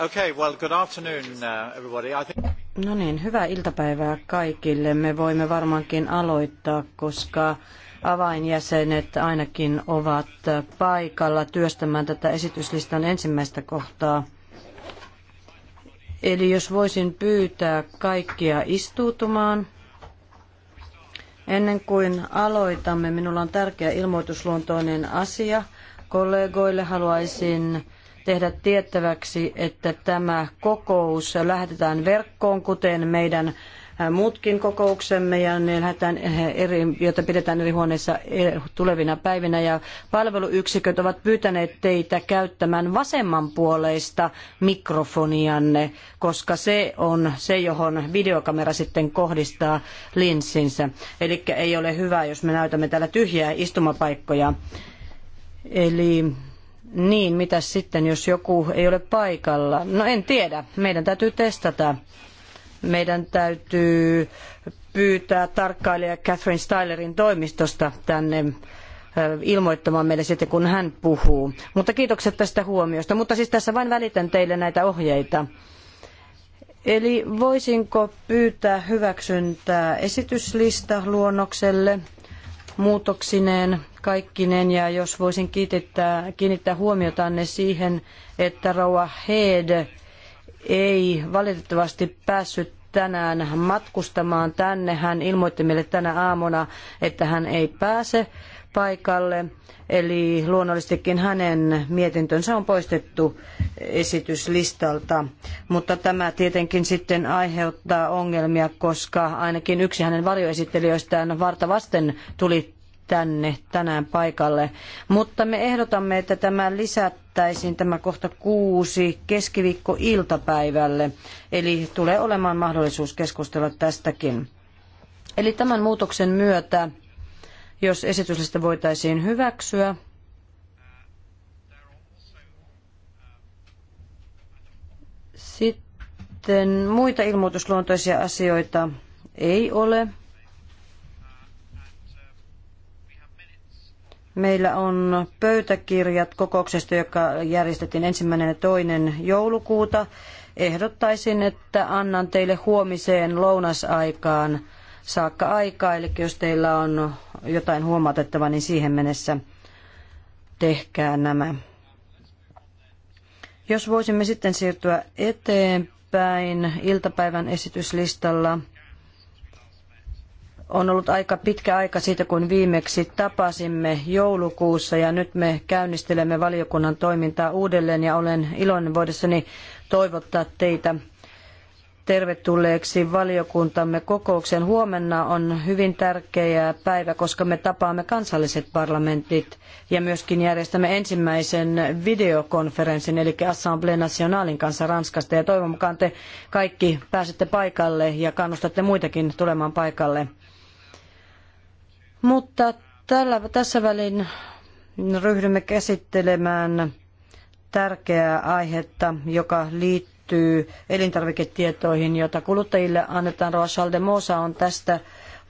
Uh, no niin, hyvää iltapäivää kaikille. Me voimme varmaankin aloittaa, koska avainjäsenet ainakin ovat paikalla työstämään tätä esityslistan ensimmäistä kohtaa. Eli jos voisin pyytää kaikkia istuutumaan. Ennen kuin aloitamme, minulla on tärkeä ilmoitusluontoinen asia – kollegoille. Haluaisin tehdä tiettäväksi, että tämä kokous lähetetään verkkoon, kuten meidän muutkin kokouksemme ja ne eri, joita pidetään eri huoneissa e, tulevina päivinä. Ja palveluyksiköt ovat pyytäneet teitä käyttämään vasemmanpuoleista mikrofonianne, koska se on se, johon videokamera sitten kohdistaa linssinsä. Eli ei ole hyvä, jos me näytämme täällä tyhjiä istumapaikkoja. Eli niin, mitä sitten, jos joku ei ole paikalla? No en tiedä, meidän täytyy testata. Meidän täytyy pyytää tarkkailija Catherine Stylerin toimistosta tänne ilmoittamaan meille sitten, kun hän puhuu. Mutta kiitokset tästä huomiosta. Mutta siis tässä vain välitän teille näitä ohjeita. Eli voisinko pyytää hyväksyntää esityslista luonnokselle muutoksineen? kaikkinen ja jos voisin kiinnittää, kiinnittää huomiotanne siihen, että Rouva Heed ei valitettavasti päässyt tänään matkustamaan tänne. Hän ilmoitti meille tänä aamuna, että hän ei pääse paikalle. Eli luonnollisestikin hänen mietintönsä on poistettu esityslistalta. Mutta tämä tietenkin sitten aiheuttaa ongelmia, koska ainakin yksi hänen varjoesittelijöistään varta vasten tuli tänne tänään paikalle. Mutta me ehdotamme, että tämä lisättäisiin tämä kohta kuusi keskiviikkoiltapäivälle, eli tulee olemaan mahdollisuus keskustella tästäkin. Eli tämän muutoksen myötä, jos esityslista voitaisiin hyväksyä, sitten muita ilmoitusluontoisia asioita ei ole. Meillä on pöytäkirjat kokouksesta, joka järjestettiin ensimmäinen ja toinen joulukuuta. Ehdottaisin, että annan teille huomiseen lounasaikaan saakka aikaa, eli jos teillä on jotain huomautettavaa, niin siihen mennessä tehkää nämä. Jos voisimme sitten siirtyä eteenpäin iltapäivän esityslistalla – on ollut aika pitkä aika siitä, kun viimeksi tapasimme joulukuussa ja nyt me käynnistelemme valiokunnan toimintaa uudelleen ja olen iloinen voidessani toivottaa teitä tervetulleeksi valiokuntamme kokoukseen. Huomenna on hyvin tärkeä päivä, koska me tapaamme kansalliset parlamentit ja myöskin järjestämme ensimmäisen videokonferenssin, eli Assemblée Nationalin kanssa Ranskasta. Ja toivon mukaan te kaikki pääsette paikalle ja kannustatte muitakin tulemaan paikalle. Mutta tällä, tässä välin ryhdymme käsittelemään tärkeää aihetta, joka liittyy elintarviketietoihin, joita kuluttajille annetaan. Roa Mosa on tästä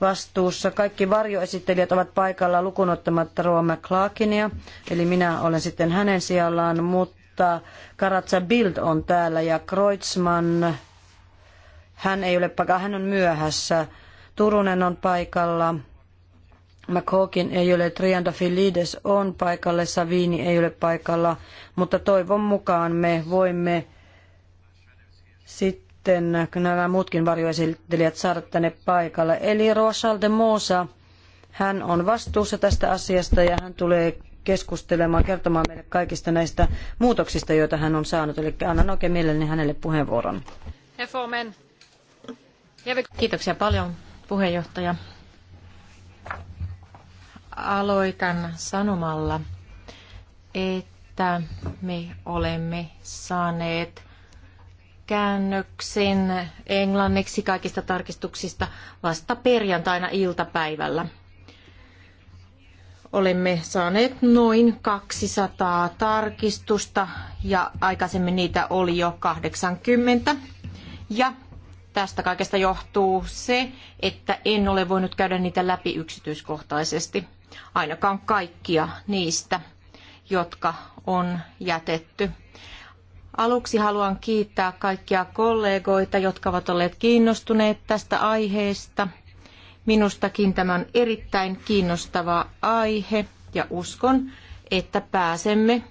vastuussa. Kaikki varjoesittelijät ovat paikalla lukunottamatta Roa McClarkinia, eli minä olen sitten hänen sijallaan, mutta Karatsa Bild on täällä ja Kreutzmann, hän ei ole paikalla, hän on myöhässä. Turunen on paikalla McCawkin ei ole, Triandafilides on paikalla, Savini ei ole paikalla, mutta toivon mukaan me voimme sitten nämä muutkin varjoesittelijät saada tänne paikalle. Eli Rochelle de Mosa, hän on vastuussa tästä asiasta ja hän tulee keskustelemaan, kertomaan meille kaikista näistä muutoksista, joita hän on saanut. Eli annan oikein mielelläni hänelle puheenvuoron. Kiitoksia paljon puheenjohtaja. Aloitan sanomalla, että me olemme saaneet käännöksen englanniksi kaikista tarkistuksista vasta perjantaina iltapäivällä. Olemme saaneet noin 200 tarkistusta ja aikaisemmin niitä oli jo 80. Ja tästä kaikesta johtuu se, että en ole voinut käydä niitä läpi yksityiskohtaisesti ainakaan kaikkia niistä, jotka on jätetty. Aluksi haluan kiittää kaikkia kollegoita, jotka ovat olleet kiinnostuneet tästä aiheesta. Minustakin tämä on erittäin kiinnostava aihe ja uskon, että pääsemme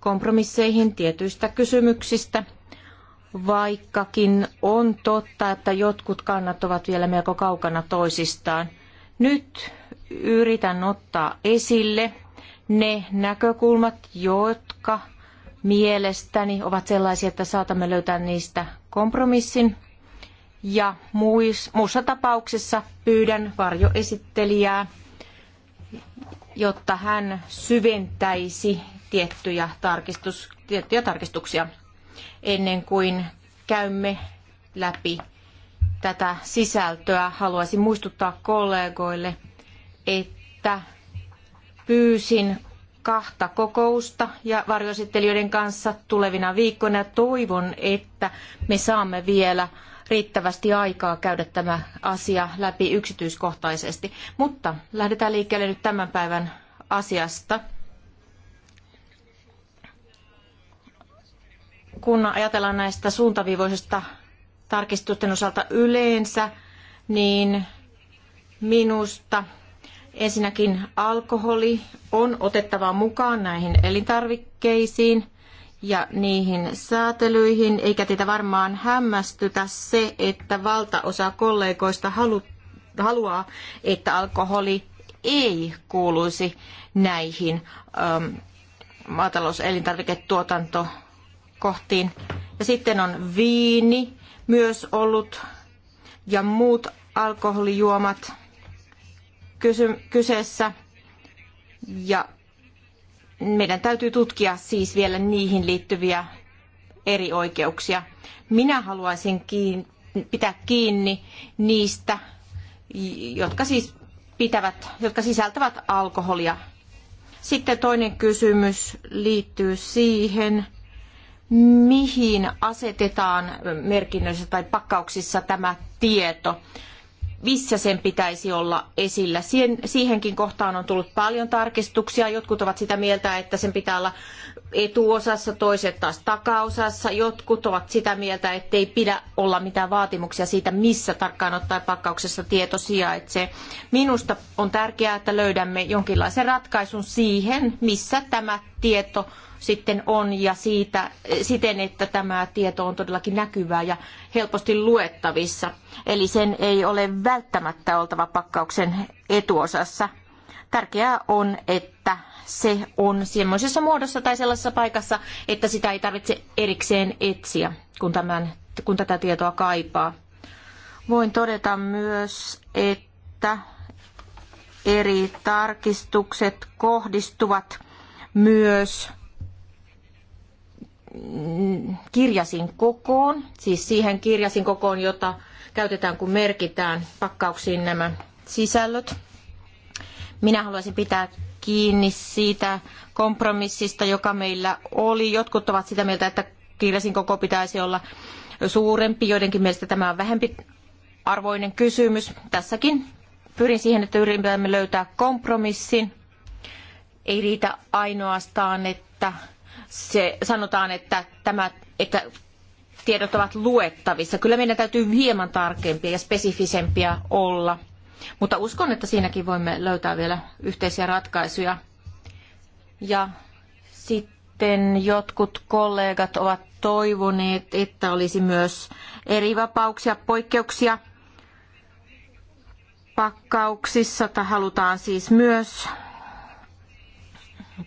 kompromisseihin tietyistä kysymyksistä, vaikkakin on totta, että jotkut kannat ovat vielä melko kaukana toisistaan. Nyt yritän ottaa esille ne näkökulmat, jotka mielestäni ovat sellaisia, että saatamme löytää niistä kompromissin. Ja muussa tapauksessa pyydän varjoesittelijää, jotta hän syventäisi tiettyjä, tarkistus, tiettyjä tarkistuksia ennen kuin käymme läpi tätä sisältöä. Haluaisin muistuttaa kollegoille että pyysin kahta kokousta ja varjoesittelijöiden kanssa tulevina viikkoina. Toivon, että me saamme vielä riittävästi aikaa käydä tämä asia läpi yksityiskohtaisesti. Mutta lähdetään liikkeelle nyt tämän päivän asiasta. Kun ajatellaan näistä suuntaviivoisista tarkistusten osalta yleensä, niin minusta Ensinnäkin alkoholi on otettava mukaan näihin elintarvikkeisiin ja niihin säätelyihin, eikä teitä varmaan hämmästytä se, että valtaosa kollegoista halu, haluaa, että alkoholi ei kuuluisi näihin äm, maatalouselintarviketuotantokohtiin. Ja sitten on viini myös ollut ja muut alkoholijuomat – kysy- kyseessä. Ja meidän täytyy tutkia siis vielä niihin liittyviä eri oikeuksia. Minä haluaisin kiin- pitää kiinni niistä, jotka siis pitävät, jotka sisältävät alkoholia. Sitten toinen kysymys liittyy siihen, mihin asetetaan merkinnöissä tai pakkauksissa tämä tieto missä sen pitäisi olla esillä. Siihen, siihenkin kohtaan on tullut paljon tarkistuksia. Jotkut ovat sitä mieltä, että sen pitää olla etuosassa, toiset taas takaosassa. Jotkut ovat sitä mieltä, että ei pidä olla mitään vaatimuksia siitä, missä tarkkaan ottaen pakkauksessa tieto sijaitsee. Minusta on tärkeää, että löydämme jonkinlaisen ratkaisun siihen, missä tämä tieto sitten on ja siitä, siten, että tämä tieto on todellakin näkyvää ja helposti luettavissa. Eli sen ei ole välttämättä oltava pakkauksen etuosassa. Tärkeää on, että se on semmoisessa muodossa tai sellaisessa paikassa, että sitä ei tarvitse erikseen etsiä, kun, tämän, kun tätä tietoa kaipaa. Voin todeta myös, että eri tarkistukset kohdistuvat myös kirjasin kokoon, siis siihen kirjasin kokoon, jota käytetään, kun merkitään pakkauksiin nämä sisällöt. Minä haluaisin pitää kiinni siitä kompromissista, joka meillä oli. Jotkut ovat sitä mieltä, että kirjasin koko pitäisi olla suurempi. Joidenkin mielestä tämä on vähempi arvoinen kysymys. Tässäkin pyrin siihen, että yritämme löytää kompromissin. Ei riitä ainoastaan, että se, sanotaan, että, tämä, että tiedot ovat luettavissa. Kyllä meidän täytyy hieman tarkempia ja spesifisempiä olla. Mutta uskon, että siinäkin voimme löytää vielä yhteisiä ratkaisuja. Ja sitten jotkut kollegat ovat toivoneet, että olisi myös eri vapauksia, poikkeuksia pakkauksissa, tai halutaan siis myös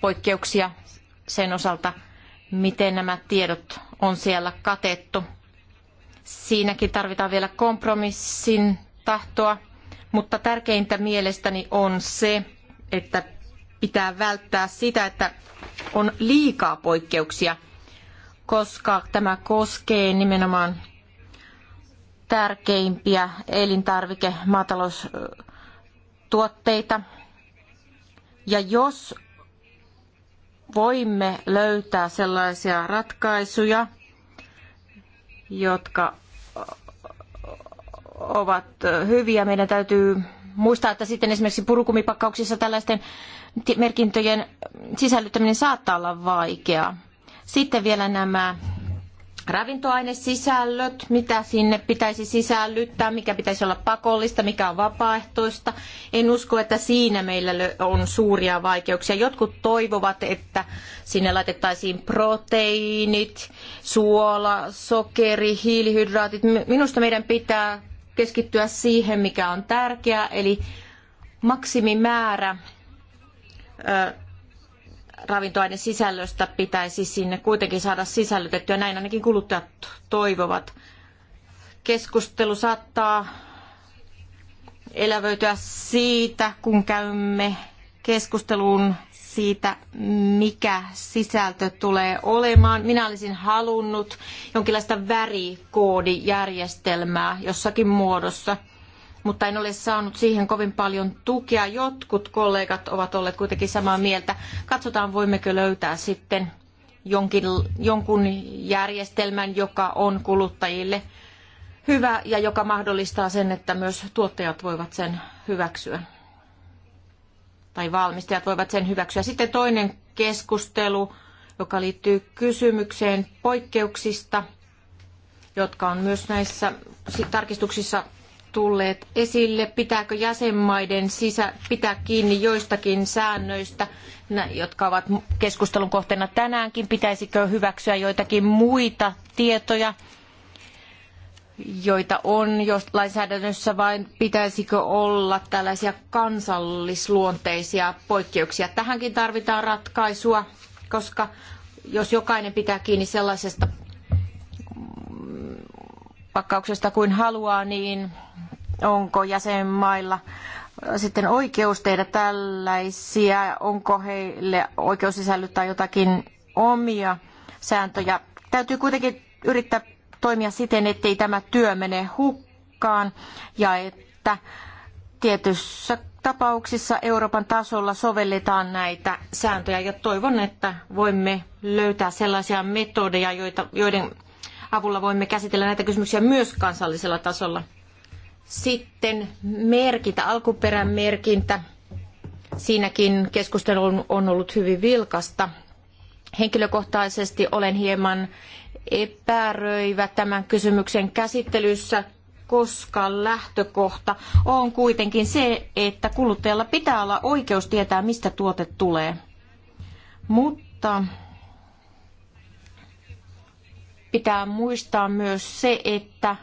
poikkeuksia sen osalta, miten nämä tiedot on siellä katettu. Siinäkin tarvitaan vielä kompromissin tahtoa, mutta tärkeintä mielestäni on se, että pitää välttää sitä, että on liikaa poikkeuksia, koska tämä koskee nimenomaan tärkeimpiä elintarvike- maataloustuotteita. Ja jos voimme löytää sellaisia ratkaisuja, jotka ovat hyviä. Meidän täytyy muistaa, että sitten esimerkiksi purukumipakkauksissa tällaisten merkintöjen sisällyttäminen saattaa olla vaikeaa. Sitten vielä nämä ravintoainesisällöt, mitä sinne pitäisi sisällyttää, mikä pitäisi olla pakollista, mikä on vapaaehtoista. En usko, että siinä meillä on suuria vaikeuksia. Jotkut toivovat, että sinne laitettaisiin proteiinit, suola, sokeri, hiilihydraatit. Minusta meidän pitää keskittyä siihen, mikä on tärkeää, eli maksimimäärä ravintoaineen sisällöstä pitäisi sinne kuitenkin saada sisällytettyä. Näin ainakin kuluttajat toivovat. Keskustelu saattaa elävöityä siitä, kun käymme keskusteluun siitä, mikä sisältö tulee olemaan. Minä olisin halunnut jonkinlaista värikoodijärjestelmää jossakin muodossa – mutta en ole saanut siihen kovin paljon tukea. Jotkut kollegat ovat olleet kuitenkin samaa mieltä. Katsotaan, voimmeko löytää sitten jonkin, jonkun järjestelmän, joka on kuluttajille hyvä ja joka mahdollistaa sen, että myös tuottajat voivat sen hyväksyä. Tai valmistajat voivat sen hyväksyä. Sitten toinen keskustelu, joka liittyy kysymykseen poikkeuksista, jotka on myös näissä tarkistuksissa tulleet esille. Pitääkö jäsenmaiden sisä pitää kiinni joistakin säännöistä, jotka ovat keskustelun kohteena tänäänkin? Pitäisikö hyväksyä joitakin muita tietoja, joita on jo lainsäädännössä, vai pitäisikö olla tällaisia kansallisluonteisia poikkeuksia? Tähänkin tarvitaan ratkaisua, koska jos jokainen pitää kiinni sellaisesta pakkauksesta kuin haluaa, niin onko jäsenmailla sitten oikeus tehdä tällaisia, onko heille oikeus sisällyttää jotakin omia sääntöjä. Täytyy kuitenkin yrittää toimia siten, ettei tämä työ mene hukkaan ja että tietyssä tapauksissa Euroopan tasolla sovelletaan näitä sääntöjä ja toivon, että voimme löytää sellaisia metodeja, joiden avulla voimme käsitellä näitä kysymyksiä myös kansallisella tasolla. Sitten merkintä, alkuperän merkintä. Siinäkin keskustelu on ollut hyvin vilkasta. Henkilökohtaisesti olen hieman epäröivä tämän kysymyksen käsittelyssä, koska lähtökohta on kuitenkin se, että kuluttajalla pitää olla oikeus tietää, mistä tuote tulee. Mutta Pitää muistaa myös se, että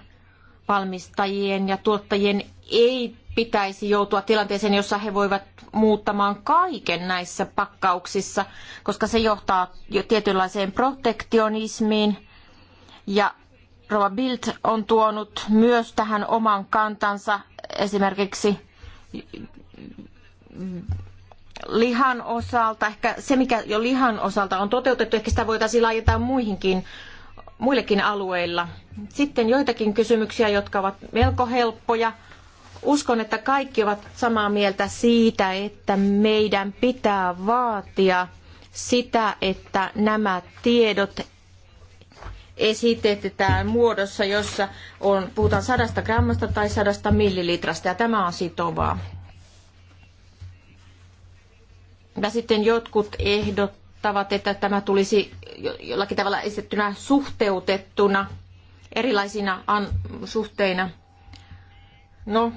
valmistajien ja tuottajien ei pitäisi joutua tilanteeseen, jossa he voivat muuttamaan kaiken näissä pakkauksissa, koska se johtaa jo tietynlaiseen protektionismiin. Ja Rova Bild on tuonut myös tähän oman kantansa esimerkiksi lihan osalta. Ehkä se, mikä jo lihan osalta on toteutettu, ehkä sitä voitaisiin laajentaa muihinkin muillekin alueilla. Sitten joitakin kysymyksiä, jotka ovat melko helppoja. Uskon, että kaikki ovat samaa mieltä siitä, että meidän pitää vaatia sitä, että nämä tiedot esitetään muodossa, jossa on, puhutaan sadasta grammasta tai sadasta millilitrasta, ja tämä on sitovaa. Ja sitten jotkut ehdot tavat, että tämä tulisi jollakin tavalla esitettynä suhteutettuna erilaisina suhteina. No,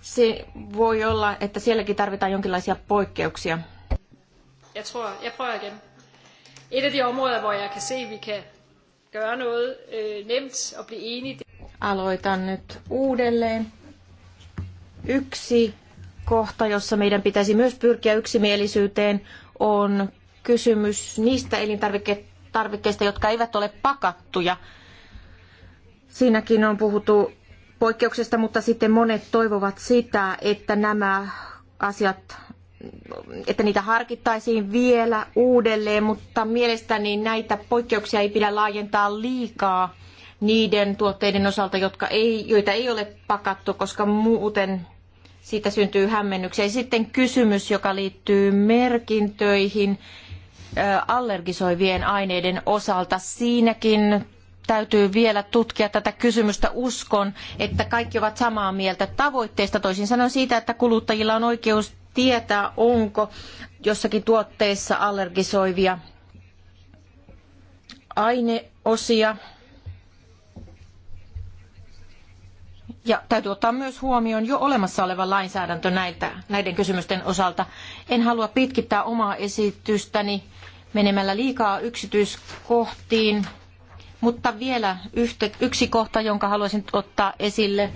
se voi olla, että sielläkin tarvitaan jonkinlaisia poikkeuksia. Jeg tror, jeg prøver igen. Et af de områder, hvor jeg kan se, vi kan gøre noget øh, nemt og blive enige. Aloitan nyt uudelleen. Yksi kohta, jossa meidän pitäisi myös pyrkiä yksimielisyyteen, on kysymys niistä elintarvikkeista, jotka eivät ole pakattuja. Siinäkin on puhuttu poikkeuksesta, mutta sitten monet toivovat sitä, että nämä asiat että niitä harkittaisiin vielä uudelleen, mutta mielestäni näitä poikkeuksia ei pidä laajentaa liikaa niiden tuotteiden osalta, jotka ei, joita ei ole pakattu, koska muuten siitä syntyy hämmennyksiä. Ja sitten kysymys, joka liittyy merkintöihin allergisoivien aineiden osalta. Siinäkin täytyy vielä tutkia tätä kysymystä. Uskon, että kaikki ovat samaa mieltä tavoitteista. Toisin sanoen siitä, että kuluttajilla on oikeus tietää, onko jossakin tuotteessa allergisoivia aineosia Ja täytyy ottaa myös huomioon jo olemassa oleva lainsäädäntö näitä, näiden kysymysten osalta. En halua pitkittää omaa esitystäni menemällä liikaa yksityiskohtiin, mutta vielä yhtä, yksi kohta, jonka haluaisin ottaa esille.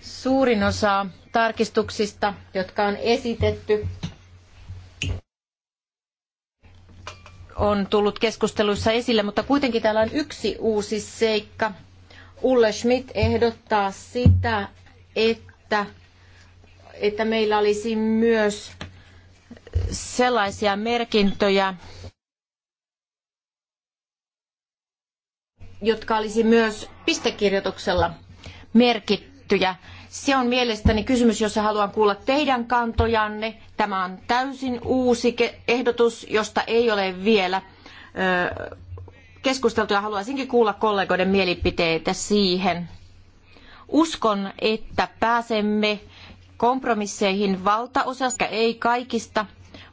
Suurin osa tarkistuksista, jotka on esitetty, on tullut keskusteluissa esille, mutta kuitenkin täällä on yksi uusi seikka, Ulle Schmidt ehdottaa sitä, että, että meillä olisi myös sellaisia merkintöjä, jotka olisi myös pistekirjoituksella merkittyjä. Se on mielestäni kysymys, jossa haluan kuulla teidän kantojanne. Tämä on täysin uusi ehdotus, josta ei ole vielä ö, keskusteltu ja haluaisinkin kuulla kollegoiden mielipiteitä siihen. Uskon, että pääsemme kompromisseihin valtaosasta, ei kaikista,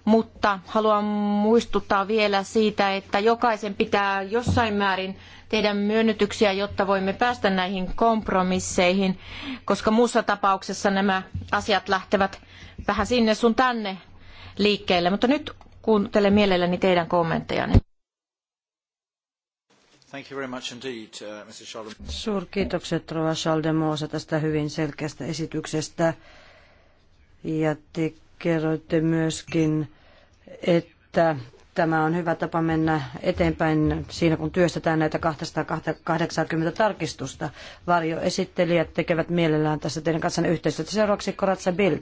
mutta haluan muistuttaa vielä siitä, että jokaisen pitää jossain määrin tehdä myönnytyksiä, jotta voimme päästä näihin kompromisseihin, koska muussa tapauksessa nämä asiat lähtevät vähän sinne sun tänne liikkeelle. Mutta nyt kuuntelen mielelläni teidän kommenttejanne. Thank you very much indeed, uh, Suurkiitokset Rova Schaldemoosa tästä hyvin selkeästä esityksestä. Ja te kerroitte myöskin, että Tämä on hyvä tapa mennä eteenpäin siinä, kun työstetään näitä 280 tarkistusta. Varjoesittelijät tekevät mielellään tässä teidän kanssanne yhteistyötä. Seuraavaksi Koratsa Bild.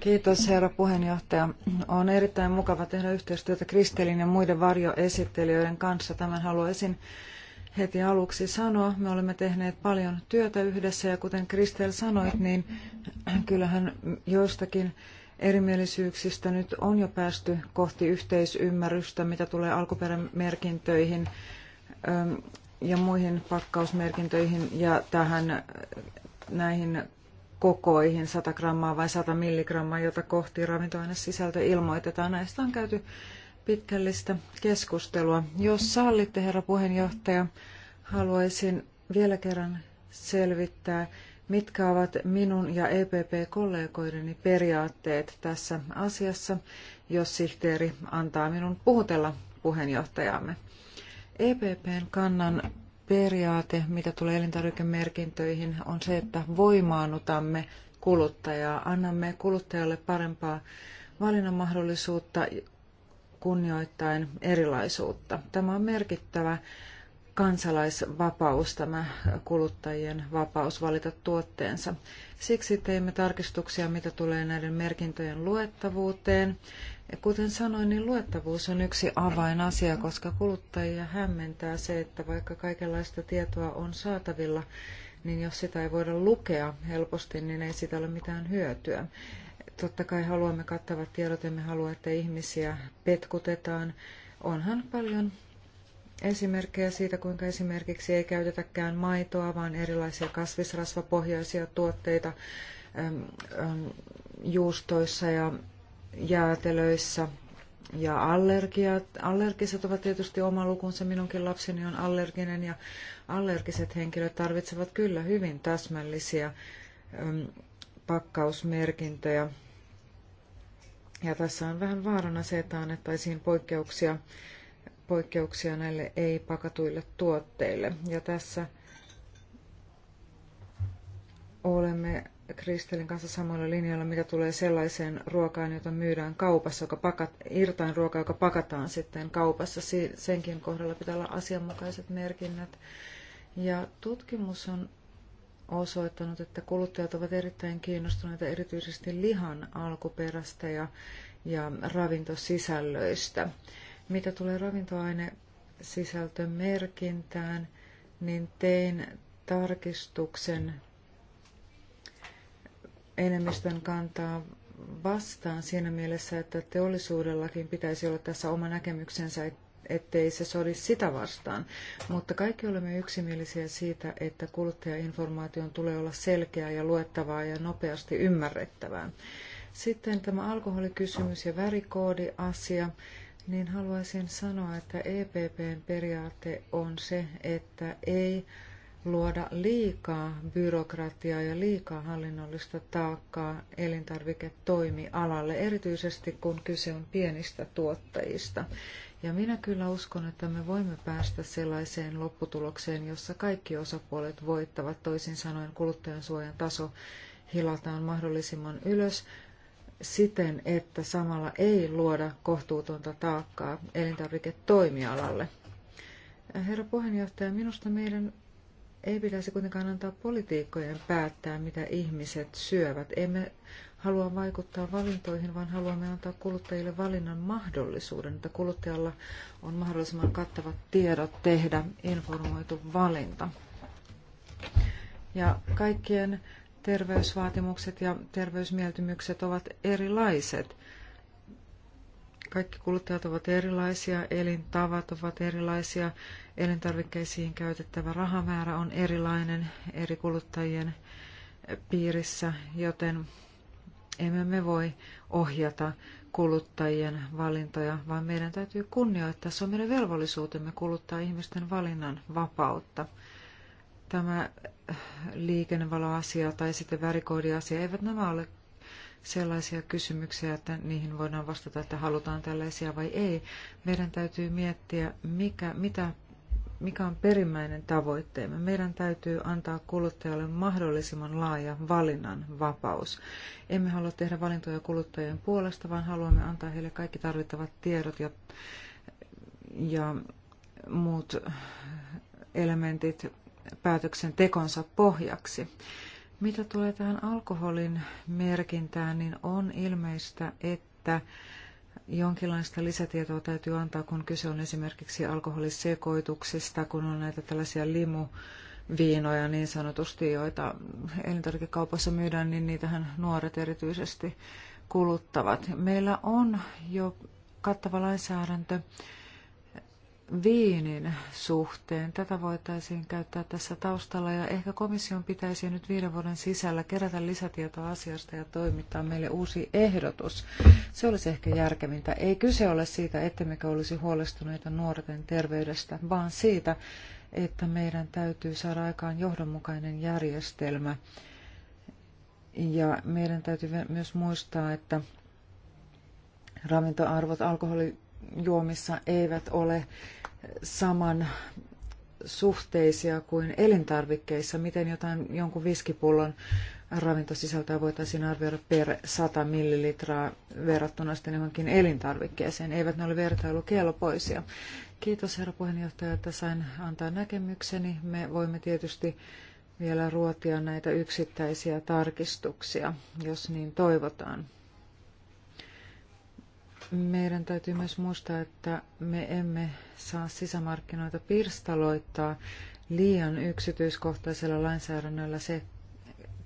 Kiitos herra puheenjohtaja. On erittäin mukava tehdä yhteistyötä Kristelin ja muiden varjoesittelijöiden kanssa. Tämän haluaisin heti aluksi sanoa. Me olemme tehneet paljon työtä yhdessä ja kuten Kristel sanoit, niin kyllähän joistakin erimielisyyksistä nyt on jo päästy kohti yhteisymmärrystä, mitä tulee alkuperämerkintöihin ähm, ja muihin pakkausmerkintöihin ja tähän äh, näihin kokoihin, 100 grammaa vai 100 milligrammaa, jota kohti ravintoainesisältö ilmoitetaan. Näistä on käyty pitkällistä keskustelua. Jos sallitte, herra puheenjohtaja, haluaisin vielä kerran selvittää, mitkä ovat minun ja EPP-kollegoideni periaatteet tässä asiassa, jos sihteeri antaa minun puhutella puheenjohtajamme. EPPn kannan periaate, mitä tulee elintarvikemerkintöihin, on se, että voimaanutamme kuluttajaa. Annamme kuluttajalle parempaa valinnanmahdollisuutta kunnioittain erilaisuutta. Tämä on merkittävä kansalaisvapaus, tämä kuluttajien vapaus valita tuotteensa. Siksi teimme tarkistuksia, mitä tulee näiden merkintöjen luettavuuteen. Kuten sanoin, niin luettavuus on yksi avainasia, koska kuluttajia hämmentää se, että vaikka kaikenlaista tietoa on saatavilla, niin jos sitä ei voida lukea helposti, niin ei siitä ole mitään hyötyä. Totta kai haluamme kattavat tiedot, emme halua, että ihmisiä petkutetaan. Onhan paljon esimerkkejä siitä, kuinka esimerkiksi ei käytetäkään maitoa, vaan erilaisia kasvisrasvapohjaisia tuotteita juustoissa ja jäätelöissä. Ja allergiat, allergiset ovat tietysti oma lukunsa. Minunkin lapseni on allerginen ja allergiset henkilöt tarvitsevat kyllä hyvin täsmällisiä pakkausmerkintöjä. Ja tässä on vähän vaarana se, että annettaisiin poikkeuksia poikkeuksia näille ei-pakatuille tuotteille. Ja tässä olemme Kristelin kanssa samalla linjalla, mitä tulee sellaiseen ruokaan, jota myydään kaupassa, joka pakat, irtain ruoka, joka pakataan sitten kaupassa. Senkin kohdalla pitää olla asianmukaiset merkinnät. Ja tutkimus on osoittanut, että kuluttajat ovat erittäin kiinnostuneita erityisesti lihan alkuperästä ja, ja ravintosisällöistä. Mitä tulee ravintoaine sisältömerkintään, niin tein tarkistuksen enemmistön kantaa vastaan siinä mielessä, että teollisuudellakin pitäisi olla tässä oma näkemyksensä, ettei se sodi sitä vastaan. Mutta kaikki olemme yksimielisiä siitä, että kuluttajainformaation tulee olla selkeää ja luettavaa ja nopeasti ymmärrettävää. Sitten tämä alkoholikysymys ja värikoodiasia niin haluaisin sanoa, että EPPn periaate on se, että ei luoda liikaa byrokratiaa ja liikaa hallinnollista taakkaa elintarviketoimialalle, erityisesti kun kyse on pienistä tuottajista. Ja minä kyllä uskon, että me voimme päästä sellaiseen lopputulokseen, jossa kaikki osapuolet voittavat, toisin sanoen kuluttajansuojan taso hilataan mahdollisimman ylös, siten, että samalla ei luoda kohtuutonta taakkaa elintarviketoimialalle. Herra puheenjohtaja, minusta meidän ei pitäisi kuitenkaan antaa politiikkojen päättää, mitä ihmiset syövät. Emme halua vaikuttaa valintoihin, vaan haluamme antaa kuluttajille valinnan mahdollisuuden, että kuluttajalla on mahdollisimman kattavat tiedot tehdä informoitu valinta. Ja kaikkien terveysvaatimukset ja terveysmieltymykset ovat erilaiset. Kaikki kuluttajat ovat erilaisia, elintavat ovat erilaisia, elintarvikkeisiin käytettävä rahamäärä on erilainen eri kuluttajien piirissä, joten emme me voi ohjata kuluttajien valintoja, vaan meidän täytyy kunnioittaa, se on meidän velvollisuutemme kuluttaa ihmisten valinnan vapautta tämä äh, liikennevaloasia tai sitten värikoodiasia, eivät nämä ole sellaisia kysymyksiä, että niihin voidaan vastata, että halutaan tällaisia vai ei. Meidän täytyy miettiä, mikä, mitä, mikä on perimmäinen tavoitteemme. Meidän täytyy antaa kuluttajalle mahdollisimman laaja valinnan vapaus. Emme halua tehdä valintoja kuluttajien puolesta, vaan haluamme antaa heille kaikki tarvittavat tiedot ja, ja muut äh, elementit päätöksentekonsa pohjaksi. Mitä tulee tähän alkoholin merkintään, niin on ilmeistä, että jonkinlaista lisätietoa täytyy antaa, kun kyse on esimerkiksi alkoholisekoituksista, kun on näitä tällaisia limuviinoja niin sanotusti, joita elintarvikekaupassa myydään, niin niitähän nuoret erityisesti kuluttavat. Meillä on jo kattava lainsäädäntö viinin suhteen. Tätä voitaisiin käyttää tässä taustalla ja ehkä komission pitäisi nyt viiden vuoden sisällä kerätä lisätietoa asiasta ja toimittaa meille uusi ehdotus. Se olisi ehkä järkevintä. Ei kyse ole siitä, ettemmekö olisi huolestuneita nuorten terveydestä, vaan siitä, että meidän täytyy saada aikaan johdonmukainen järjestelmä. Ja meidän täytyy myös muistaa, että ravintoarvot alkoholijuomissa eivät ole saman suhteisia kuin elintarvikkeissa, miten jotain, jonkun viskipullon ravintosisältöä voitaisiin arvioida per 100 millilitraa verrattuna sitten johonkin elintarvikkeeseen. Eivät ne ole vertailukelpoisia. Kiitos herra puheenjohtaja, että sain antaa näkemykseni. Me voimme tietysti vielä ruotia näitä yksittäisiä tarkistuksia, jos niin toivotaan. Meidän täytyy myös muistaa, että me emme saa sisämarkkinoita pirstaloittaa liian yksityiskohtaisella lainsäädännöllä. Se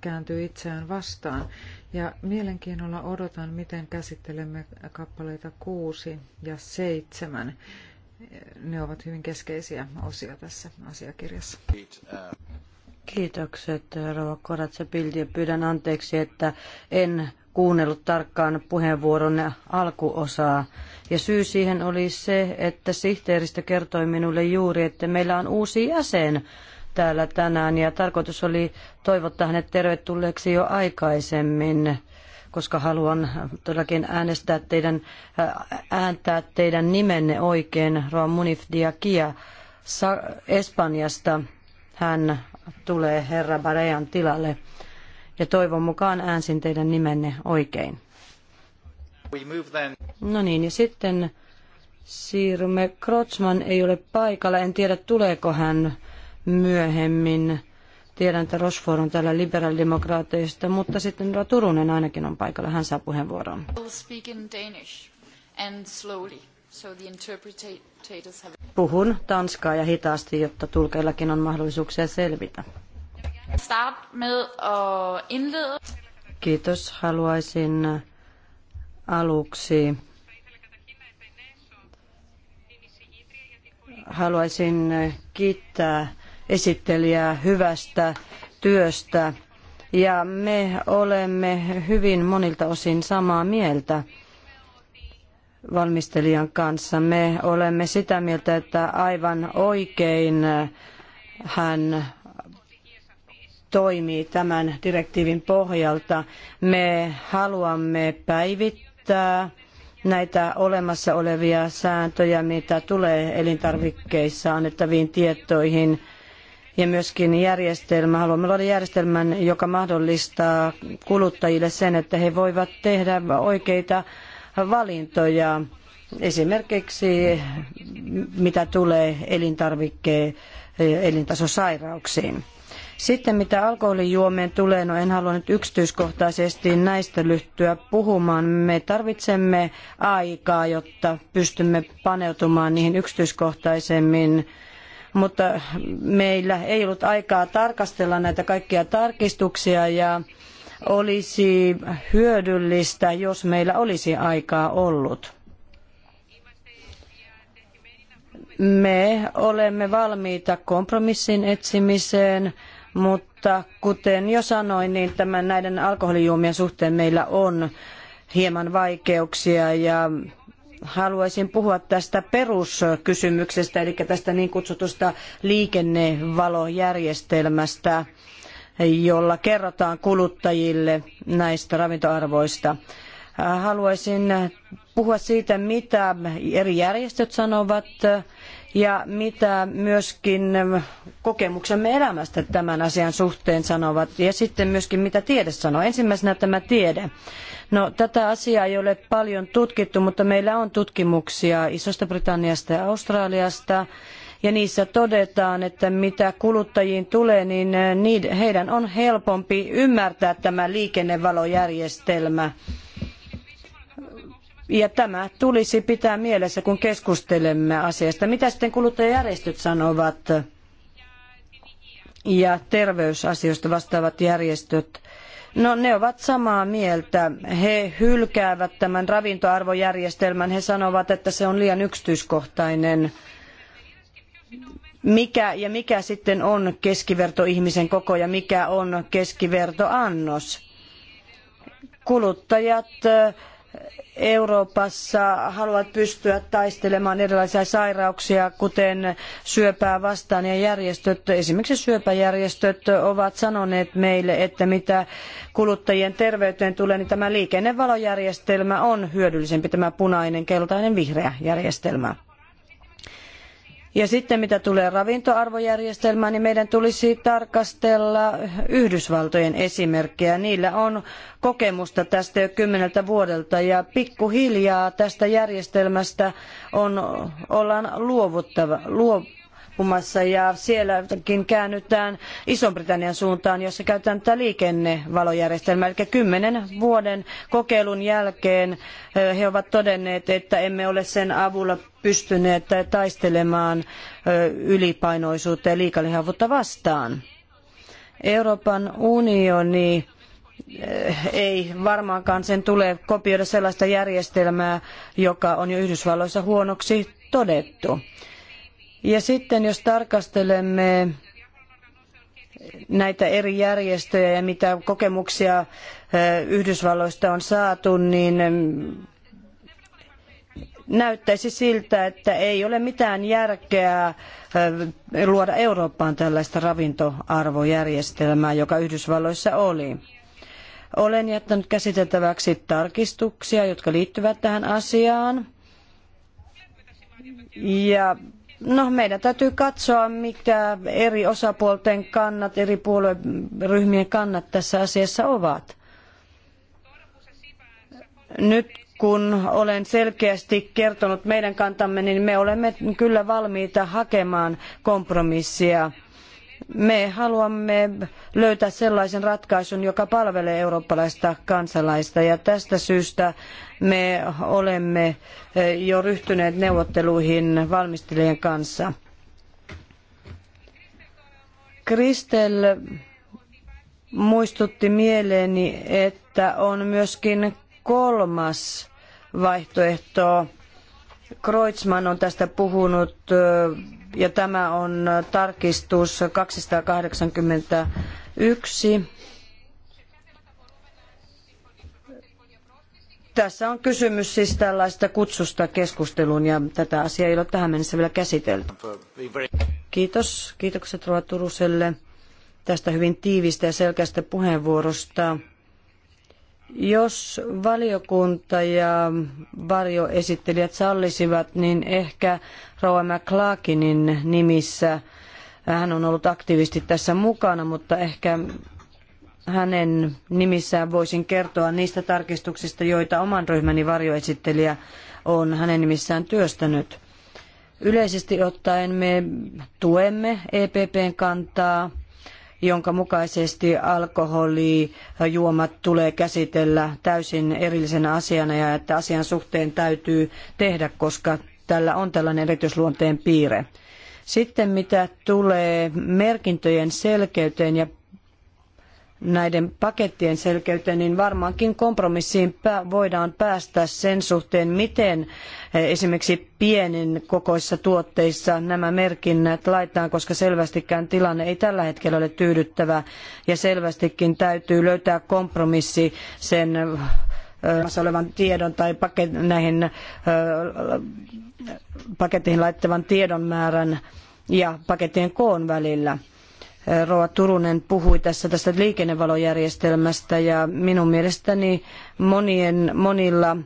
kääntyy itseään vastaan. Ja mielenkiinnolla odotan, miten käsittelemme kappaleita kuusi ja seitsemän. Ne ovat hyvin keskeisiä osia tässä asiakirjassa. Kiitokset, Rova Koratsa Pildi. Pyydän anteeksi, että en kuunnellut tarkkaan puheenvuoronne alkuosaa. Ja syy siihen oli se, että sihteeristö kertoi minulle juuri, että meillä on uusi jäsen täällä tänään ja tarkoitus oli toivottaa hänet tervetulleeksi jo aikaisemmin koska haluan todellakin äänestää teidän, äh, ääntää teidän nimenne oikein, Roa Munif Diakia Espanjasta. Hän tulee herra Barean tilalle ja toivon mukaan äänsin teidän nimenne oikein. No niin, ja sitten siirrymme. Krotsman ei ole paikalla, en tiedä tuleeko hän myöhemmin. Tiedän, että Rosfor on täällä liberaalidemokraateista, mutta sitten Turunen ainakin on paikalla, hän saa puheenvuoron. Puhun tanskaa ja hitaasti, jotta tulkeillakin on mahdollisuuksia selvitä. Start med at indlede. Kiitos. Haluaisin aluksi haluaisin kiittää esittelijää hyvästä työstä ja me olemme hyvin monilta osin samaa mieltä valmistelijan kanssa. Me olemme sitä mieltä, että aivan oikein hän toimii tämän direktiivin pohjalta. Me haluamme päivittää näitä olemassa olevia sääntöjä, mitä tulee elintarvikkeissa annettaviin tietoihin ja myöskin järjestelmä. Haluamme luoda järjestelmän, joka mahdollistaa kuluttajille sen, että he voivat tehdä oikeita valintoja. Esimerkiksi mitä tulee elintarvikkeen elintasosairauksiin. Sitten mitä alkoholijuomien tulee, no en halua nyt yksityiskohtaisesti näistä lyhtyä puhumaan. Me tarvitsemme aikaa, jotta pystymme paneutumaan niihin yksityiskohtaisemmin mutta meillä ei ollut aikaa tarkastella näitä kaikkia tarkistuksia ja olisi hyödyllistä, jos meillä olisi aikaa ollut. Me olemme valmiita kompromissin etsimiseen mutta kuten jo sanoin, niin tämän, näiden alkoholijuomien suhteen meillä on hieman vaikeuksia ja haluaisin puhua tästä peruskysymyksestä, eli tästä niin kutsutusta liikennevalojärjestelmästä jolla kerrotaan kuluttajille näistä ravintoarvoista. Haluaisin puhua siitä, mitä eri järjestöt sanovat ja mitä myöskin kokemuksemme elämästä tämän asian suhteen sanovat ja sitten myöskin mitä tiede sanoo. Ensimmäisenä tämä tiede. No, tätä asiaa ei ole paljon tutkittu, mutta meillä on tutkimuksia Isosta Britanniasta ja Australiasta ja niissä todetaan, että mitä kuluttajiin tulee, niin heidän on helpompi ymmärtää tämä liikennevalojärjestelmä ja tämä tulisi pitää mielessä, kun keskustelemme asiasta. Mitä sitten kuluttajajärjestöt sanovat ja terveysasioista vastaavat järjestöt? No ne ovat samaa mieltä. He hylkäävät tämän ravintoarvojärjestelmän. He sanovat, että se on liian yksityiskohtainen. Mikä ja mikä sitten on keskivertoihmisen koko ja mikä on keskivertoannos? Kuluttajat Euroopassa haluavat pystyä taistelemaan erilaisia sairauksia, kuten syöpää vastaan, ja järjestöt, esimerkiksi syöpäjärjestöt, ovat sanoneet meille, että mitä kuluttajien terveyteen tulee, niin tämä liikennevalojärjestelmä on hyödyllisempi, tämä punainen, keltainen, vihreä järjestelmä. Ja sitten mitä tulee ravintoarvojärjestelmään, niin meidän tulisi tarkastella Yhdysvaltojen esimerkkejä. Niillä on kokemusta tästä jo kymmeneltä vuodelta ja pikkuhiljaa tästä järjestelmästä on, ollaan luovuttava, luopumassa ja sielläkin käännytään Iso-Britannian suuntaan, jossa käytetään tätä liikennevalojärjestelmää. Eli kymmenen vuoden kokeilun jälkeen eh, he ovat todenneet, että emme ole sen avulla pystyneet taistelemaan ylipainoisuutta ja liikalihavuutta vastaan. Euroopan unioni ei varmaankaan sen tule kopioida sellaista järjestelmää, joka on jo Yhdysvalloissa huonoksi todettu. Ja sitten jos tarkastelemme näitä eri järjestöjä ja mitä kokemuksia Yhdysvalloista on saatu, niin näyttäisi siltä, että ei ole mitään järkeä luoda Eurooppaan tällaista ravintoarvojärjestelmää, joka Yhdysvalloissa oli. Olen jättänyt käsiteltäväksi tarkistuksia, jotka liittyvät tähän asiaan. Ja no, meidän täytyy katsoa, mikä eri osapuolten kannat, eri puolueryhmien kannat tässä asiassa ovat. Nyt kun olen selkeästi kertonut meidän kantamme, niin me olemme kyllä valmiita hakemaan kompromissia. Me haluamme löytää sellaisen ratkaisun, joka palvelee eurooppalaista kansalaista ja tästä syystä me olemme eh, jo ryhtyneet neuvotteluihin valmistelijan kanssa. Kristel muistutti mieleeni, että on myöskin kolmas vaihtoehto. Kreutzmann on tästä puhunut ja tämä on tarkistus 281. Tässä on kysymys siis tällaista kutsusta keskusteluun ja tätä asiaa ei ole tähän mennessä vielä käsitelty. Kiitos. Kiitokset Turuselle tästä hyvin tiivistä ja selkeästä puheenvuorosta. Jos valiokunta ja varjoesittelijät sallisivat, niin ehkä Roa McClarkinin nimissä, hän on ollut aktiivisesti tässä mukana, mutta ehkä hänen nimissään voisin kertoa niistä tarkistuksista, joita oman ryhmäni varjoesittelijä on hänen nimissään työstänyt. Yleisesti ottaen me tuemme EPPn kantaa jonka mukaisesti alkoholijuomat tulee käsitellä täysin erillisenä asiana ja että asian suhteen täytyy tehdä, koska tällä on tällainen erityisluonteen piirre. Sitten mitä tulee merkintöjen selkeyteen ja näiden pakettien selkeyteen, niin varmaankin kompromissiin voidaan päästä sen suhteen, miten eh, esimerkiksi pienin kokoisissa tuotteissa nämä merkinnät laitetaan, koska selvästikään tilanne ei tällä hetkellä ole tyydyttävä ja selvästikin täytyy löytää kompromissi sen eh, olemassa olevan tiedon tai paket, näihin eh, paketteihin laittavan tiedon määrän ja pakettien koon välillä. Rova Turunen puhui tässä tästä liikennevalojärjestelmästä ja minun mielestäni monien, monilla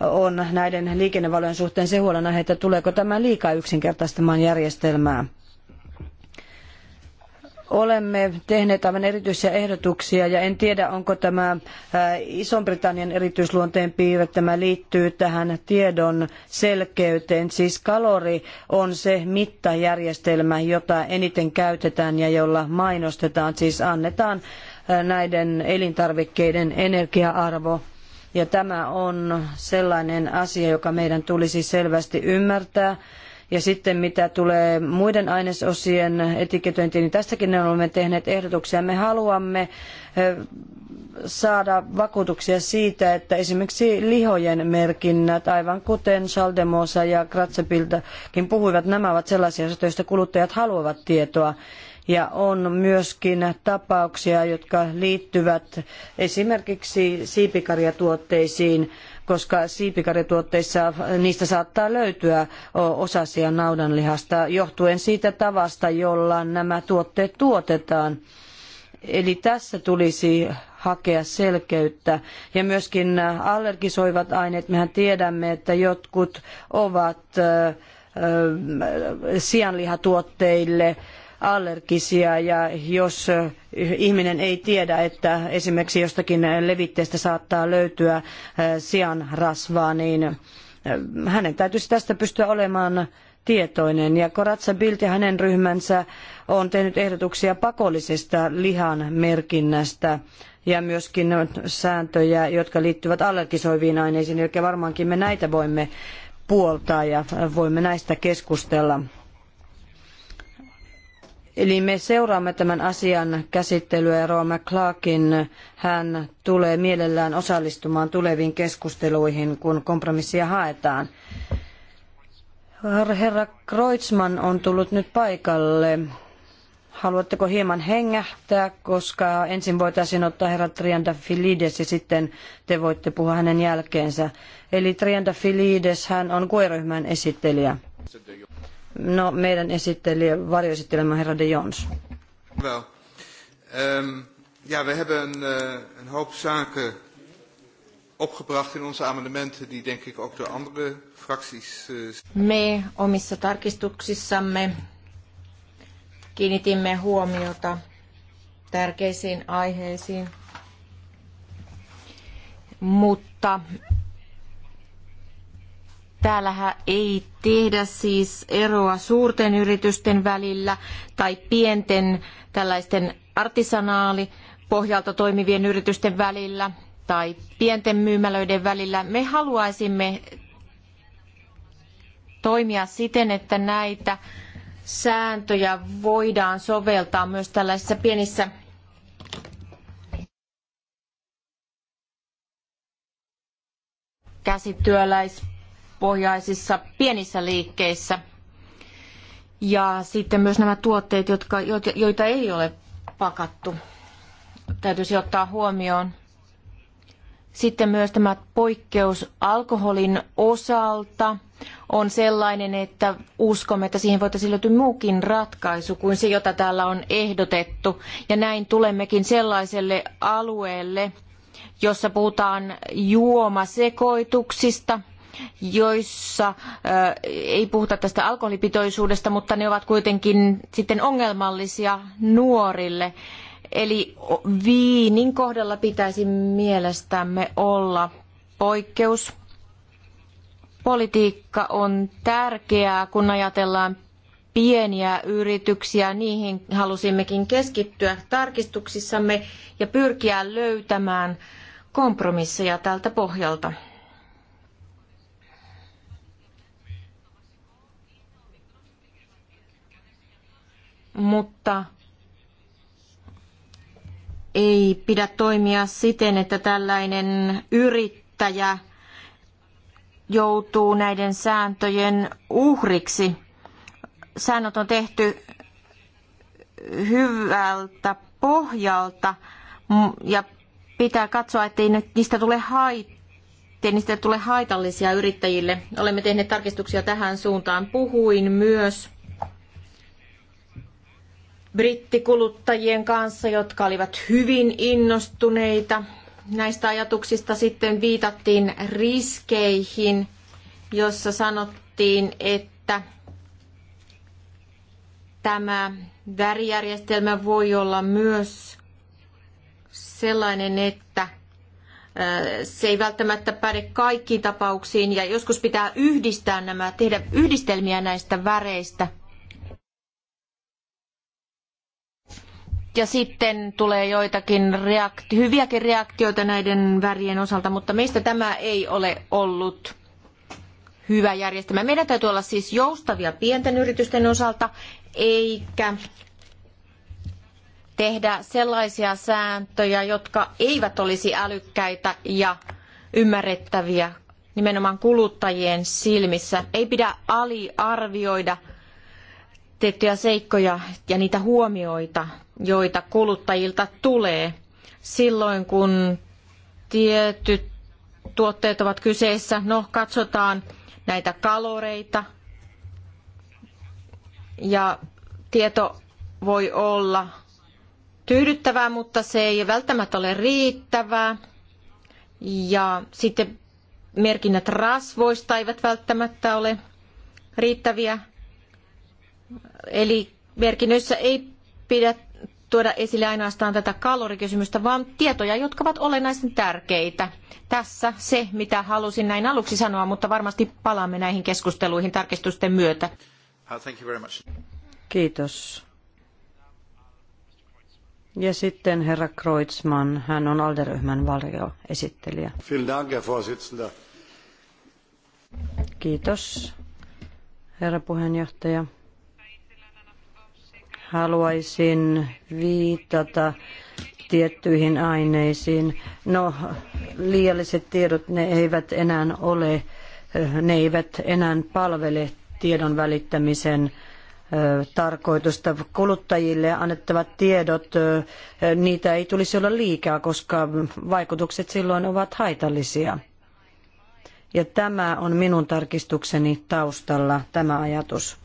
on näiden liikennevalojen suhteen se huolenaihe, että tuleeko tämä liikaa yksinkertaistamaan järjestelmää. Olemme tehneet aivan erityisiä ehdotuksia ja en tiedä, onko tämä äh, Ison-Britannian erityisluonteen piirre, tämä liittyy tähän tiedon selkeyteen. Siis kalori on se mittajärjestelmä, jota eniten käytetään ja jolla mainostetaan, siis annetaan äh, näiden elintarvikkeiden energiaarvo. Ja tämä on sellainen asia, joka meidän tulisi selvästi ymmärtää. Ja sitten mitä tulee muiden ainesosien etiketointiin, niin tästäkin olemme tehneet ehdotuksia. Me haluamme saada vakuutuksia siitä, että esimerkiksi lihojen merkinnät, aivan kuten Saldemosa ja Kratsepiltakin puhuivat, nämä ovat sellaisia asioita, joista kuluttajat haluavat tietoa. Ja on myöskin tapauksia, jotka liittyvät esimerkiksi siipikarjatuotteisiin, koska siipikarjatuotteissa niistä saattaa löytyä osasia naudanlihasta johtuen siitä tavasta, jolla nämä tuotteet tuotetaan. Eli tässä tulisi hakea selkeyttä. Ja myöskin allergisoivat aineet, mehän tiedämme, että jotkut ovat sianlihatuotteille allergisia ja jos ihminen ei tiedä, että esimerkiksi jostakin levitteestä saattaa löytyä sianrasvaa, niin hänen täytyisi tästä pystyä olemaan tietoinen. Ja Koratsa Bilt ja hänen ryhmänsä on tehnyt ehdotuksia pakollisesta lihan merkinnästä ja myöskin sääntöjä, jotka liittyvät allergisoiviin aineisiin, eli varmaankin me näitä voimme puoltaa ja voimme näistä keskustella. Eli me seuraamme tämän asian käsittelyä ja Roma Clarkin hän tulee mielellään osallistumaan tuleviin keskusteluihin, kun kompromissia haetaan. Herra Kreutzmann on tullut nyt paikalle. Haluatteko hieman hengähtää, koska ensin voitaisiin ottaa herra Trianda Filides ja sitten te voitte puhua hänen jälkeensä. Eli Trianda Filides, hän on kueryhmän esittelijä. No, meidän esittelijä, varjoesittelemä herra de Jons. Wel. Um, ja, we hebben een, eh, een hoop zaken opgebracht in onze amendementen die denk ik ook door andere fracties... Eh, Me omissa tarkistuksissamme kiinnitimme huomiota tärkeisiin aiheisiin, mutta Täällähän ei tehdä siis eroa suurten yritysten välillä tai pienten tällaisten artisanaali pohjalta toimivien yritysten välillä tai pienten myymälöiden välillä. Me haluaisimme toimia siten, että näitä sääntöjä voidaan soveltaa myös tällaisissa pienissä käsityöläis kasvispohjaisissa pienissä liikkeissä. Ja sitten myös nämä tuotteet, jotka, joita ei ole pakattu, täytyisi ottaa huomioon. Sitten myös tämä poikkeus alkoholin osalta on sellainen, että uskomme, että siihen voitaisiin löytyä muukin ratkaisu kuin se, jota täällä on ehdotettu. Ja näin tulemmekin sellaiselle alueelle, jossa puhutaan juomasekoituksista – joissa ei puhuta tästä alkoholipitoisuudesta, mutta ne ovat kuitenkin sitten ongelmallisia nuorille. Eli viinin kohdalla pitäisi mielestämme olla poikkeus. Politiikka on tärkeää, kun ajatellaan pieniä yrityksiä, niihin halusimmekin keskittyä tarkistuksissamme ja pyrkiä löytämään kompromisseja tältä pohjalta. mutta ei pidä toimia siten, että tällainen yrittäjä joutuu näiden sääntöjen uhriksi. Säännöt on tehty hyvältä pohjalta ja pitää katsoa, ettei niistä tule haittaa ettei niistä tule haitallisia yrittäjille. Olemme tehneet tarkistuksia tähän suuntaan. Puhuin myös brittikuluttajien kanssa, jotka olivat hyvin innostuneita. Näistä ajatuksista sitten viitattiin riskeihin, jossa sanottiin, että tämä värijärjestelmä voi olla myös sellainen, että se ei välttämättä päde kaikkiin tapauksiin ja joskus pitää yhdistää nämä, tehdä yhdistelmiä näistä väreistä – ja sitten tulee joitakin reakti- hyviäkin reaktioita näiden värien osalta, mutta meistä tämä ei ole ollut hyvä järjestelmä. Meidän täytyy olla siis joustavia pienten yritysten osalta, eikä tehdä sellaisia sääntöjä, jotka eivät olisi älykkäitä ja ymmärrettäviä nimenomaan kuluttajien silmissä. Ei pidä aliarvioida – tiettyjä seikkoja ja niitä huomioita, joita kuluttajilta tulee silloin, kun tietyt tuotteet ovat kyseessä. No, katsotaan näitä kaloreita ja tieto voi olla tyydyttävää, mutta se ei välttämättä ole riittävää. Ja sitten merkinnät rasvoista eivät välttämättä ole riittäviä. Eli merkinnöissä ei pidä tuoda esille ainoastaan tätä kalorikysymystä, vaan tietoja, jotka ovat olennaisen tärkeitä. Tässä se, mitä halusin näin aluksi sanoa, mutta varmasti palaamme näihin keskusteluihin tarkistusten myötä. Uh, Kiitos. Ja sitten herra Kreutzmann, hän on alderyhmän varjoesittelijä. Kiitos, herra puheenjohtaja haluaisin viitata tiettyihin aineisiin. No, liialliset tiedot, ne eivät enää ole, ne eivät enää palvele tiedon välittämisen tarkoitusta. Kuluttajille annettavat tiedot, niitä ei tulisi olla liikaa, koska vaikutukset silloin ovat haitallisia. Ja tämä on minun tarkistukseni taustalla, tämä ajatus.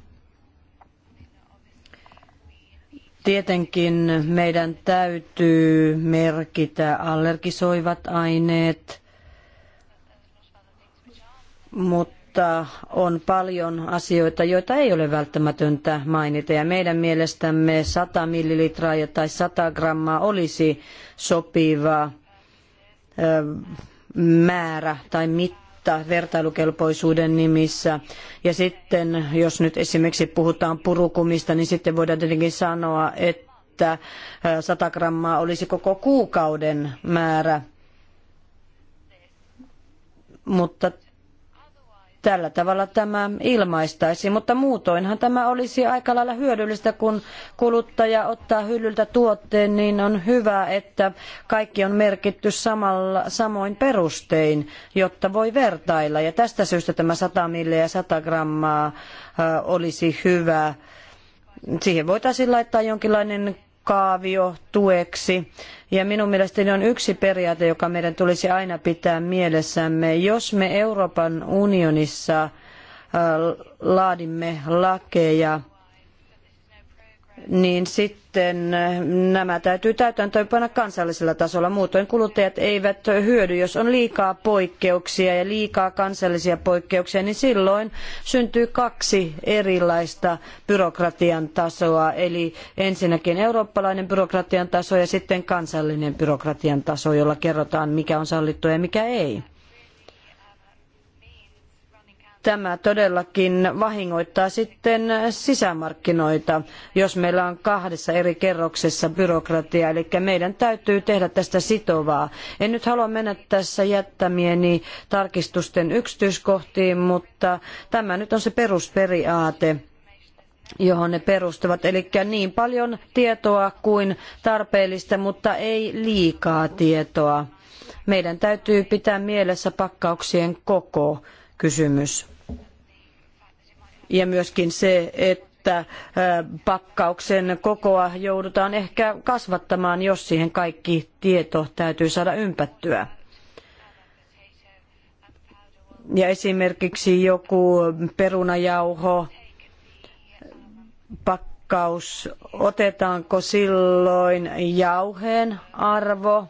Tietenkin meidän täytyy merkitä allergisoivat aineet, mutta on paljon asioita, joita ei ole välttämätöntä mainita. Ja meidän mielestämme 100 millilitraa tai 100 grammaa olisi sopiva määrä tai mitta totta vertailukelpoisuuden nimissä. Ja sitten, jos nyt esimerkiksi puhutaan purukumista, niin sitten voidaan tietenkin sanoa, että 100 äh, grammaa olisi koko kuukauden määrä. Mutta Tällä tavalla tämä ilmaistaisi, mutta muutoinhan tämä olisi aika lailla hyödyllistä, kun kuluttaja ottaa hyllyltä tuotteen, niin on hyvä, että kaikki on merkitty samalla, samoin perustein, jotta voi vertailla. Ja tästä syystä tämä 100 milliä ja 100 grammaa olisi hyvä siihen voitaisiin laittaa jonkinlainen kaavio tueksi. Ja minun mielestäni on yksi periaate, joka meidän tulisi aina pitää mielessämme. Jos me Euroopan unionissa äh, laadimme lakeja, niin sitten eh, nämä täytyy täytäntöönpanna kansallisella tasolla. Muutoin kuluttajat eivät hyödy, jos on liikaa poikkeuksia ja liikaa kansallisia poikkeuksia, niin silloin syntyy kaksi erilaista byrokratian tasoa. Eli ensinnäkin eurooppalainen byrokratian taso ja sitten kansallinen byrokratian taso, jolla kerrotaan mikä on sallittua ja mikä ei tämä todellakin vahingoittaa sitten sisämarkkinoita, jos meillä on kahdessa eri kerroksessa byrokratiaa. Eli meidän täytyy tehdä tästä sitovaa. En nyt halua mennä tässä jättämieni tarkistusten yksityiskohtiin, mutta tämä nyt on se perusperiaate johon ne perustuvat. Eli niin paljon tietoa kuin tarpeellista, mutta ei liikaa tietoa. Meidän täytyy pitää mielessä pakkauksien koko kysymys. Ja myöskin se, että äh, pakkauksen kokoa joudutaan ehkä kasvattamaan, jos siihen kaikki tieto täytyy saada ympättyä ja esimerkiksi joku perunajauho pakkaus, otetaanko silloin jauheen arvo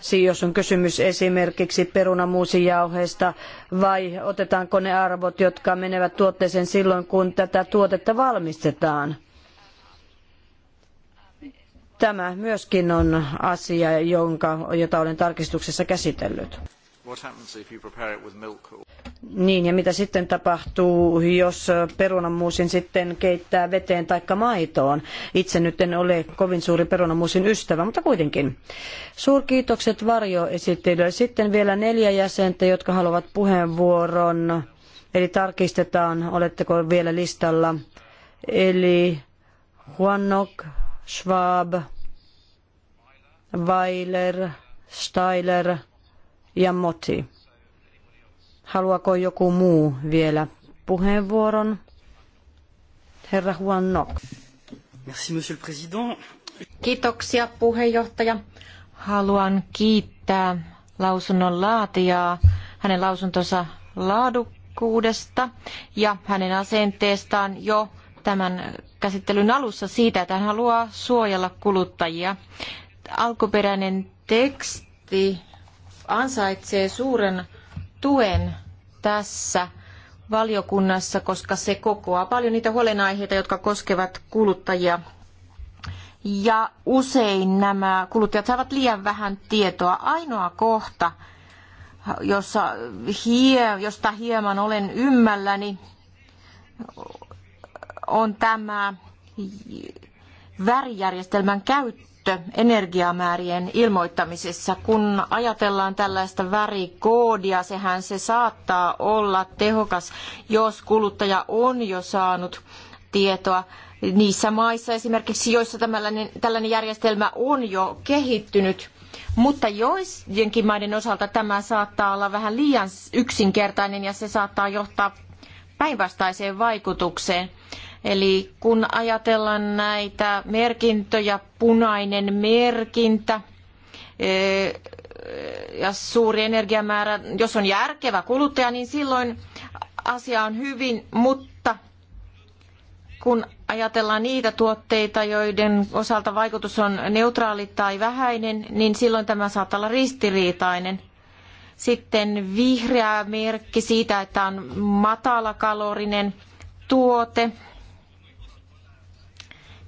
Siis jos on kysymys esimerkiksi perunamuusijauheesta vai otetaanko ne arvot, jotka menevät tuotteeseen silloin, kun tätä tuotetta valmistetaan? Tämä myöskin on asia, jonka, jota olen tarkistuksessa käsitellyt. Niin, ja mitä sitten tapahtuu, jos perunamuusin sitten keittää veteen tai maitoon? Itse nyt en ole kovin suuri perunamuusin ystävä, mutta kuitenkin. Suurkiitokset varjoesittelyä. Sitten vielä neljä jäsentä, jotka haluavat puheenvuoron. Eli tarkistetaan, oletteko vielä listalla. Eli Juanok, Schwab, Weiler, Steiler ja Motti. Haluaako joku muu vielä puheenvuoron? Herra Juan Nock. Merci, monsieur le président. Kiitoksia puheenjohtaja. Haluan kiittää lausunnon laatijaa hänen lausuntonsa laadukkuudesta ja hänen asenteestaan jo tämän käsittelyn alussa siitä, että hän haluaa suojella kuluttajia. Alkuperäinen teksti ansaitsee suuren tuen tässä valiokunnassa, koska se kokoaa paljon niitä huolenaiheita, jotka koskevat kuluttajia. Ja usein nämä kuluttajat saavat liian vähän tietoa. Ainoa kohta, jossa hie, josta hieman olen ymmälläni, on tämä värijärjestelmän käyttö käyttö energiamäärien ilmoittamisessa. Kun ajatellaan tällaista värikoodia, sehän se saattaa olla tehokas, jos kuluttaja on jo saanut tietoa niissä maissa esimerkiksi, joissa tällainen, tällainen järjestelmä on jo kehittynyt. Mutta joidenkin maiden osalta tämä saattaa olla vähän liian yksinkertainen ja se saattaa johtaa päinvastaiseen vaikutukseen. Eli kun ajatellaan näitä merkintöjä, punainen merkintä e, ja suuri energiamäärä, jos on järkevä kuluttaja, niin silloin asia on hyvin, mutta kun ajatellaan niitä tuotteita, joiden osalta vaikutus on neutraali tai vähäinen, niin silloin tämä saattaa olla ristiriitainen. Sitten vihreä merkki siitä, että on matalakalorinen tuote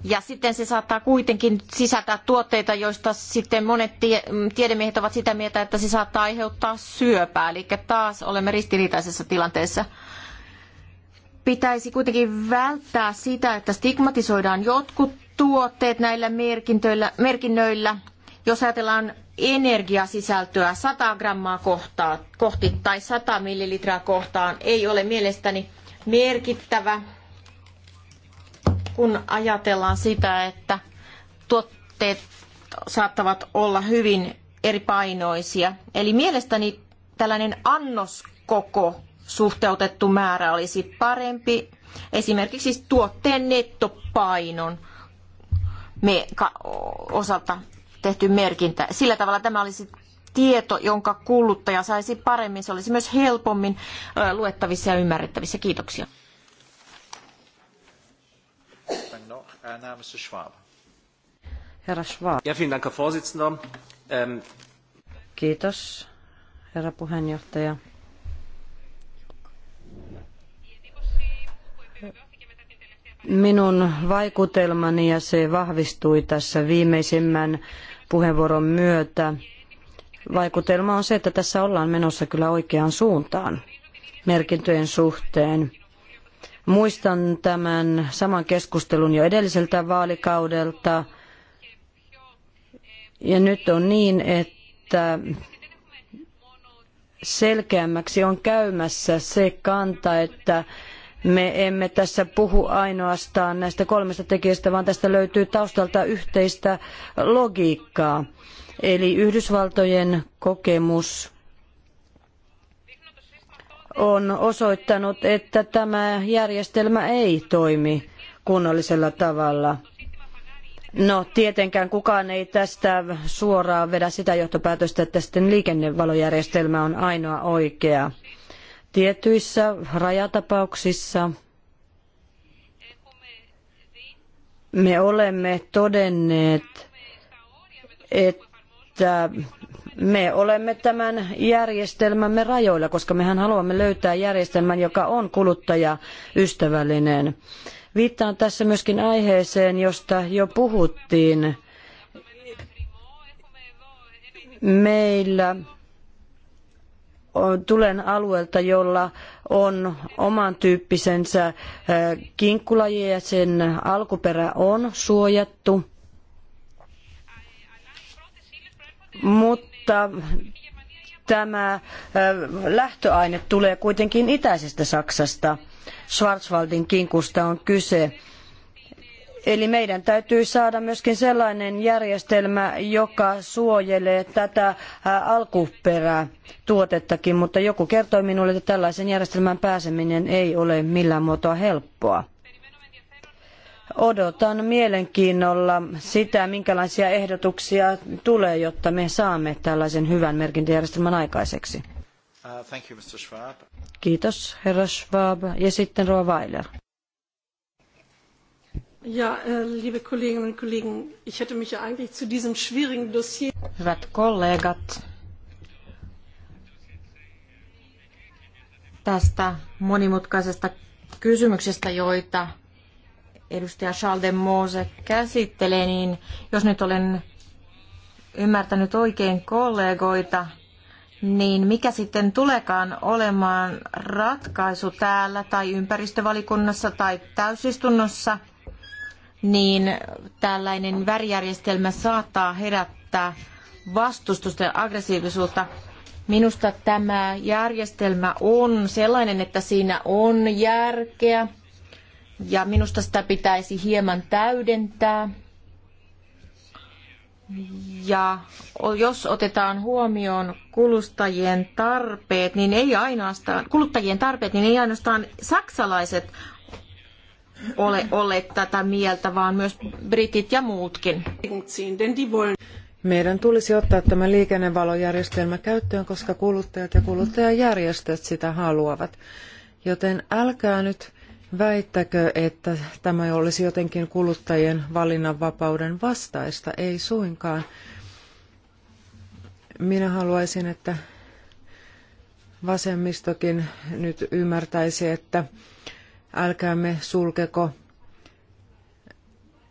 ja sitten se saattaa kuitenkin sisältää tuotteita, joista sitten monet tie- tiedemiehet ovat sitä mieltä, että se saattaa aiheuttaa syöpää. Eli taas olemme ristiriitaisessa tilanteessa. Pitäisi kuitenkin välttää sitä, että stigmatisoidaan jotkut tuotteet näillä merkinnöillä. Jos ajatellaan energiasisältöä 100 grammaa kohtaa, kohti tai 100 millilitraa kohtaan, ei ole mielestäni merkittävä kun ajatellaan sitä, että tuotteet saattavat olla hyvin eripainoisia. Eli mielestäni tällainen annoskoko suhteutettu määrä olisi parempi. Esimerkiksi tuotteen nettopainon osalta tehty merkintä. Sillä tavalla tämä olisi tieto, jonka kuluttaja saisi paremmin. Se olisi myös helpommin luettavissa ja ymmärrettävissä. Kiitoksia. Namens Schwab. Herra Schwab. Ja, vielen Dank, Herr Vorsitzender. Ähm... Kiitos, herra puheenjohtaja. Minun vaikutelmani, ja se vahvistui tässä viimeisimmän puheenvuoron myötä, vaikutelma on se, että tässä ollaan menossa kyllä oikeaan suuntaan merkintöjen suhteen. Muistan tämän saman keskustelun jo edelliseltä vaalikaudelta. Ja nyt on niin, että selkeämmäksi on käymässä se kanta, että me emme tässä puhu ainoastaan näistä kolmesta tekijästä, vaan tästä löytyy taustalta yhteistä logiikkaa. Eli Yhdysvaltojen kokemus on osoittanut, että tämä järjestelmä ei toimi kunnollisella tavalla. No tietenkään kukaan ei tästä suoraan vedä sitä johtopäätöstä, että sitten liikennevalojärjestelmä on ainoa oikea. Tietyissä rajatapauksissa me olemme todenneet, että me olemme tämän järjestelmämme rajoilla, koska mehän haluamme löytää järjestelmän, joka on kuluttajaystävällinen. Viittaan tässä myöskin aiheeseen, josta jo puhuttiin. Meillä tulen alueelta, jolla on oman tyyppisensä kinkkulaji ja sen alkuperä on suojattu. Mutta mutta tämä äh, lähtöaine tulee kuitenkin itäisestä Saksasta. Schwarzwaldin kinkusta on kyse. Eli meidän täytyy saada myöskin sellainen järjestelmä, joka suojelee tätä äh, alkuperää tuotettakin, mutta joku kertoi minulle, että tällaisen järjestelmään pääseminen ei ole millään muotoa helppoa. Odotan mielenkiinnolla sitä, minkälaisia ehdotuksia tulee, jotta me saamme tällaisen hyvän merkintäjärjestelmän aikaiseksi. Uh, thank you, Mr. Schwab. Kiitos, herra Schwab. Ja sitten Rova Weiler. Ja, äh, liebe Kolleginnen und Kollegen, ich hätte mich ja eigentlich zu diesem schwierigen Dossier... Hyvät kollegat, tästä monimutkaisesta kysymyksestä, joita edustaja Charles Mose käsittelee, niin jos nyt olen ymmärtänyt oikein kollegoita, niin mikä sitten tulekaan olemaan ratkaisu täällä tai ympäristövalikunnassa tai täysistunnossa, niin tällainen värijärjestelmä saattaa herättää vastustusta ja aggressiivisuutta. Minusta tämä järjestelmä on sellainen, että siinä on järkeä ja minusta sitä pitäisi hieman täydentää. Ja jos otetaan huomioon kuluttajien tarpeet, niin ei ainoastaan, kuluttajien tarpeet, niin ei ainoastaan saksalaiset ole ole tätä mieltä, vaan myös britit ja muutkin. Meidän tulisi ottaa tämä liikennevalojärjestelmä käyttöön, koska kuluttajat ja kuluttajajärjestöt sitä haluavat. Joten älkää nyt Väittäkö, että tämä olisi jotenkin kuluttajien valinnanvapauden vastaista? Ei suinkaan. Minä haluaisin, että vasemmistokin nyt ymmärtäisi, että älkäämme sulkeko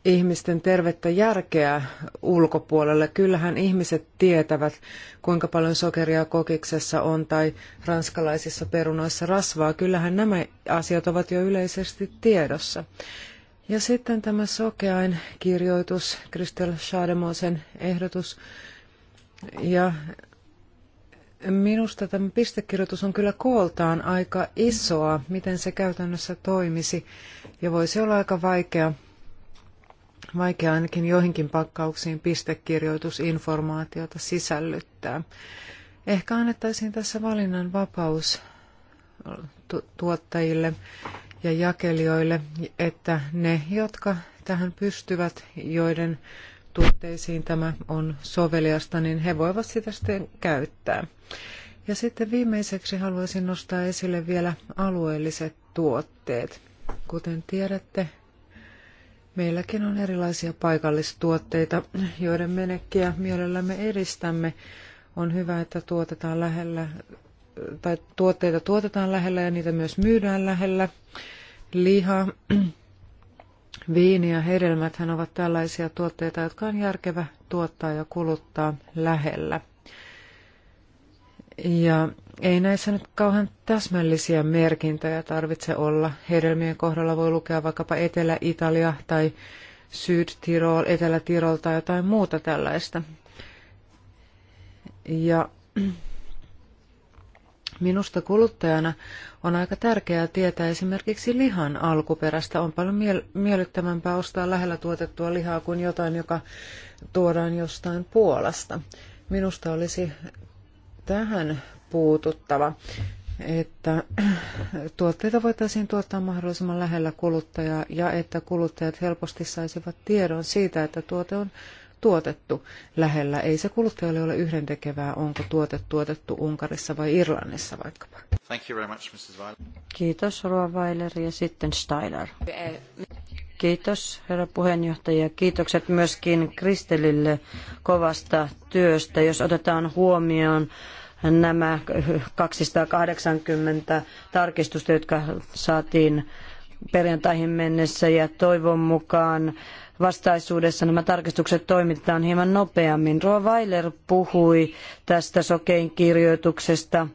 ihmisten tervettä järkeä ulkopuolelle. Kyllähän ihmiset tietävät, kuinka paljon sokeria kokiksessa on tai ranskalaisissa perunoissa rasvaa. Kyllähän nämä asiat ovat jo yleisesti tiedossa. Ja sitten tämä sokeain kirjoitus, Kristel Schademosen ehdotus. Ja minusta tämä pistekirjoitus on kyllä kooltaan aika isoa, miten se käytännössä toimisi. Ja voisi olla aika vaikea vaikea ainakin joihinkin pakkauksiin pistekirjoitusinformaatiota sisällyttää. Ehkä annettaisiin tässä valinnan vapaus tuottajille ja jakelijoille, että ne, jotka tähän pystyvät, joiden tuotteisiin tämä on soveliasta, niin he voivat sitä sitten käyttää. Ja sitten viimeiseksi haluaisin nostaa esille vielä alueelliset tuotteet. Kuten tiedätte, Meilläkin on erilaisia paikallistuotteita, joiden menekkiä mielellämme edistämme. On hyvä, että tuotetaan lähellä, tai tuotteita tuotetaan lähellä ja niitä myös myydään lähellä. Liha, viini ja hedelmät ovat tällaisia tuotteita, jotka on järkevä tuottaa ja kuluttaa lähellä. Ja ei näissä nyt kauhean täsmällisiä merkintöjä tarvitse olla. Hedelmien kohdalla voi lukea vaikkapa Etelä-Italia tai Syd-Tirol, Etelä-Tirol tai jotain muuta tällaista. Ja minusta kuluttajana on aika tärkeää tietää esimerkiksi lihan alkuperästä. On paljon miellyttävämpää ostaa lähellä tuotettua lihaa kuin jotain, joka tuodaan jostain Puolasta. Minusta olisi tähän puututtava, että tuotteita voitaisiin tuottaa mahdollisimman lähellä kuluttajaa ja että kuluttajat helposti saisivat tiedon siitä, että tuote on tuotettu lähellä. Ei se kuluttajalle ole yhdentekevää, onko tuote tuotettu Unkarissa vai Irlannissa vaikkapa. Thank you very much, Mrs. Kiitos, Kiitos Weiler ja sitten Steiner. Kiitos herra puheenjohtaja. Kiitokset myöskin Kristelille kovasta työstä. Jos otetaan huomioon nämä 280 tarkistusta, jotka saatiin perjantaihin mennessä ja toivon mukaan vastaisuudessa nämä tarkistukset toimitetaan hieman nopeammin. Roa Weiler puhui tästä sokein kirjoituksesta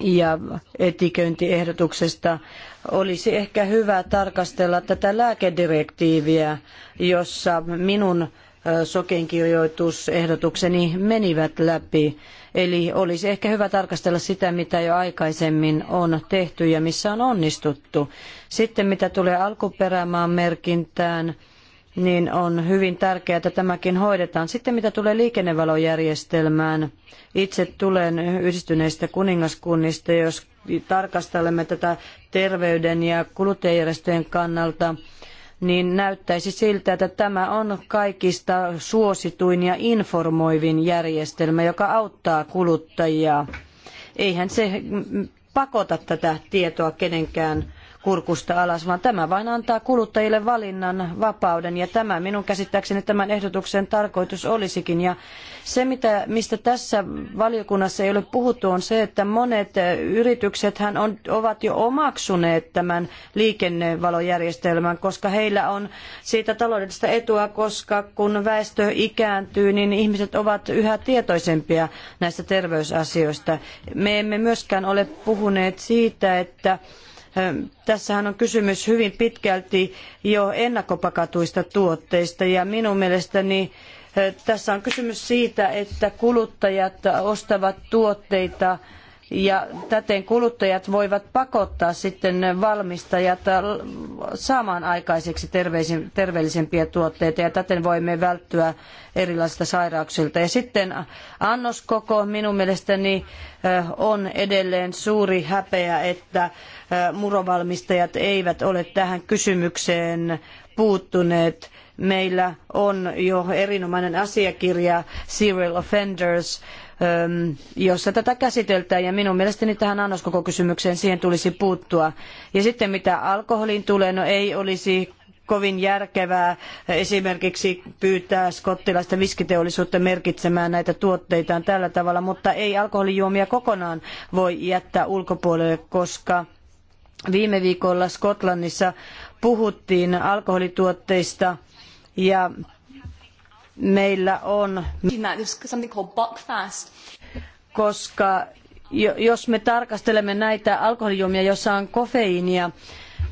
ja etiköintiehdotuksesta. Olisi ehkä hyvä tarkastella tätä lääkedirektiiviä, jossa minun sokeinkirjoitusehdotukseni menivät läpi. Eli olisi ehkä hyvä tarkastella sitä, mitä jo aikaisemmin on tehty ja missä on onnistuttu. Sitten mitä tulee alkuperämaan merkintään, niin on hyvin tärkeää, että tämäkin hoidetaan. Sitten mitä tulee liikennevalojärjestelmään, itse tulen yhdistyneistä kuningaskunnista, jos tarkastelemme tätä terveyden ja kuluttajajärjestöjen kannalta – niin näyttäisi siltä, että tämä on kaikista suosituin ja informoivin järjestelmä, joka auttaa kuluttajia. Eihän se pakota tätä tietoa kenenkään kurkusta alas, vaan tämä vain antaa kuluttajille valinnan vapauden ja tämä minun käsittääkseni tämän ehdotuksen tarkoitus olisikin. Ja se, mitä, mistä tässä valiokunnassa ei ole puhuttu, on se, että monet yritykset on, ovat jo omaksuneet tämän liikennevalojärjestelmän, koska heillä on siitä taloudellista etua, koska kun väestö ikääntyy, niin ihmiset ovat yhä tietoisempia näistä terveysasioista. Me emme myöskään ole puhuneet siitä, että Tässähän on kysymys hyvin pitkälti jo ennakkopakatuista tuotteista ja minun mielestäni tässä on kysymys siitä, että kuluttajat ostavat tuotteita ja täten kuluttajat voivat pakottaa sitten valmistajat saamaan aikaiseksi terveellisempiä tuotteita ja täten voimme välttyä erilaisilta sairauksilta. Ja sitten annoskoko minun mielestäni on edelleen suuri häpeä, että murovalmistajat eivät ole tähän kysymykseen puuttuneet meillä on jo erinomainen asiakirja Serial Offenders jossa tätä käsiteltään ja minun mielestäni tähän annoskoko kysymykseen siihen tulisi puuttua. Ja sitten mitä alkoholiin tulee, no ei olisi kovin järkevää esimerkiksi pyytää skottilaista viskiteollisuutta merkitsemään näitä tuotteitaan tällä tavalla, mutta ei alkoholijuomia kokonaan voi jättää ulkopuolelle, koska viime viikolla Skotlannissa puhuttiin alkoholituotteista ja meillä on, koska jos me tarkastelemme näitä alkoholijuomia, joissa on kofeiinia,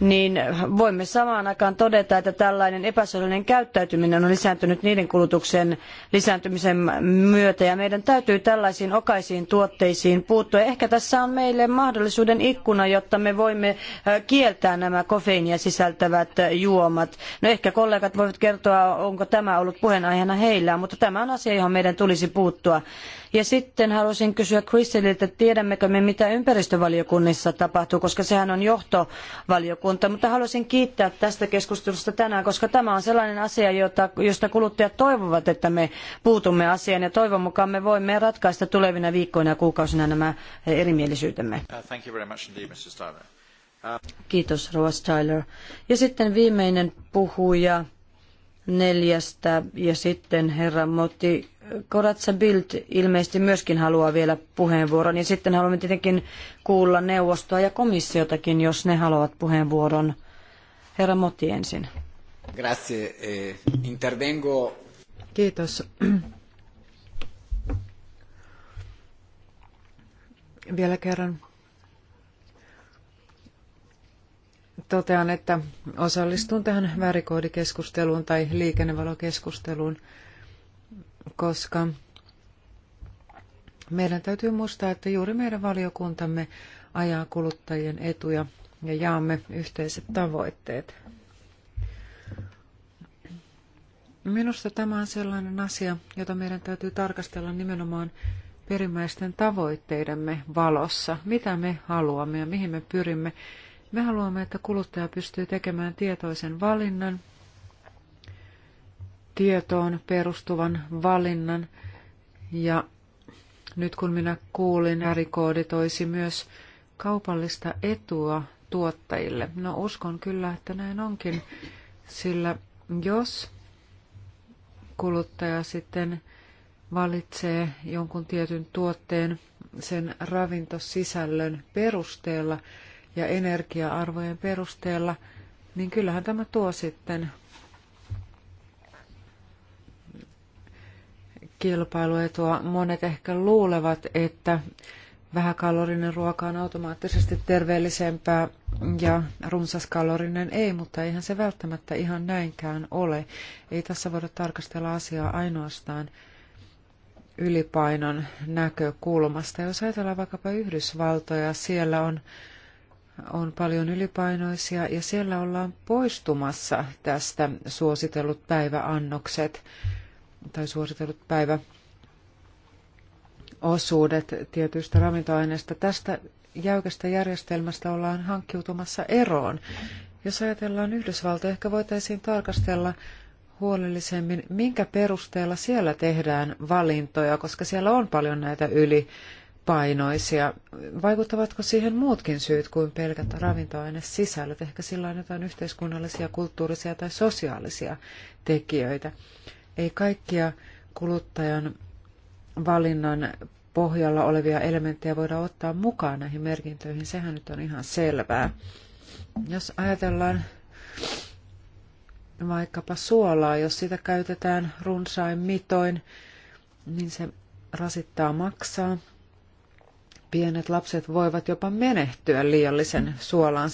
niin voimme samaan aikaan todeta, että tällainen epäsodallinen käyttäytyminen on lisääntynyt niiden kulutuksen lisääntymisen myötä. Ja meidän täytyy tällaisiin okaisiin tuotteisiin puuttua. Ehkä tässä on meille mahdollisuuden ikkuna, jotta me voimme kieltää nämä kofeiinia sisältävät juomat. No ehkä kollegat voivat kertoa, onko tämä ollut puheenaiheena heillä, mutta tämä on asia, johon meidän tulisi puuttua. Ja sitten halusin kysyä Kristililtä, tiedämmekö me mitä ympäristövaliokunnissa tapahtuu, koska sehän on johtovaliokunta, mutta haluaisin kiittää tästä keskustelusta tänään, koska tämä on sellainen asia, jota, josta kuluttajat toivovat, että me puutumme asiaan ja toivon mukaan me voimme ratkaista tulevina viikkoina ja kuukausina nämä erimielisyytemme. Uh, uh, Kiitos, Roas Tyler. Ja sitten viimeinen puhuja neljästä ja sitten herra Motti Koratsa Bild ilmeisesti myöskin haluaa vielä puheenvuoron. Ja sitten haluamme tietenkin kuulla neuvostoa ja komissiotakin, jos ne haluavat puheenvuoron. Herra Motti ensin. Grazie. Eh, intervengo. Kiitos. Vielä kerran totean, että osallistun tähän värikoodikeskusteluun tai liikennevalokeskusteluun koska meidän täytyy muistaa, että juuri meidän valiokuntamme ajaa kuluttajien etuja ja jaamme yhteiset tavoitteet. Minusta tämä on sellainen asia, jota meidän täytyy tarkastella nimenomaan perimmäisten tavoitteidemme valossa. Mitä me haluamme ja mihin me pyrimme? Me haluamme, että kuluttaja pystyy tekemään tietoisen valinnan tietoon perustuvan valinnan. Ja nyt kun minä kuulin, ärikoodi toisi myös kaupallista etua tuottajille. No uskon kyllä, että näin onkin, sillä jos kuluttaja sitten valitsee jonkun tietyn tuotteen sen ravintosisällön perusteella ja energia-arvojen perusteella, niin kyllähän tämä tuo sitten kilpailuetua. Monet ehkä luulevat, että vähäkalorinen ruoka on automaattisesti terveellisempää ja runsaskalorinen ei, mutta eihän se välttämättä ihan näinkään ole. Ei tässä voida tarkastella asiaa ainoastaan ylipainon näkökulmasta. Jos ajatellaan vaikkapa Yhdysvaltoja, siellä on, on paljon ylipainoisia ja siellä ollaan poistumassa tästä suositellut päiväannokset tai suositellut päiväosuudet tietyistä ravintoaineista. Tästä jäykästä järjestelmästä ollaan hankkiutumassa eroon. Jos ajatellaan Yhdysvaltoja, ehkä voitaisiin tarkastella huolellisemmin, minkä perusteella siellä tehdään valintoja, koska siellä on paljon näitä ylipainoisia. Vaikuttavatko siihen muutkin syyt kuin pelkät ravintoainesisällöt? Ehkä sillä on jotain yhteiskunnallisia, kulttuurisia tai sosiaalisia tekijöitä ei kaikkia kuluttajan valinnan pohjalla olevia elementtejä voida ottaa mukaan näihin merkintöihin, sehän nyt on ihan selvää. Jos ajatellaan vaikkapa suolaa, jos sitä käytetään runsain mitoin, niin se rasittaa maksaa. Pienet lapset voivat jopa menehtyä liiallisen suolan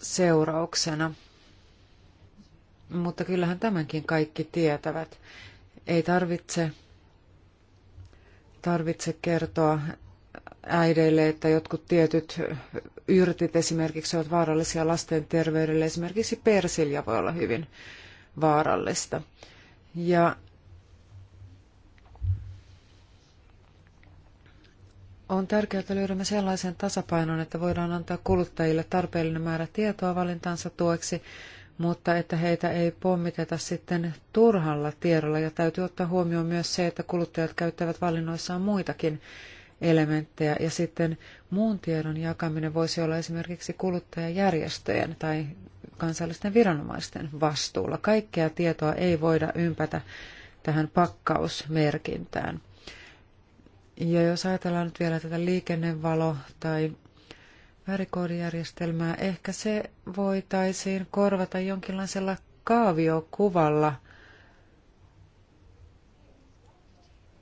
seurauksena mutta kyllähän tämänkin kaikki tietävät. Ei tarvitse, tarvitse kertoa äideille, että jotkut tietyt yrtit esimerkiksi ovat vaarallisia lasten terveydelle. Esimerkiksi persilja voi olla hyvin vaarallista. Ja on tärkeää, että löydämme sellaisen tasapainon, että voidaan antaa kuluttajille tarpeellinen määrä tietoa valintansa tueksi, mutta että heitä ei pommiteta sitten turhalla tiedolla. Ja täytyy ottaa huomioon myös se, että kuluttajat käyttävät valinnoissaan muitakin elementtejä. Ja sitten muun tiedon jakaminen voisi olla esimerkiksi kuluttajajärjestöjen tai kansallisten viranomaisten vastuulla. Kaikkea tietoa ei voida ympätä tähän pakkausmerkintään. Ja jos ajatellaan nyt vielä tätä liikennevalo- tai värikoodijärjestelmää. Ehkä se voitaisiin korvata jonkinlaisella kaaviokuvalla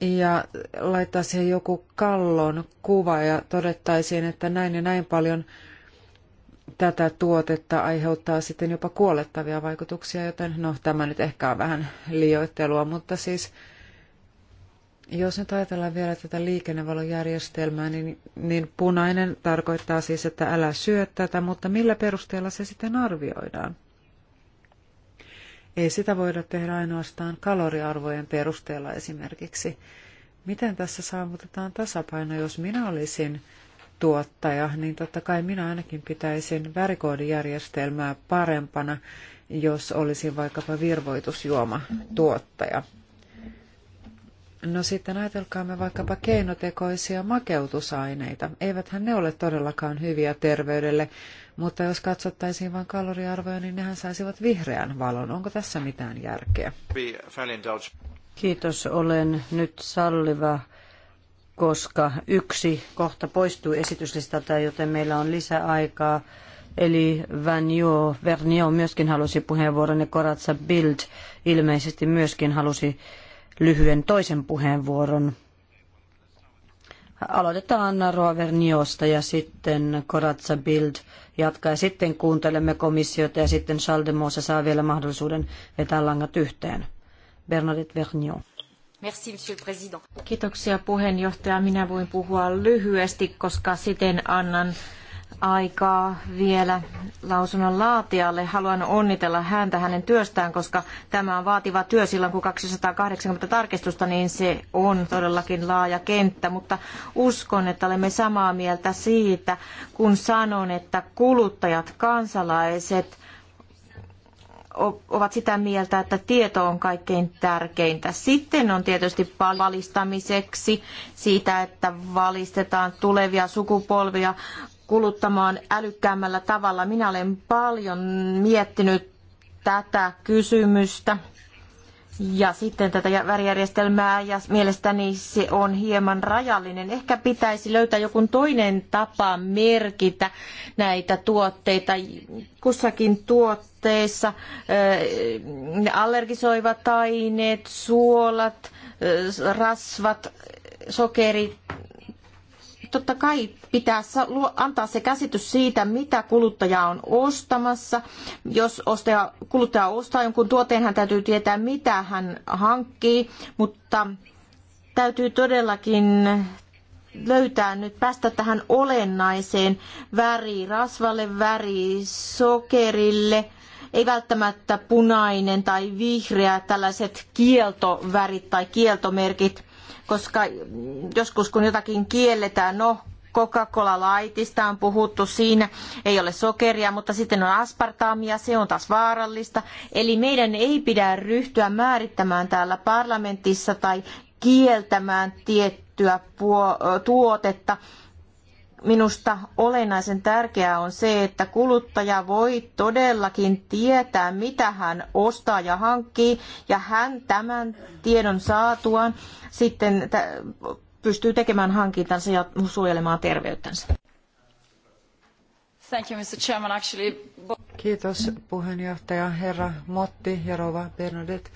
ja laittaa siihen joku kallon kuva ja todettaisiin, että näin ja näin paljon tätä tuotetta aiheuttaa sitten jopa kuolettavia vaikutuksia, joten no tämä nyt ehkä on vähän liioittelua, mutta siis jos nyt ajatellaan vielä tätä liikennevalojärjestelmää, niin, niin punainen tarkoittaa siis, että älä syö tätä, mutta millä perusteella se sitten arvioidaan? Ei sitä voida tehdä ainoastaan kaloriarvojen perusteella esimerkiksi. Miten tässä saavutetaan tasapaino, jos minä olisin tuottaja, niin totta kai minä ainakin pitäisin värikoodijärjestelmää parempana, jos olisin vaikkapa virvoitusjuoma tuottaja. Mm-hmm No sitten ajatelkaamme vaikkapa keinotekoisia makeutusaineita. Eiväthän ne ole todellakaan hyviä terveydelle, mutta jos katsottaisiin vain kaloriarvoja, niin nehän saisivat vihreän valon. Onko tässä mitään järkeä? Kiitos, olen nyt salliva, koska yksi kohta poistuu esityslistalta, joten meillä on lisäaikaa. Eli Vanjo, Vernio myöskin halusi puheenvuoron ja Koratsa Bild ilmeisesti myöskin halusi lyhyen toisen puheenvuoron. Aloitetaan roaverniosta ja sitten Koratsa Bild jatkaa ja sitten kuuntelemme komissiota ja sitten Chaldemossa saa vielä mahdollisuuden vetää langat yhteen. Bernadette Vernion. Merci, monsieur le président. Kiitoksia puheenjohtaja. Minä voin puhua lyhyesti, koska siten annan aikaa vielä lausunnon laatijalle. Haluan onnitella häntä hänen työstään, koska tämä on vaativa työ silloin, kun 280 tarkistusta, niin se on todellakin laaja kenttä. Mutta uskon, että olemme samaa mieltä siitä, kun sanon, että kuluttajat, kansalaiset ovat sitä mieltä, että tieto on kaikkein tärkeintä. Sitten on tietysti valistamiseksi siitä, että valistetaan tulevia sukupolvia kuluttamaan älykkäämmällä tavalla. Minä olen paljon miettinyt tätä kysymystä ja sitten tätä värijärjestelmää ja mielestäni se on hieman rajallinen. Ehkä pitäisi löytää joku toinen tapa merkitä näitä tuotteita. Kussakin tuotteessa allergisoivat aineet, suolat, rasvat, sokerit, totta kai pitää antaa se käsitys siitä, mitä kuluttaja on ostamassa. Jos ostaja, kuluttaja ostaa jonkun tuotteen, hän täytyy tietää, mitä hän hankkii, mutta täytyy todellakin löytää nyt, päästä tähän olennaiseen väri, rasvalle väri, sokerille, ei välttämättä punainen tai vihreä, tällaiset kieltovärit tai kieltomerkit – koska joskus kun jotakin kielletään, no Coca-Cola-laitista on puhuttu, siinä ei ole sokeria, mutta sitten on aspartaamia, se on taas vaarallista. Eli meidän ei pidä ryhtyä määrittämään täällä parlamentissa tai kieltämään tiettyä tuotetta minusta olennaisen tärkeää on se, että kuluttaja voi todellakin tietää, mitä hän ostaa ja hankkii, ja hän tämän tiedon saatuaan sitten pystyy tekemään hankintansa ja suojelemaan terveyttänsä. Thank you, Mr. Chairman. Actually... Kiitos puheenjohtaja herra Motti ja rouva Bernadette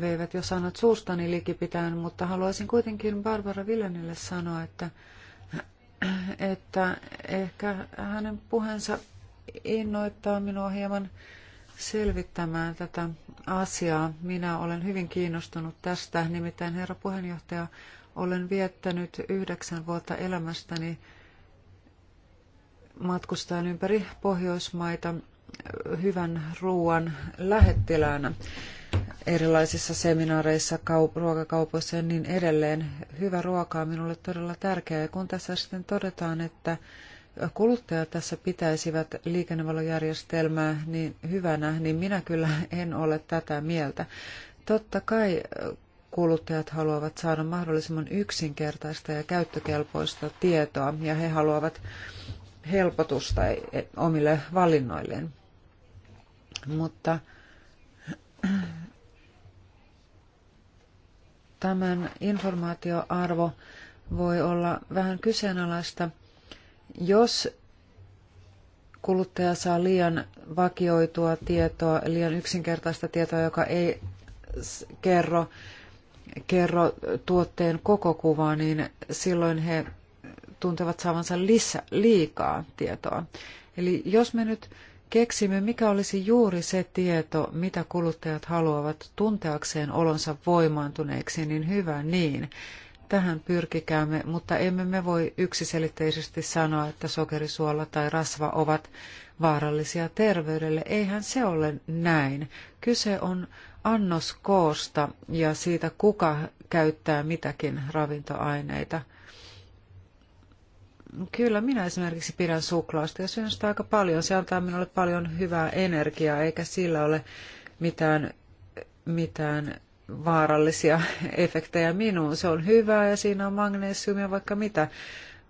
veivät jo sanat suustani likipitäen, mutta haluaisin kuitenkin Barbara Villenille sanoa, että että ehkä hänen puheensa innoittaa minua hieman selvittämään tätä asiaa. Minä olen hyvin kiinnostunut tästä, nimittäin herra puheenjohtaja, olen viettänyt yhdeksän vuotta elämästäni matkustajan ympäri Pohjoismaita hyvän ruoan lähettiläänä erilaisissa seminaareissa, kaup- ruokakaupoissa ja niin edelleen. Hyvä ruoka on minulle todella tärkeää. Ja kun tässä sitten todetaan, että kuluttajat tässä pitäisivät liikennevalojärjestelmää niin hyvänä, niin minä kyllä en ole tätä mieltä. Totta kai kuluttajat haluavat saada mahdollisimman yksinkertaista ja käyttökelpoista tietoa ja he haluavat helpotusta e, e, omille valinnoilleen. Mutta tämän informaatioarvo voi olla vähän kyseenalaista, jos kuluttaja saa liian vakioitua tietoa, liian yksinkertaista tietoa, joka ei kerro, kerro tuotteen koko kuvaa, niin silloin he tuntevat saavansa lisä, liikaa tietoa. Eli jos me nyt keksimme, mikä olisi juuri se tieto, mitä kuluttajat haluavat tunteakseen olonsa voimaantuneeksi, niin hyvä niin. Tähän pyrkikäämme, mutta emme me voi yksiselitteisesti sanoa, että sokerisuola tai rasva ovat vaarallisia terveydelle. Eihän se ole näin. Kyse on annoskoosta ja siitä, kuka käyttää mitäkin ravintoaineita – Kyllä, minä esimerkiksi pidän suklaasta ja syön sitä aika paljon. Se antaa minulle paljon hyvää energiaa, eikä sillä ole mitään, mitään vaarallisia efektejä minuun. Se on hyvää ja siinä on magnesiumia vaikka mitä.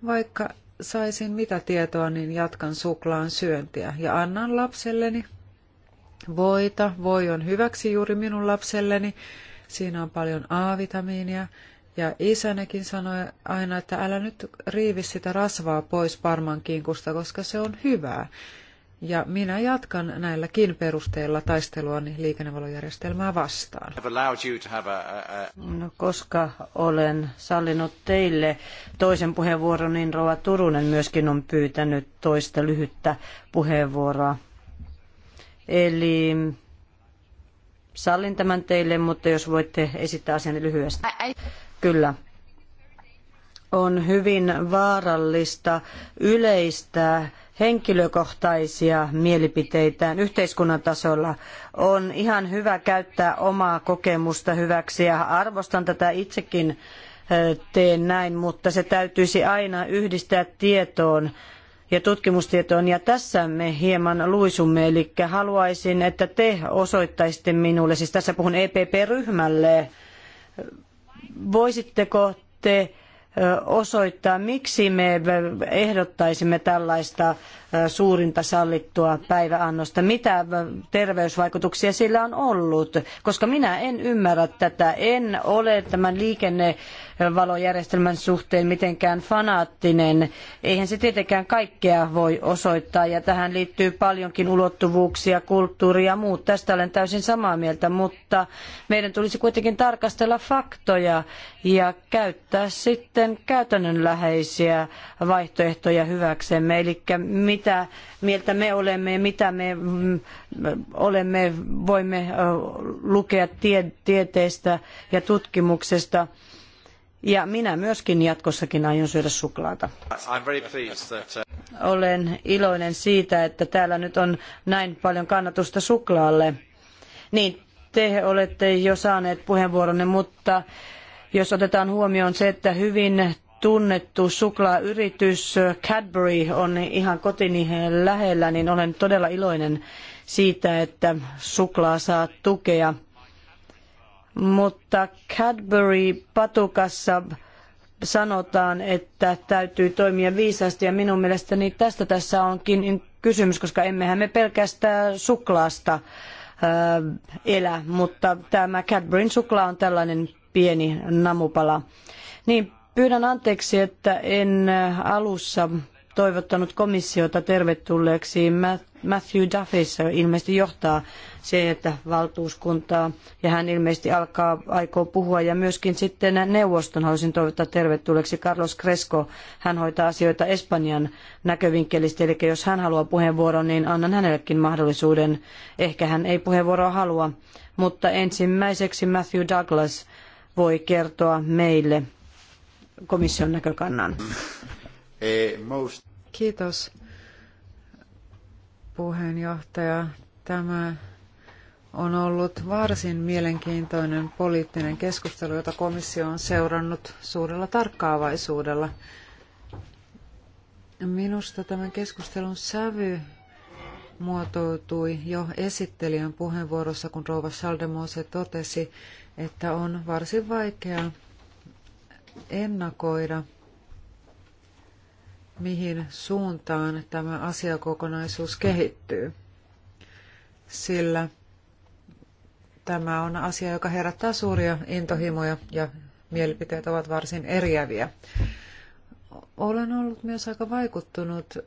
Vaikka saisin mitä tietoa, niin jatkan suklaan syöntiä ja annan lapselleni voita. Voi on hyväksi juuri minun lapselleni. Siinä on paljon A-vitamiinia ja isänikin sanoi aina, että älä nyt riivi sitä rasvaa pois parman kinkusta, koska se on hyvää. Ja minä jatkan näilläkin perusteilla taisteluani niin liikennevalojärjestelmää vastaan. No, koska olen sallinut teille toisen puheenvuoron, niin Rova Turunen myöskin on pyytänyt toista lyhyttä puheenvuoroa. Eli sallin tämän teille, mutta jos voitte esittää asian lyhyesti. Kyllä. On hyvin vaarallista yleistää henkilökohtaisia mielipiteitään yhteiskunnan tasolla. On ihan hyvä käyttää omaa kokemusta hyväksi ja arvostan tätä itsekin eh, teen näin, mutta se täytyisi aina yhdistää tietoon ja tutkimustietoon. Ja tässä me hieman luisumme, eli haluaisin, että te osoittaisitte minulle, siis tässä puhun EPP-ryhmälle, voisitteko te osoittaa, miksi me ehdottaisimme tällaista suurinta sallittua päiväannosta. Mitä terveysvaikutuksia sillä on ollut? Koska minä en ymmärrä tätä. En ole tämän liikennevalojärjestelmän suhteen mitenkään fanaattinen. Eihän se tietenkään kaikkea voi osoittaa ja tähän liittyy paljonkin ulottuvuuksia, kulttuuri ja muut. Tästä olen täysin samaa mieltä, mutta meidän tulisi kuitenkin tarkastella faktoja ja käyttää sitten käytännönläheisiä vaihtoehtoja hyväksemme. Eli mitä mieltä me olemme ja mitä me mm, olemme, voimme lukea tie, tieteestä ja tutkimuksesta. Ja minä myöskin jatkossakin aion syödä suklaata. Uh, Olen iloinen siitä, että täällä nyt on näin paljon kannatusta suklaalle. Niin, te olette jo saaneet puheenvuoronne, mutta jos otetaan huomioon se, että hyvin tunnettu suklaayritys Cadbury on ihan kotini lähellä, niin olen todella iloinen siitä, että suklaa saa tukea. Mutta Cadbury-patukassa sanotaan, että täytyy toimia viisaasti ja minun mielestäni tästä tässä onkin kysymys, koska emmehän me pelkästään suklaasta elä, mutta tämä Cadburyn suklaa on tällainen pieni namupala. Niin Pyydän anteeksi, että en alussa toivottanut komissiota tervetulleeksi. Matthew Duffissa ilmeisesti johtaa se, että valtuuskuntaa ja hän ilmeisesti alkaa aikoo puhua ja myöskin sitten neuvoston haluaisin toivottaa tervetulleeksi Carlos Cresco. Hän hoitaa asioita Espanjan näkövinkkelistä, eli jos hän haluaa puheenvuoron, niin annan hänellekin mahdollisuuden. Ehkä hän ei puheenvuoroa halua, mutta ensimmäiseksi Matthew Douglas voi kertoa meille komission näkökannan. Kiitos puheenjohtaja. Tämä on ollut varsin mielenkiintoinen poliittinen keskustelu, jota komissio on seurannut suurella tarkkaavaisuudella. Minusta tämän keskustelun sävy muotoutui jo esittelijän puheenvuorossa, kun rouva Saldemose totesi, että on varsin vaikea ennakoida, mihin suuntaan tämä asiakokonaisuus kehittyy, sillä tämä on asia, joka herättää suuria intohimoja ja mielipiteet ovat varsin eriäviä. Olen ollut myös aika vaikuttunut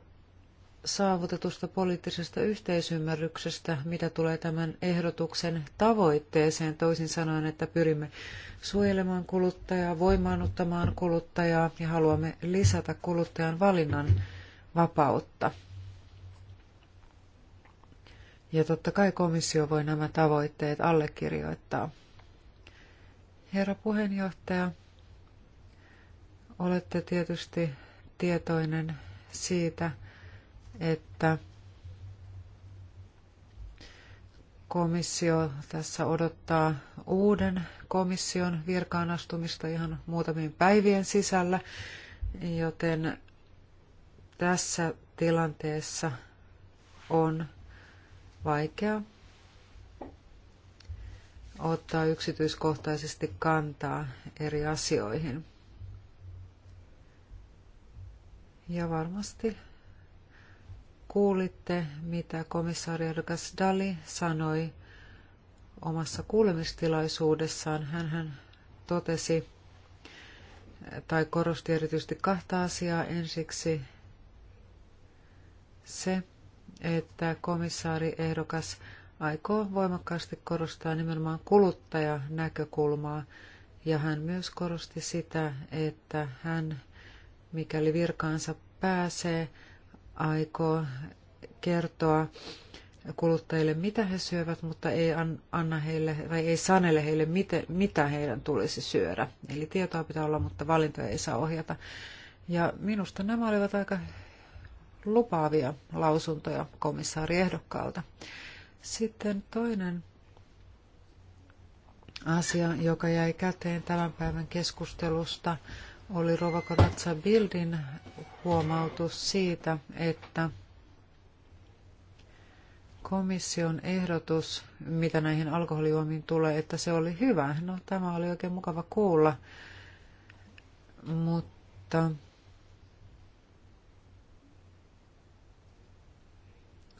saavutetusta poliittisesta yhteisymmärryksestä, mitä tulee tämän ehdotuksen tavoitteeseen. Toisin sanoen, että pyrimme suojelemaan kuluttajaa, voimaannuttamaan kuluttajaa ja haluamme lisätä kuluttajan valinnan vapautta. Ja totta kai komissio voi nämä tavoitteet allekirjoittaa. Herra puheenjohtaja, olette tietysti tietoinen siitä, että komissio tässä odottaa uuden komission virkaan astumista ihan muutamien päivien sisällä, joten tässä tilanteessa on vaikea ottaa yksityiskohtaisesti kantaa eri asioihin. Ja varmasti kuulitte, mitä komissaariehdokas Dali sanoi omassa kuulemistilaisuudessaan. hän totesi tai korosti erityisesti kahta asiaa. Ensiksi se, että ehdokas aikoo voimakkaasti korostaa nimenomaan kuluttajanäkökulmaa, ja hän myös korosti sitä, että hän, mikäli virkaansa pääsee, aikoo kertoa kuluttajille, mitä he syövät, mutta ei anna heille, tai ei sanele heille, mitä heidän tulisi syödä. Eli tietoa pitää olla, mutta valintoja ei saa ohjata. Ja minusta nämä olivat aika lupaavia lausuntoja komissaariehdokkaalta. Sitten toinen asia, joka jäi käteen tämän päivän keskustelusta, oli Rova Koratsa Bildin huomautus siitä, että komission ehdotus, mitä näihin alkoholijuomiin tulee, että se oli hyvä. No tämä oli oikein mukava kuulla, mutta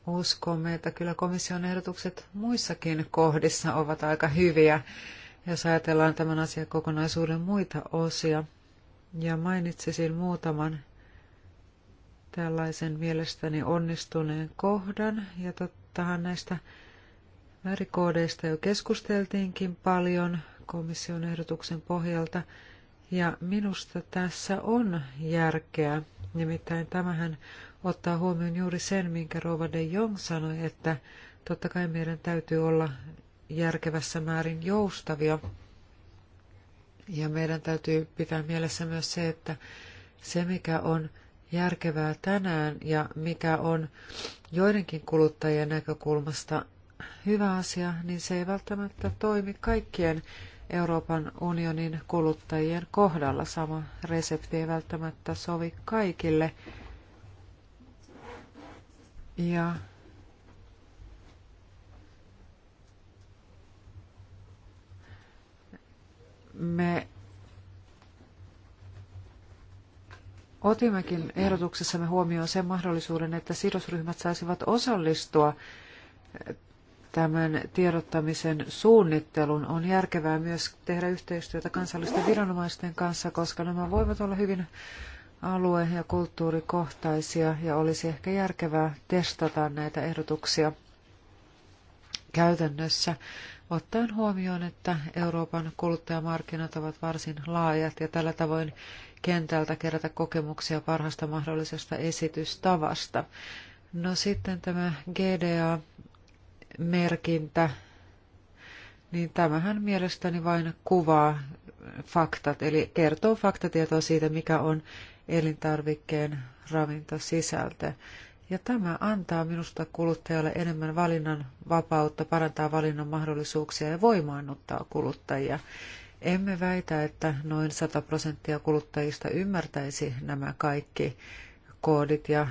uskomme, että kyllä komission ehdotukset muissakin kohdissa ovat aika hyviä, jos ajatellaan tämän asian kokonaisuuden muita osia ja mainitsisin muutaman tällaisen mielestäni onnistuneen kohdan, ja tottahan näistä värikoodeista jo keskusteltiinkin paljon komission ehdotuksen pohjalta, ja minusta tässä on järkeä. Nimittäin tämähän ottaa huomioon juuri sen, minkä Rova de Jong sanoi, että totta kai meidän täytyy olla järkevässä määrin joustavia – ja meidän täytyy pitää mielessä myös se, että se mikä on järkevää tänään ja mikä on joidenkin kuluttajien näkökulmasta hyvä asia, niin se ei välttämättä toimi kaikkien Euroopan unionin kuluttajien kohdalla. Sama resepti ei välttämättä sovi kaikille. Ja Me otimmekin ehdotuksessamme huomioon sen mahdollisuuden, että sidosryhmät saisivat osallistua tämän tiedottamisen suunnittelun. On järkevää myös tehdä yhteistyötä kansallisten viranomaisten kanssa, koska nämä voivat olla hyvin alue- ja kulttuurikohtaisia ja olisi ehkä järkevää testata näitä ehdotuksia käytännössä ottaen huomioon, että Euroopan kuluttajamarkkinat ovat varsin laajat ja tällä tavoin kentältä kerätä kokemuksia parhaasta mahdollisesta esitystavasta. No sitten tämä GDA-merkintä, niin tämähän mielestäni vain kuvaa faktat, eli kertoo faktatietoa siitä, mikä on elintarvikkeen ravintosisältö. Ja tämä antaa minusta kuluttajalle enemmän valinnan vapautta, parantaa valinnan mahdollisuuksia ja voimaannuttaa kuluttajia. Emme väitä, että noin 100 prosenttia kuluttajista ymmärtäisi nämä kaikki koodit ja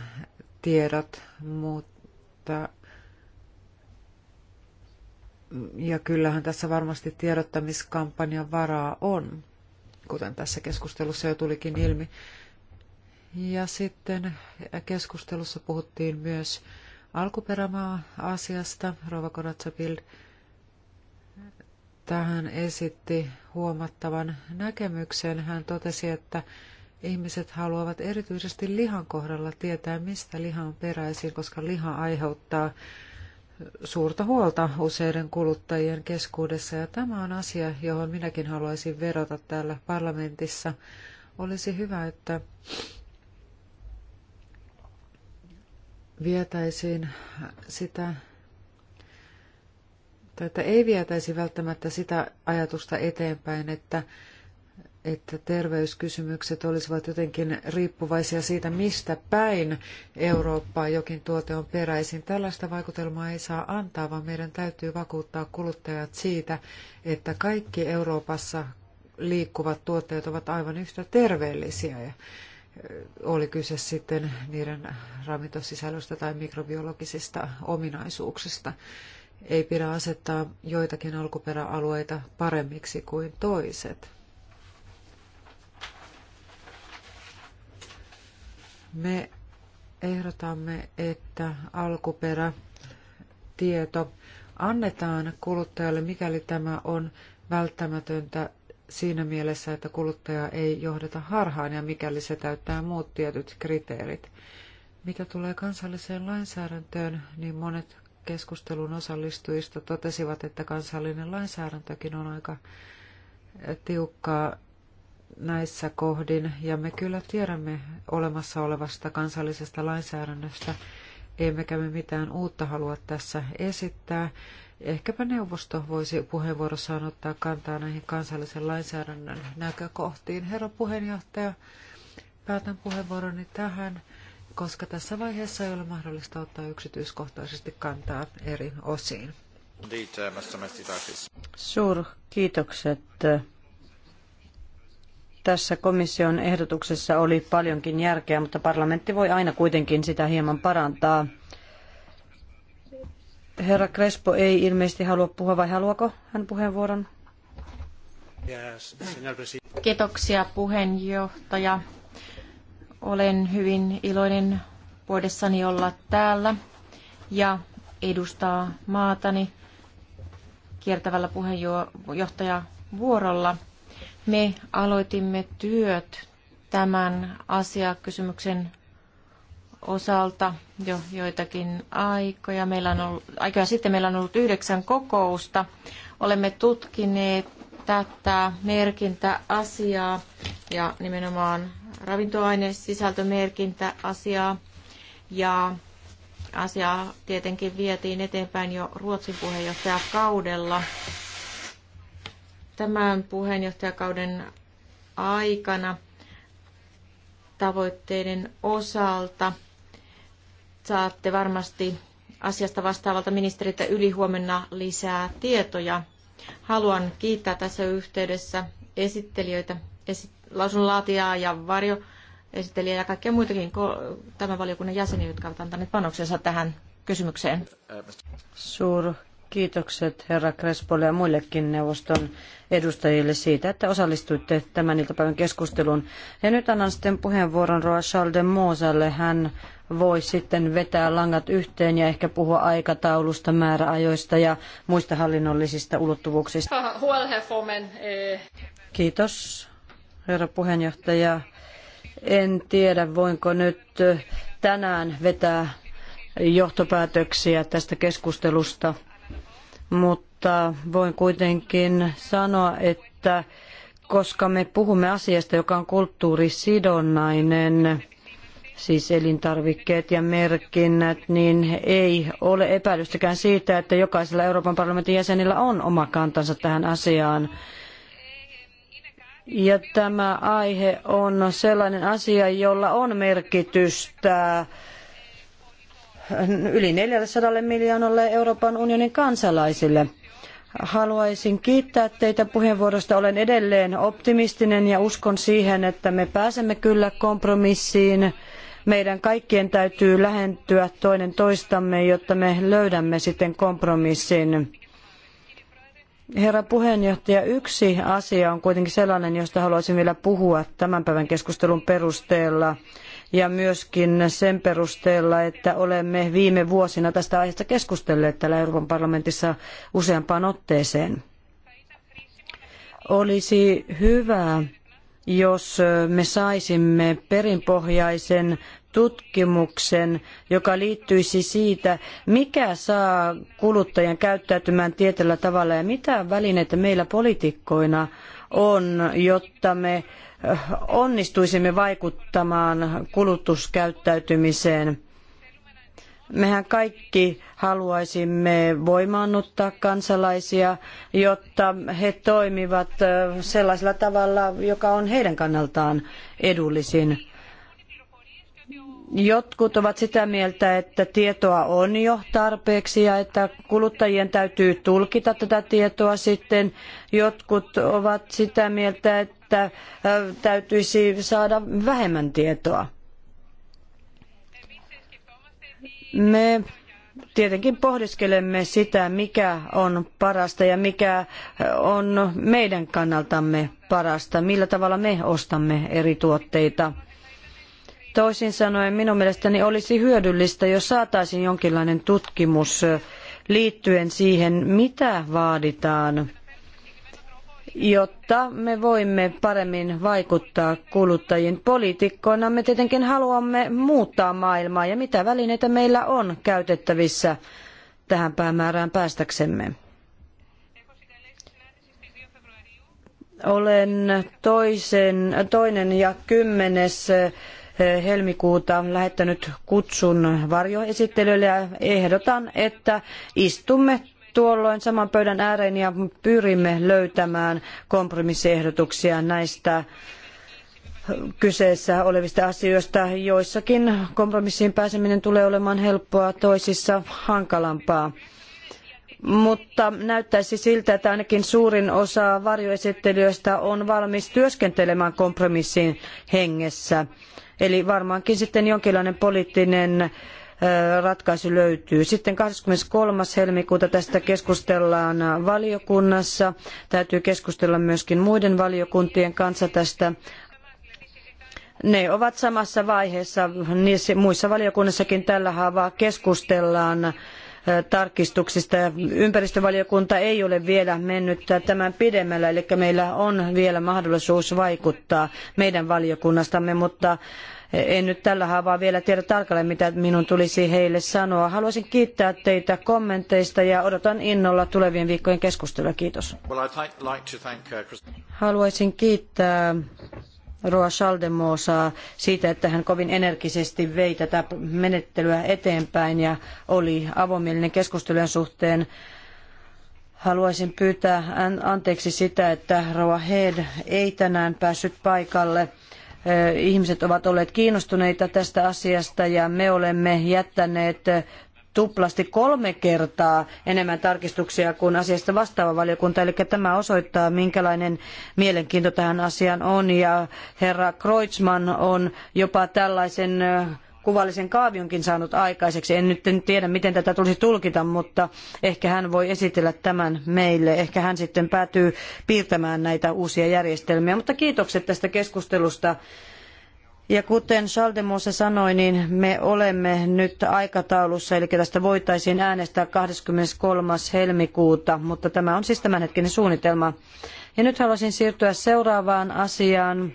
tiedot, mutta ja kyllähän tässä varmasti tiedottamiskampanjan varaa on, kuten tässä keskustelussa jo tulikin ilmi. Ja sitten keskustelussa puhuttiin myös alkuperämaa-asiasta. Rova Koratsapild tähän esitti huomattavan näkemyksen. Hän totesi, että ihmiset haluavat erityisesti lihan kohdalla tietää, mistä liha on peräisin, koska liha aiheuttaa suurta huolta useiden kuluttajien keskuudessa. Ja tämä on asia, johon minäkin haluaisin verota täällä parlamentissa. Olisi hyvä, että vietäisiin sitä, tai että ei vietäisi välttämättä sitä ajatusta eteenpäin, että, että terveyskysymykset olisivat jotenkin riippuvaisia siitä, mistä päin Eurooppaa jokin tuote on peräisin. Tällaista vaikutelmaa ei saa antaa, vaan meidän täytyy vakuuttaa kuluttajat siitä, että kaikki Euroopassa liikkuvat tuotteet ovat aivan yhtä terveellisiä. Ja oli kyse sitten niiden ravintosisällöstä tai mikrobiologisista ominaisuuksista. Ei pidä asettaa joitakin alkuperäalueita paremmiksi kuin toiset. Me ehdotamme, että alkuperätieto annetaan kuluttajalle, mikäli tämä on välttämätöntä siinä mielessä, että kuluttaja ei johdeta harhaan ja mikäli se täyttää muut tietyt kriteerit. Mitä tulee kansalliseen lainsäädäntöön, niin monet keskustelun osallistujista totesivat, että kansallinen lainsäädäntökin on aika tiukkaa näissä kohdin, ja me kyllä tiedämme olemassa olevasta kansallisesta lainsäädännöstä, emmekä me mitään uutta halua tässä esittää. Ehkäpä neuvosto voisi puheenvuorossaan ottaa kantaa näihin kansallisen lainsäädännön näkökohtiin. Herra puheenjohtaja, päätän puheenvuoroni tähän, koska tässä vaiheessa ei ole mahdollista ottaa yksityiskohtaisesti kantaa eri osiin. Suur kiitokset. Tässä komission ehdotuksessa oli paljonkin järkeä, mutta parlamentti voi aina kuitenkin sitä hieman parantaa. Herra Crespo ei ilmeisesti halua puhua, vai haluako hän puheenvuoron? Kiitoksia puheenjohtaja. Olen hyvin iloinen vuodessani olla täällä ja edustaa maatani kiertävällä vuorolla. Me aloitimme työt tämän asiakysymyksen osalta jo joitakin aikoja. Meillä on ollut, aikoja sitten meillä on ollut yhdeksän kokousta. Olemme tutkineet tätä merkintäasiaa ja nimenomaan ravintoainesisältömerkintäasiaa. Ja asiaa tietenkin vietiin eteenpäin jo Ruotsin puheenjohtajakaudella. Tämän puheenjohtajakauden aikana tavoitteiden osalta saatte varmasti asiasta vastaavalta ministeriltä ylihuomenna lisää tietoja. Haluan kiittää tässä yhteydessä esittelijöitä, esit- lausunnonlaatijaa ja varjo esittelijä ja kaikkia muitakin tämän valiokunnan jäseniä, jotka ovat antaneet panoksensa tähän kysymykseen. Suur kiitokset herra Crespolle ja muillekin neuvoston edustajille siitä, että osallistuitte tämän iltapäivän keskusteluun. Ja nyt annan sitten puheenvuoron Roa Charles de Hän voi sitten vetää langat yhteen ja ehkä puhua aikataulusta, määräajoista ja muista hallinnollisista ulottuvuuksista. Ah, eh. Kiitos, herra puheenjohtaja. En tiedä, voinko nyt eh, tänään vetää johtopäätöksiä tästä keskustelusta, mutta voin kuitenkin sanoa, että koska me puhumme asiasta, joka on kulttuurisidonnainen, siis elintarvikkeet ja merkinnät, niin ei ole epäilystäkään siitä, että jokaisella Euroopan parlamentin jäsenillä on oma kantansa tähän asiaan. Ja tämä aihe on sellainen asia, jolla on merkitystä yli 400 miljoonalle Euroopan unionin kansalaisille. Haluaisin kiittää teitä puheenvuorosta. Olen edelleen optimistinen ja uskon siihen, että me pääsemme kyllä kompromissiin meidän kaikkien täytyy lähentyä toinen toistamme, jotta me löydämme sitten kompromissin. Herra puheenjohtaja, yksi asia on kuitenkin sellainen, josta haluaisin vielä puhua tämän päivän keskustelun perusteella ja myöskin sen perusteella, että olemme viime vuosina tästä aiheesta keskustelleet täällä Euroopan parlamentissa useampaan otteeseen. Olisi hyvä, jos me saisimme perinpohjaisen tutkimuksen, joka liittyisi siitä, mikä saa kuluttajan käyttäytymään tietyllä tavalla ja mitä välineitä meillä poliitikkoina on, jotta me onnistuisimme vaikuttamaan kulutuskäyttäytymiseen Mehän kaikki haluaisimme voimaannuttaa kansalaisia, jotta he toimivat sellaisella tavalla, joka on heidän kannaltaan edullisin. Jotkut ovat sitä mieltä, että tietoa on jo tarpeeksi ja että kuluttajien täytyy tulkita tätä tietoa sitten. Jotkut ovat sitä mieltä, että täytyisi saada vähemmän tietoa. Me tietenkin pohdiskelemme sitä, mikä on parasta ja mikä on meidän kannaltamme parasta, millä tavalla me ostamme eri tuotteita. Toisin sanoen minun mielestäni olisi hyödyllistä, jos saataisiin jonkinlainen tutkimus liittyen siihen, mitä vaaditaan jotta me voimme paremmin vaikuttaa kuluttajiin. Poliitikkoina me tietenkin haluamme muuttaa maailmaa ja mitä välineitä meillä on käytettävissä tähän päämäärään päästäksemme. Olen toisen, toinen ja kymmenes eh, helmikuuta lähettänyt kutsun varjoesittelylle ja ehdotan, että istumme tuolloin saman pöydän ääreen ja pyrimme löytämään kompromissiehdotuksia näistä kyseessä olevista asioista. Joissakin kompromissiin pääseminen tulee olemaan helppoa, toisissa hankalampaa mutta näyttäisi siltä, että ainakin suurin osa varjoesittelijöistä on valmis työskentelemään kompromissin hengessä. Eli varmaankin sitten jonkinlainen poliittinen ratkaisu löytyy. Sitten 23. helmikuuta tästä keskustellaan valiokunnassa. Täytyy keskustella myöskin muiden valiokuntien kanssa tästä ne ovat samassa vaiheessa. Niissä muissa valiokunnissakin tällä haavaa keskustellaan tarkistuksista. Ympäristövaliokunta ei ole vielä mennyt tämän pidemmällä, eli meillä on vielä mahdollisuus vaikuttaa meidän valiokunnastamme, mutta en nyt tällä haavaa vielä tiedä tarkalleen, mitä minun tulisi heille sanoa. Haluaisin kiittää teitä kommenteista ja odotan innolla tulevien viikkojen keskustelua. Kiitos. Uh, Haluaisin kiittää Roa Schaldemosaa siitä, että hän kovin energisesti vei tätä menettelyä eteenpäin ja oli avomielinen keskustelujen suhteen. Haluaisin pyytää anteeksi sitä, että Roa Head ei tänään päässyt paikalle ihmiset ovat olleet kiinnostuneita tästä asiasta ja me olemme jättäneet tuplasti kolme kertaa enemmän tarkistuksia kuin asiasta vastaava valiokunta. Eli tämä osoittaa, minkälainen mielenkiinto tähän asiaan on. Ja herra Kreutzmann on jopa tällaisen kuvallisen kaavionkin saanut aikaiseksi. En nyt en tiedä, miten tätä tulisi tulkita, mutta ehkä hän voi esitellä tämän meille. Ehkä hän sitten päätyy piirtämään näitä uusia järjestelmiä. Mutta kiitokset tästä keskustelusta. Ja kuten Schaldemose sanoi, niin me olemme nyt aikataulussa, eli tästä voitaisiin äänestää 23. helmikuuta, mutta tämä on siis tämänhetkinen suunnitelma. Ja nyt haluaisin siirtyä seuraavaan asiaan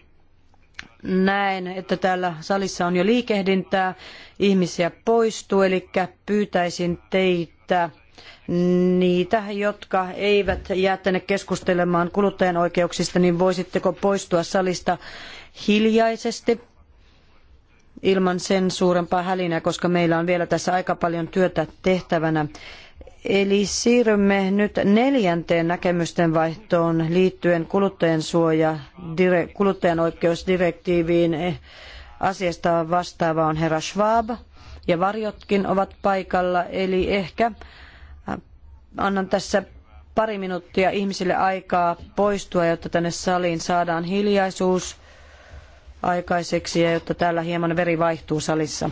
näen, että täällä salissa on jo liikehdintää, ihmisiä poistuu, eli pyytäisin teitä niitä, jotka eivät jää tänne keskustelemaan kuluttajan oikeuksista, niin voisitteko poistua salista hiljaisesti ilman sen suurempaa hälinää, koska meillä on vielä tässä aika paljon työtä tehtävänä. Eli siirrymme nyt neljänteen näkemysten vaihtoon liittyen kuluttajansuoja, dire, kuluttajanoikeusdirektiiviin. Asiasta vastaava on herra Schwab ja varjotkin ovat paikalla, eli ehkä äh, annan tässä pari minuuttia ihmisille aikaa poistua, jotta tänne saliin saadaan hiljaisuus aikaiseksi ja jotta täällä hieman veri vaihtuu salissa.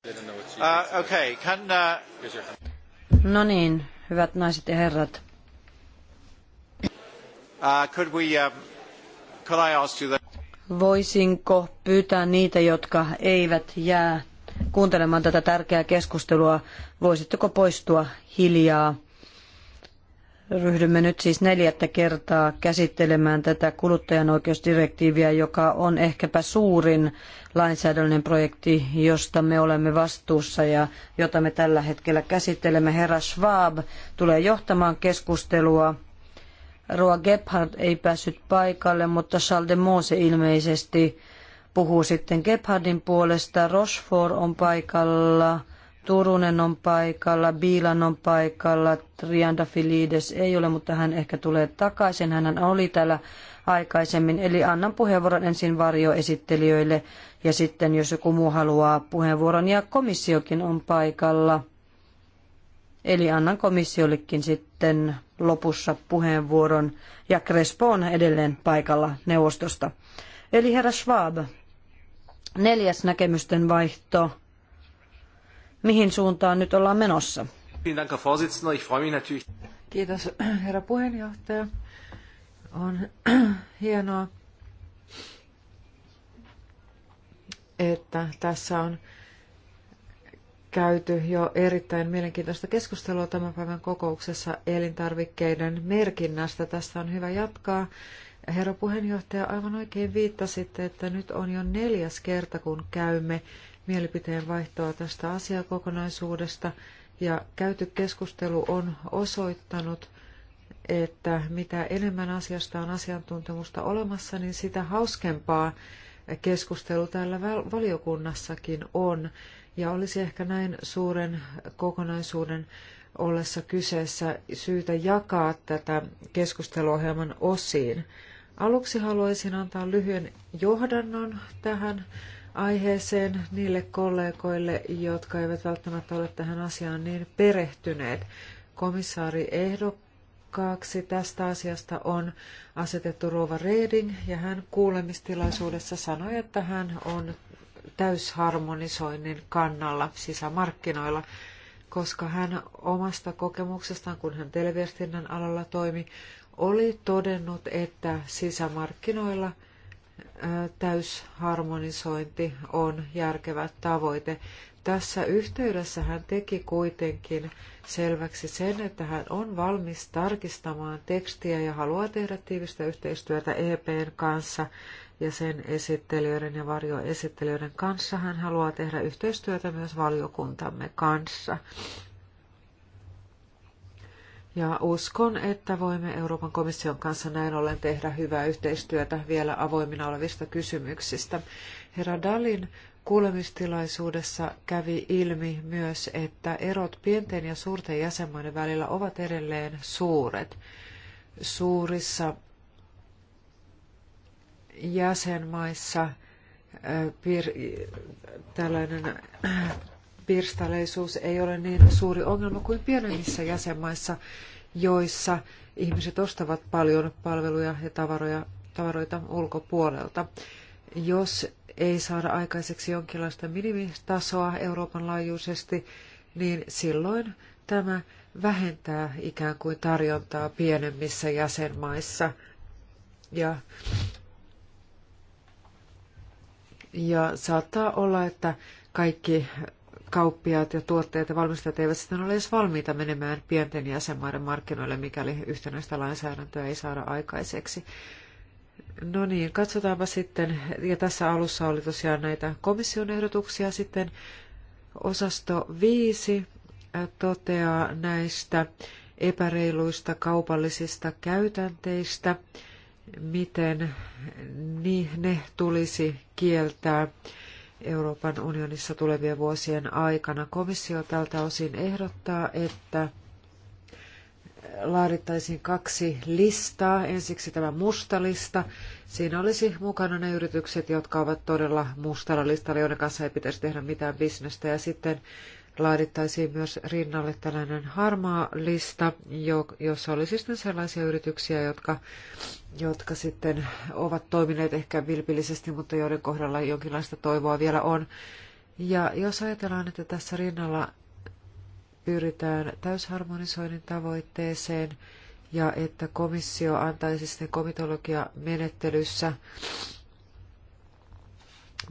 Uh, okay. Can, uh... No niin, hyvät naiset ja herrat. Uh, could we, um, could I ask you that? Voisinko pyytää niitä, jotka eivät jää kuuntelemaan tätä tärkeää keskustelua, voisitteko poistua hiljaa? Ryhdymme nyt siis neljättä kertaa käsittelemään tätä kuluttajanoikeusdirektiiviä, joka on ehkäpä suurin lainsäädännöllinen projekti, josta me olemme vastuussa ja jota me tällä hetkellä käsittelemme. Herra Schwab tulee johtamaan keskustelua. Roa Gebhardt ei päässyt paikalle, mutta Charles de Mose ilmeisesti puhuu sitten Gebhardin puolesta. Rochefort on paikalla. Turunen on paikalla, Biilan on paikalla, Filides ei ole, mutta hän ehkä tulee takaisin. Hän oli täällä aikaisemmin. Eli annan puheenvuoron ensin varjoesittelijöille ja sitten jos joku muu haluaa puheenvuoron ja komissiokin on paikalla. Eli annan komissiollekin sitten lopussa puheenvuoron ja Crespo on edelleen paikalla neuvostosta. Eli herra Schwab, neljäs näkemysten vaihto mihin suuntaan nyt ollaan menossa. Kiitos herra puheenjohtaja. On hienoa, että tässä on käyty jo erittäin mielenkiintoista keskustelua tämän päivän kokouksessa elintarvikkeiden merkinnästä. Tästä on hyvä jatkaa. Herra puheenjohtaja, aivan oikein viittasitte, että nyt on jo neljäs kerta, kun käymme mielipiteen vaihtoa tästä asiakokonaisuudesta ja käyty keskustelu on osoittanut, että mitä enemmän asiasta on asiantuntemusta olemassa, niin sitä hauskempaa keskustelu täällä valiokunnassakin on. Ja olisi ehkä näin suuren kokonaisuuden ollessa kyseessä syytä jakaa tätä keskusteluohjelman osiin. Aluksi haluaisin antaa lyhyen johdannon tähän aiheeseen niille kollegoille, jotka eivät välttämättä ole tähän asiaan niin perehtyneet. Komissaari ehdokkaaksi tästä asiasta on asetettu Rova Reding ja hän kuulemistilaisuudessa sanoi, että hän on täysharmonisoinnin kannalla sisämarkkinoilla, koska hän omasta kokemuksestaan, kun hän televiestinnän alalla toimi, oli todennut, että sisämarkkinoilla – täysharmonisointi on järkevä tavoite. Tässä yhteydessä hän teki kuitenkin selväksi sen, että hän on valmis tarkistamaan tekstiä ja haluaa tehdä tiivistä yhteistyötä EPn kanssa ja sen esittelijöiden ja varjoesittelijöiden kanssa. Hän haluaa tehdä yhteistyötä myös valiokuntamme kanssa. Ja uskon, että voimme Euroopan komission kanssa näin ollen tehdä hyvää yhteistyötä vielä avoimina olevista kysymyksistä. Herra Dalin kuulemistilaisuudessa kävi ilmi myös, että erot pienten ja suurten jäsenmaiden välillä ovat edelleen suuret. Suurissa jäsenmaissa tällainen pirstaleisuus ei ole niin suuri ongelma kuin pienemmissä jäsenmaissa, joissa ihmiset ostavat paljon palveluja ja tavaroja, tavaroita ulkopuolelta. Jos ei saada aikaiseksi jonkinlaista minimitasoa Euroopan laajuisesti, niin silloin tämä vähentää ikään kuin tarjontaa pienemmissä jäsenmaissa. Ja, ja saattaa olla, että kaikki kauppiaat ja tuotteet ja valmistajat eivät sitten ole edes valmiita menemään pienten jäsenmaiden markkinoille, mikäli yhtenäistä lainsäädäntöä ei saada aikaiseksi. No niin, katsotaanpa sitten, ja tässä alussa oli tosiaan näitä komission ehdotuksia sitten. Osasto 5 toteaa näistä epäreiluista kaupallisista käytänteistä, miten ne tulisi kieltää Euroopan unionissa tulevien vuosien aikana. Komissio tältä osin ehdottaa, että laadittaisiin kaksi listaa. Ensiksi tämä musta lista. Siinä olisi mukana ne yritykset, jotka ovat todella mustalla listalla, joiden kanssa ei pitäisi tehdä mitään bisnestä. Ja sitten laadittaisiin myös rinnalle tällainen harmaa lista, jossa olisi sitten sellaisia yrityksiä, jotka, jotka sitten ovat toimineet ehkä vilpillisesti, mutta joiden kohdalla jonkinlaista toivoa vielä on. Ja jos ajatellaan, että tässä rinnalla pyritään täysharmonisoinnin tavoitteeseen ja että komissio antaisi sitten komitologia menettelyssä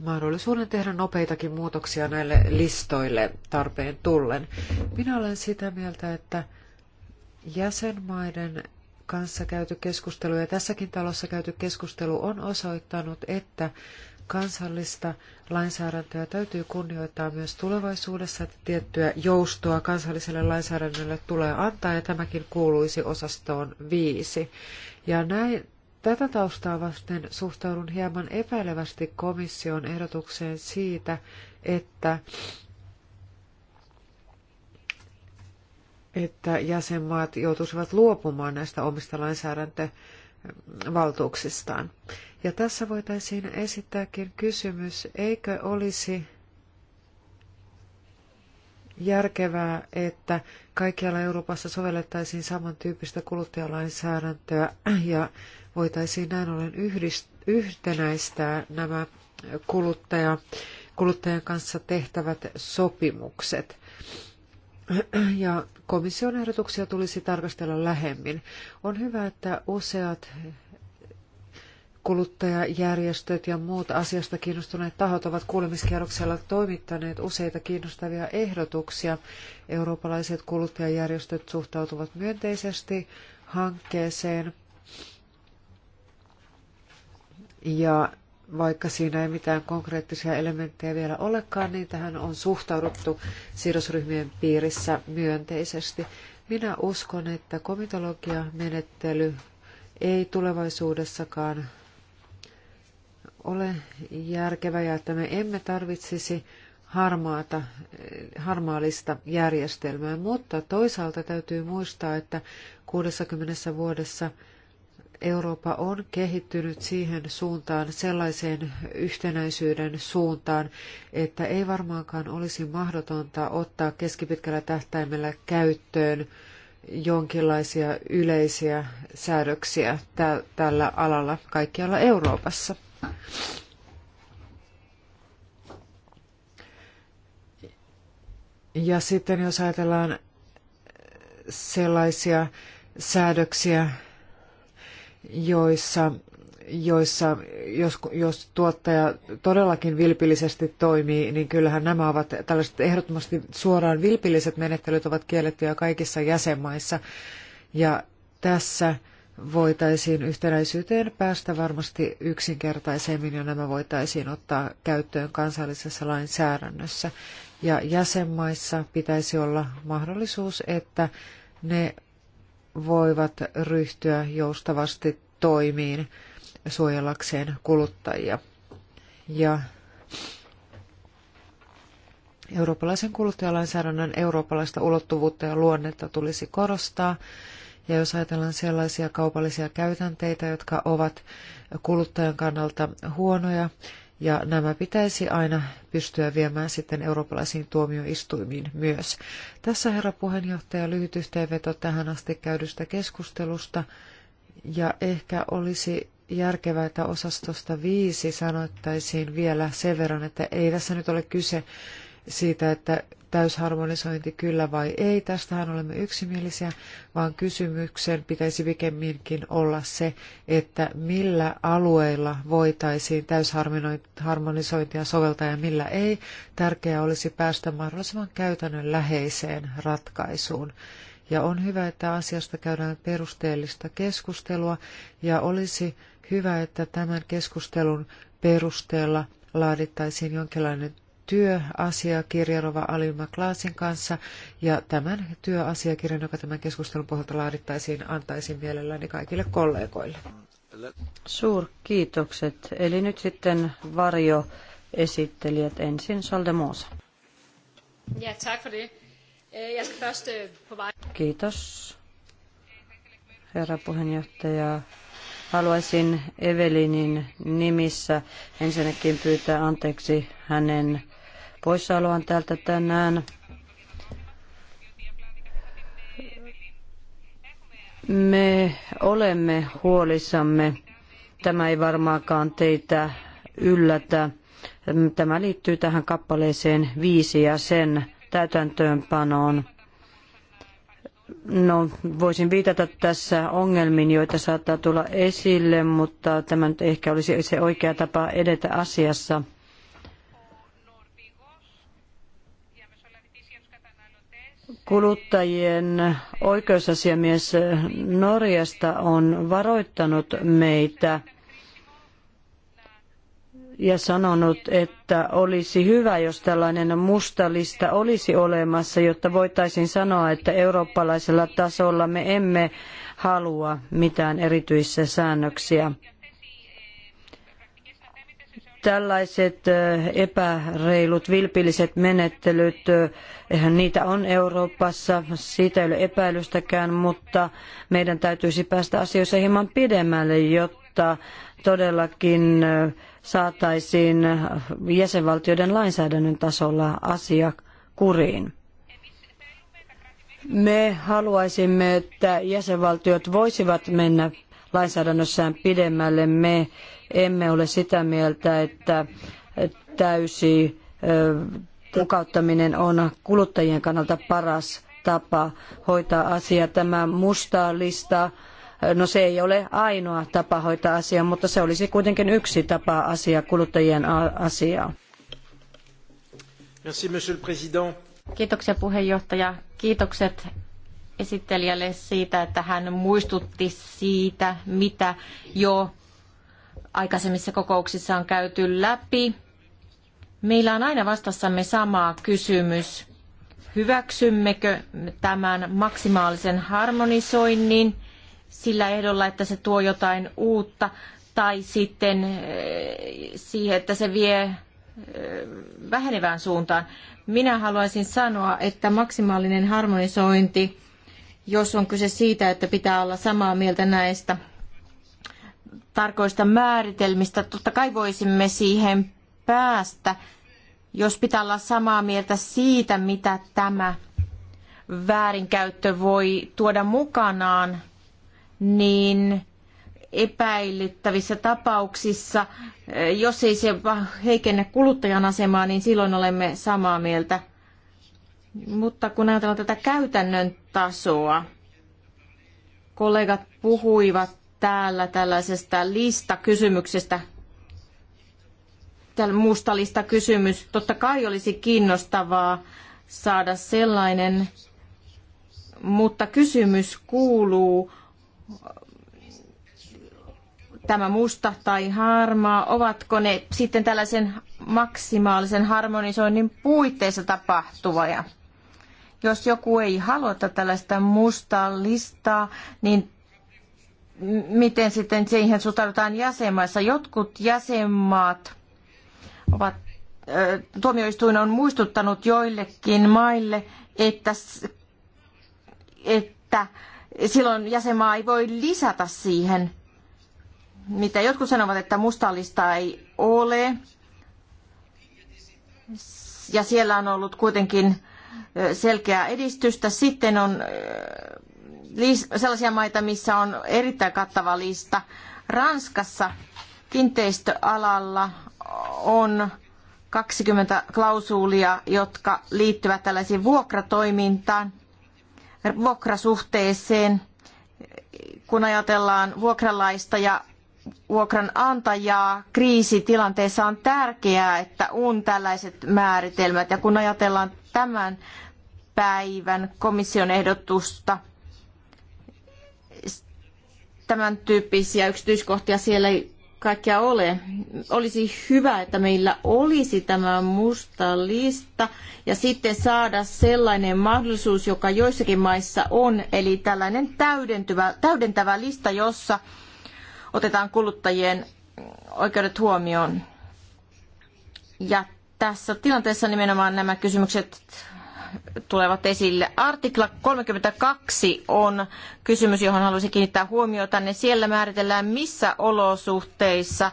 mahdollisuuden tehdä nopeitakin muutoksia näille listoille tarpeen tullen. Minä olen sitä mieltä, että jäsenmaiden kanssa käyty keskustelu ja tässäkin talossa käyty keskustelu on osoittanut, että kansallista lainsäädäntöä täytyy kunnioittaa myös tulevaisuudessa, että tiettyä joustoa kansalliselle lainsäädännölle tulee antaa, ja tämäkin kuuluisi osastoon viisi. Ja näin Tätä taustaa vasten suhtaudun hieman epäilevästi komission ehdotukseen siitä, että, että jäsenmaat joutuisivat luopumaan näistä omista lainsäädäntövaltuuksistaan. Ja tässä voitaisiin esittääkin kysymys, eikö olisi järkevää, että kaikkialla Euroopassa sovellettaisiin samantyyppistä kuluttajalainsäädäntöä ja Voitaisiin näin ollen yhtenäistää nämä kuluttaja, kuluttajan kanssa tehtävät sopimukset. Ja komission ehdotuksia tulisi tarkastella lähemmin. On hyvä, että useat kuluttajajärjestöt ja muut asiasta kiinnostuneet tahot ovat kuulemiskierroksella toimittaneet useita kiinnostavia ehdotuksia. Eurooppalaiset kuluttajajärjestöt suhtautuvat myönteisesti hankkeeseen ja vaikka siinä ei mitään konkreettisia elementtejä vielä olekaan, niin tähän on suhtauduttu sidosryhmien piirissä myönteisesti. Minä uskon, että komitologiamenettely ei tulevaisuudessakaan ole järkevä ja että me emme tarvitsisi harmaata, harmaalista järjestelmää, mutta toisaalta täytyy muistaa, että 60 vuodessa – Eurooppa on kehittynyt siihen suuntaan, sellaiseen yhtenäisyyden suuntaan, että ei varmaankaan olisi mahdotonta ottaa keskipitkällä tähtäimellä käyttöön jonkinlaisia yleisiä säädöksiä tällä alalla kaikkialla Euroopassa. Ja sitten jos ajatellaan sellaisia säädöksiä, joissa, joissa jos, jos tuottaja todellakin vilpillisesti toimii, niin kyllähän nämä ovat tällaiset ehdottomasti suoraan vilpilliset menettelyt ovat kiellettyjä kaikissa jäsenmaissa. Ja tässä voitaisiin yhtenäisyyteen päästä varmasti yksinkertaisemmin ja nämä voitaisiin ottaa käyttöön kansallisessa lainsäädännössä. Ja jäsenmaissa pitäisi olla mahdollisuus, että ne voivat ryhtyä joustavasti toimiin suojellakseen kuluttajia. Ja eurooppalaisen kuluttajalainsäädännön eurooppalaista ulottuvuutta ja luonnetta tulisi korostaa. Ja jos ajatellaan sellaisia kaupallisia käytänteitä, jotka ovat kuluttajan kannalta huonoja, ja nämä pitäisi aina pystyä viemään sitten eurooppalaisiin tuomioistuimiin myös. Tässä herra puheenjohtaja lyhyt yhteenveto tähän asti käydystä keskustelusta. Ja ehkä olisi järkevää, että osastosta viisi sanoittaisiin vielä sen verran, että ei tässä nyt ole kyse siitä, että täysharmonisointi kyllä vai ei, tästähän olemme yksimielisiä, vaan kysymyksen pitäisi pikemminkin olla se, että millä alueilla voitaisiin täysharmonisointia soveltaa ja millä ei. Tärkeää olisi päästä mahdollisimman käytännönläheiseen ratkaisuun. Ja on hyvä, että asiasta käydään perusteellista keskustelua ja olisi hyvä, että tämän keskustelun perusteella laadittaisiin jonkinlainen työasiakirja Rova Alilma Klaasin kanssa, ja tämän työasiakirjan, joka tämän keskustelun pohjalta laadittaisiin, antaisin mielelläni kaikille kollegoille. Suurkiitokset. Eli nyt sitten varjo esittelijät ensin. Saldemosa. Ja, tack för det. Eh, eh, Kiitos, herra puheenjohtaja. Haluaisin Evelinin nimissä ensinnäkin pyytää anteeksi hänen poissaoloaan täältä tänään. Me olemme huolissamme. Tämä ei varmaankaan teitä yllätä. Tämä liittyy tähän kappaleeseen viisi ja sen täytäntöönpanoon. No, voisin viitata tässä ongelmiin, joita saattaa tulla esille, mutta tämä nyt ehkä olisi se oikea tapa edetä asiassa. kuluttajien oikeusasiamies Norjasta on varoittanut meitä ja sanonut, että olisi hyvä, jos tällainen musta lista olisi olemassa, jotta voitaisiin sanoa, että eurooppalaisella tasolla me emme halua mitään erityisiä säännöksiä. Tällaiset epäreilut, vilpilliset menettelyt, eihän niitä on Euroopassa, siitä ei ole epäilystäkään, mutta meidän täytyisi päästä asioissa hieman pidemmälle, jotta todellakin saataisiin jäsenvaltioiden lainsäädännön tasolla asia kuriin. Me haluaisimme, että jäsenvaltiot voisivat mennä lainsäädännössään pidemmälle. Me emme ole sitä mieltä, että täysi mukauttaminen on kuluttajien kannalta paras tapa hoitaa asia. Tämä musta lista, no se ei ole ainoa tapa hoitaa asia, mutta se olisi kuitenkin yksi tapa asia kuluttajien asiaa. Merci, monsieur le président. Kiitoksia puheenjohtaja. Kiitokset esittelijälle siitä, että hän muistutti siitä, mitä jo aikaisemmissa kokouksissa on käyty läpi. Meillä on aina vastassamme sama kysymys. Hyväksymmekö tämän maksimaalisen harmonisoinnin sillä ehdolla, että se tuo jotain uutta, tai sitten eh, siihen, että se vie eh, vähenevään suuntaan. Minä haluaisin sanoa, että maksimaalinen harmonisointi, jos on kyse siitä, että pitää olla samaa mieltä näistä tarkoista määritelmistä. Totta kai voisimme siihen päästä, jos pitää olla samaa mieltä siitä, mitä tämä väärinkäyttö voi tuoda mukanaan, niin epäilyttävissä tapauksissa, jos ei se heikennä kuluttajan asemaa, niin silloin olemme samaa mieltä. Mutta kun ajatellaan tätä käytännön tasoa, kollegat puhuivat täällä tällaisesta listakysymyksestä, täällä musta kysymys, Totta kai olisi kiinnostavaa saada sellainen, mutta kysymys kuuluu, tämä musta tai harmaa, ovatko ne sitten tällaisen maksimaalisen harmonisoinnin puitteissa tapahtuvia, Jos joku ei halua tällaista mustaa listaa, niin miten sitten siihen suhtaudutaan jäsenmaissa. Jotkut jäsenmaat ovat, tuomioistuin on muistuttanut joillekin maille, että, että silloin jäsenmaa ei voi lisätä siihen, mitä jotkut sanovat, että mustalista ei ole. Ja siellä on ollut kuitenkin selkeää edistystä. Sitten on sellaisia maita, missä on erittäin kattava lista. Ranskassa kiinteistöalalla on 20 klausuulia, jotka liittyvät tällaisiin vuokratoimintaan, vuokrasuhteeseen, kun ajatellaan vuokralaista ja vuokranantajaa kriisitilanteessa on tärkeää, että on tällaiset määritelmät. Ja kun ajatellaan tämän päivän komission ehdotusta tämän tyyppisiä yksityiskohtia siellä ei kaikkea ole. Olisi hyvä, että meillä olisi tämä musta lista ja sitten saada sellainen mahdollisuus, joka joissakin maissa on, eli tällainen täydentyvä, täydentävä lista, jossa otetaan kuluttajien oikeudet huomioon. Ja tässä tilanteessa nimenomaan nämä kysymykset tulevat esille. Artikla 32 on kysymys, johon haluaisin kiinnittää huomiota. Ne siellä määritellään, missä olosuhteissa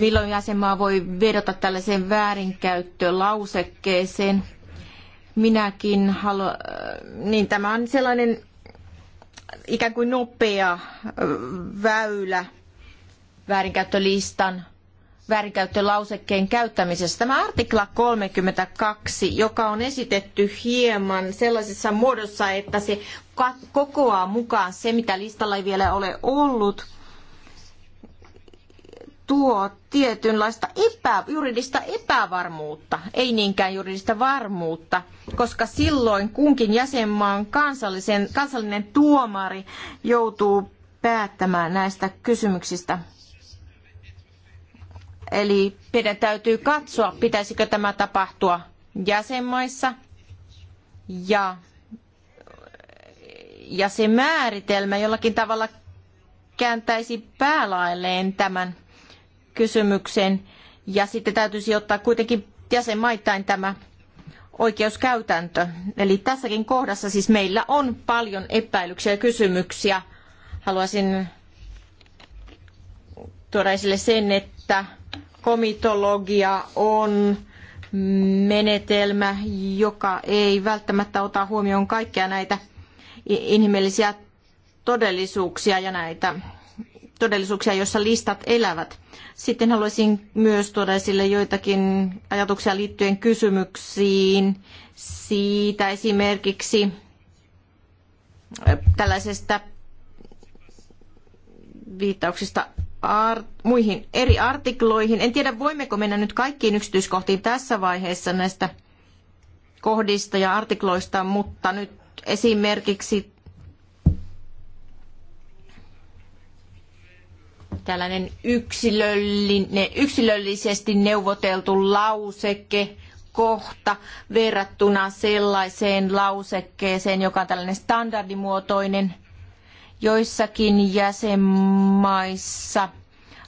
milloin jäsenmaa voi vedota tällaiseen väärinkäyttölausekkeeseen. Minäkin haluan, niin tämä on sellainen ikään kuin nopea väylä väärinkäyttölistan väärinkäyttölausekkeen käyttämisestä. Tämä artikla 32, joka on esitetty hieman sellaisessa muodossa, että se kokoaa mukaan se, mitä listalla ei vielä ole ollut, tuo tietynlaista epä, juridista epävarmuutta, ei niinkään juridista varmuutta, koska silloin kunkin jäsenmaan kansallinen tuomari joutuu päättämään näistä kysymyksistä. Eli meidän täytyy katsoa, pitäisikö tämä tapahtua jäsenmaissa ja, ja se määritelmä jollakin tavalla kääntäisi päälailleen tämän kysymyksen. Ja sitten täytyisi ottaa kuitenkin jäsenmaittain tämä oikeuskäytäntö. Eli tässäkin kohdassa siis meillä on paljon epäilyksiä ja kysymyksiä. Haluaisin tuoda esille sen, että komitologia on menetelmä, joka ei välttämättä ota huomioon kaikkia näitä inhimillisiä todellisuuksia ja näitä todellisuuksia, joissa listat elävät. Sitten haluaisin myös tuoda esille joitakin ajatuksia liittyen kysymyksiin siitä esimerkiksi tällaisesta viittauksista muihin eri artikloihin. En tiedä, voimmeko mennä nyt kaikkiin yksityiskohtiin tässä vaiheessa näistä kohdista ja artikloista, mutta nyt esimerkiksi tällainen yksilöllisesti neuvoteltu lauseke, kohta verrattuna sellaiseen lausekkeeseen, joka on tällainen standardimuotoinen joissakin jäsenmaissa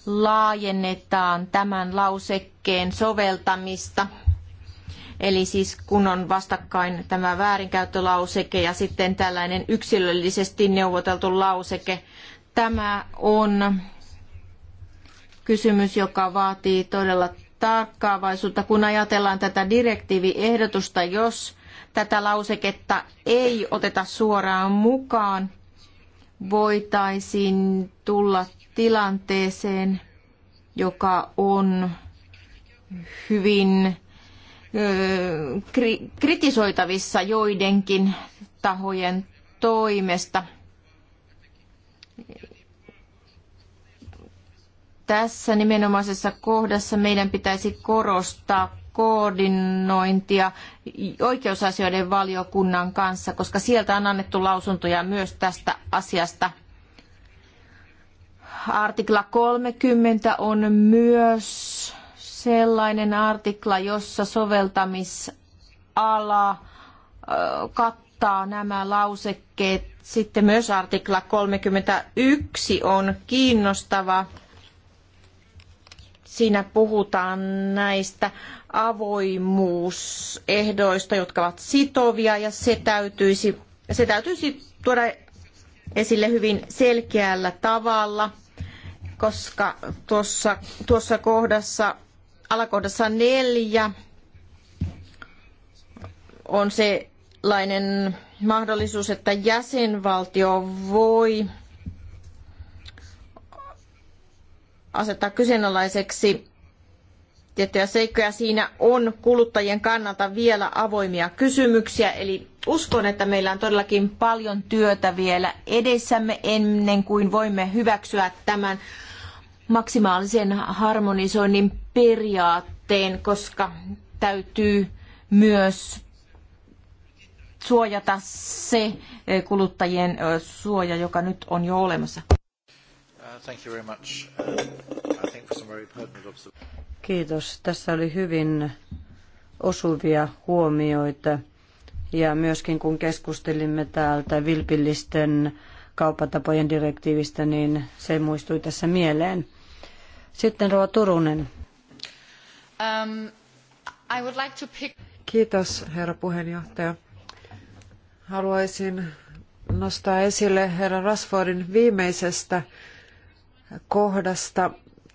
laajennetaan tämän lausekkeen soveltamista. Eli siis kun on vastakkain tämä väärinkäyttölauseke ja sitten tällainen yksilöllisesti neuvoteltu lauseke, tämä on kysymys, joka vaatii todella tarkkaavaisuutta, kun ajatellaan tätä direktiiviehdotusta, jos tätä lauseketta ei oteta suoraan mukaan, voitaisiin tulla tilanteeseen, joka on hyvin kri- kritisoitavissa joidenkin tahojen toimesta. Tässä nimenomaisessa kohdassa meidän pitäisi korostaa koordinointia oikeusasioiden valiokunnan kanssa, koska sieltä on annettu lausuntoja myös tästä asiasta. Artikla 30 on myös sellainen artikla, jossa soveltamisala kattaa nämä lausekkeet. Sitten myös artikla 31 on kiinnostava Siinä puhutaan näistä avoimuusehdoista, jotka ovat sitovia ja se täytyisi, se täytyisi tuoda esille hyvin selkeällä tavalla, koska tuossa, tuossa kohdassa, alakohdassa neljä on sellainen mahdollisuus, että jäsenvaltio voi asettaa kyseenalaiseksi. Tiettyjä seikkoja siinä on kuluttajien kannalta vielä avoimia kysymyksiä, eli uskon, että meillä on todellakin paljon työtä vielä edessämme ennen kuin voimme hyväksyä tämän maksimaalisen harmonisoinnin periaatteen, koska täytyy myös suojata se kuluttajien suoja, joka nyt on jo olemassa. Kiitos. Tässä oli hyvin osuvia huomioita. Ja myöskin kun keskustelimme täältä vilpillisten kauppatapojen direktiivistä, niin se muistui tässä mieleen. Sitten Roa Turunen. Um, I would like to pick... Kiitos, herra puheenjohtaja. Haluaisin nostaa esille herra Rasfordin viimeisestä kohdasta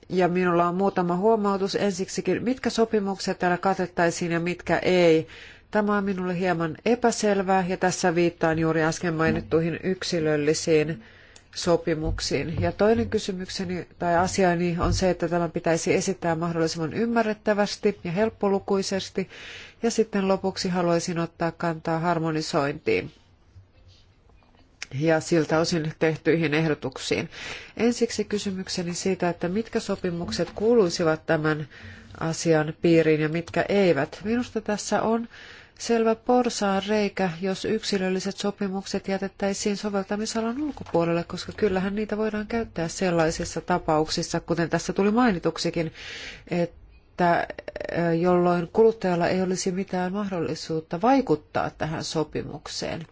ja minulla on muutama huomautus ensiksikin. Mitkä sopimukset täällä katettaisiin ja mitkä ei? Tämä on minulle hieman epäselvää ja tässä viittaan juuri äsken mainittuihin yksilöllisiin sopimuksiin. Ja toinen kysymykseni tai asiani on se, että tämä pitäisi esittää mahdollisimman ymmärrettävästi ja helppolukuisesti. Ja sitten lopuksi haluaisin ottaa kantaa harmonisointiin ja siltä osin tehtyihin ehdotuksiin. Ensiksi kysymykseni siitä, että mitkä sopimukset kuuluisivat tämän asian piiriin ja mitkä eivät. Minusta tässä on selvä porsaan reikä, jos yksilölliset sopimukset jätettäisiin soveltamisalan ulkopuolelle, koska kyllähän niitä voidaan käyttää sellaisissa tapauksissa, kuten tässä tuli mainituksikin, että jolloin kuluttajalla ei olisi mitään mahdollisuutta vaikuttaa tähän sopimukseen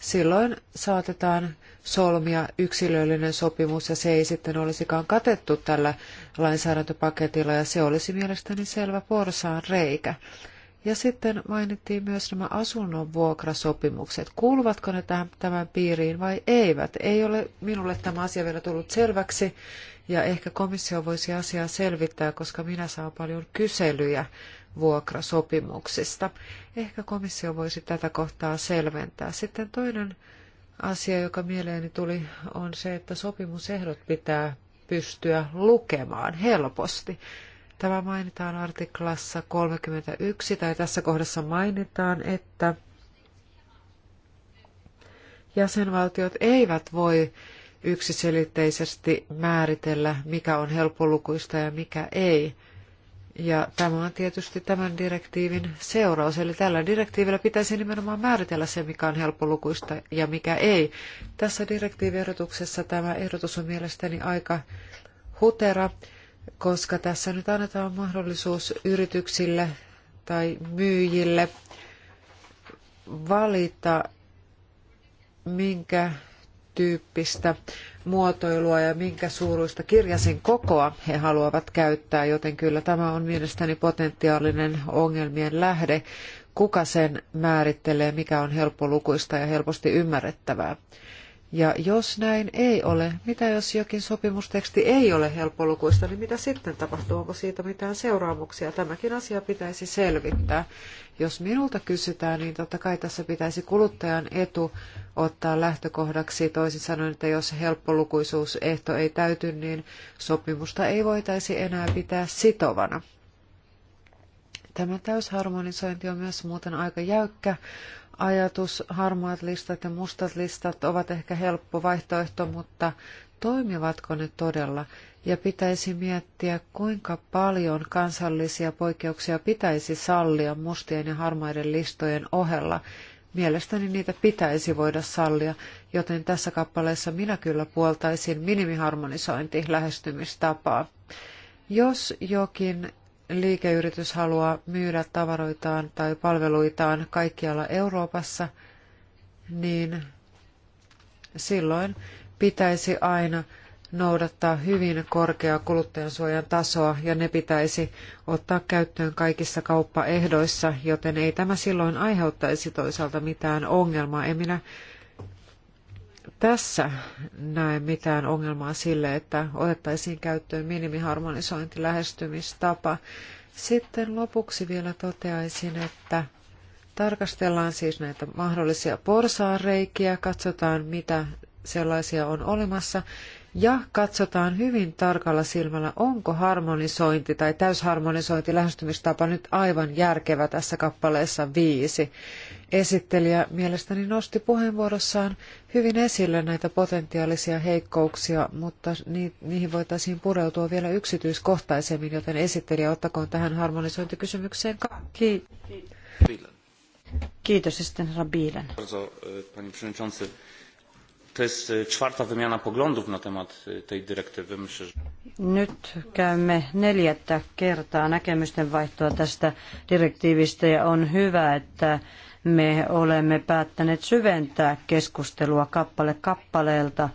silloin saatetaan solmia yksilöllinen sopimus ja se ei sitten olisikaan katettu tällä lainsäädäntöpaketilla ja se olisi mielestäni selvä porsaan reikä. Ja sitten mainittiin myös nämä asunnon vuokrasopimukset. Kuuluvatko ne tähän, tämän piiriin vai eivät? Ei ole minulle tämä asia vielä tullut selväksi ja ehkä komissio voisi asiaa selvittää, koska minä saan paljon kyselyjä vuokrasopimuksista. Ehkä komissio voisi tätä kohtaa selventää. Sitten toinen asia, joka mieleeni tuli, on se, että sopimusehdot pitää pystyä lukemaan helposti. Tämä mainitaan artiklassa 31 tai tässä kohdassa mainitaan, että jäsenvaltiot eivät voi yksiselitteisesti määritellä, mikä on helppolukuista ja mikä ei. Ja tämä on tietysti tämän direktiivin seuraus, eli tällä direktiivillä pitäisi nimenomaan määritellä se, mikä on helppolukuista ja mikä ei. Tässä direktiiviehdotuksessa tämä ehdotus on mielestäni aika hutera, koska tässä nyt annetaan mahdollisuus yrityksille tai myyjille valita, minkä tyyppistä muotoilua ja minkä suuruista kirjasen kokoa he haluavat käyttää, joten kyllä tämä on mielestäni potentiaalinen ongelmien lähde, kuka sen määrittelee, mikä on helppolukuista ja helposti ymmärrettävää. Ja jos näin ei ole, mitä jos jokin sopimusteksti ei ole helppolukuista, niin mitä sitten tapahtuu? Onko siitä mitään seuraamuksia? Tämäkin asia pitäisi selvittää. Jos minulta kysytään, niin totta kai tässä pitäisi kuluttajan etu ottaa lähtökohdaksi. Toisin sanoen, että jos helppolukuisuusehto ei täyty, niin sopimusta ei voitaisi enää pitää sitovana. Tämä täysharmonisointi on myös muuten aika jäykkä ajatus, harmaat listat ja mustat listat ovat ehkä helppo vaihtoehto, mutta toimivatko ne todella? Ja pitäisi miettiä, kuinka paljon kansallisia poikkeuksia pitäisi sallia mustien ja harmaiden listojen ohella. Mielestäni niitä pitäisi voida sallia, joten tässä kappaleessa minä kyllä puoltaisin minimiharmonisointi lähestymistapaa. Jos jokin liikeyritys haluaa myydä tavaroitaan tai palveluitaan kaikkialla Euroopassa, niin silloin pitäisi aina noudattaa hyvin korkeaa kuluttajansuojan tasoa ja ne pitäisi ottaa käyttöön kaikissa kauppaehdoissa, joten ei tämä silloin aiheuttaisi toisaalta mitään ongelmaa. En minä tässä näe mitään ongelmaa sille, että otettaisiin käyttöön minimiharmonisointilähestymistapa. Sitten lopuksi vielä toteaisin, että tarkastellaan siis näitä mahdollisia porsaanreikiä, katsotaan mitä sellaisia on olemassa ja katsotaan hyvin tarkalla silmällä, onko harmonisointi tai täysharmonisointi lähestymistapa nyt aivan järkevä tässä kappaleessa viisi. Esittelijä mielestäni nosti puheenvuorossaan hyvin esille näitä potentiaalisia heikkouksia, mutta niihin voitaisiin pureutua vielä yksityiskohtaisemmin, joten esittelijä ottakoon tähän harmonisointikysymykseen kaikki. Kiitos sitten Rabiilen. To jest czwarta wymiana poglądów na temat tej dyrektywy. Myślę, że... Nyt käymme neljättä kertaa näkemysten vaihtoa tästä direktiivistä ja on hyvä, että me olemme päättäneet syventää keskustelua kappale kappaleelta.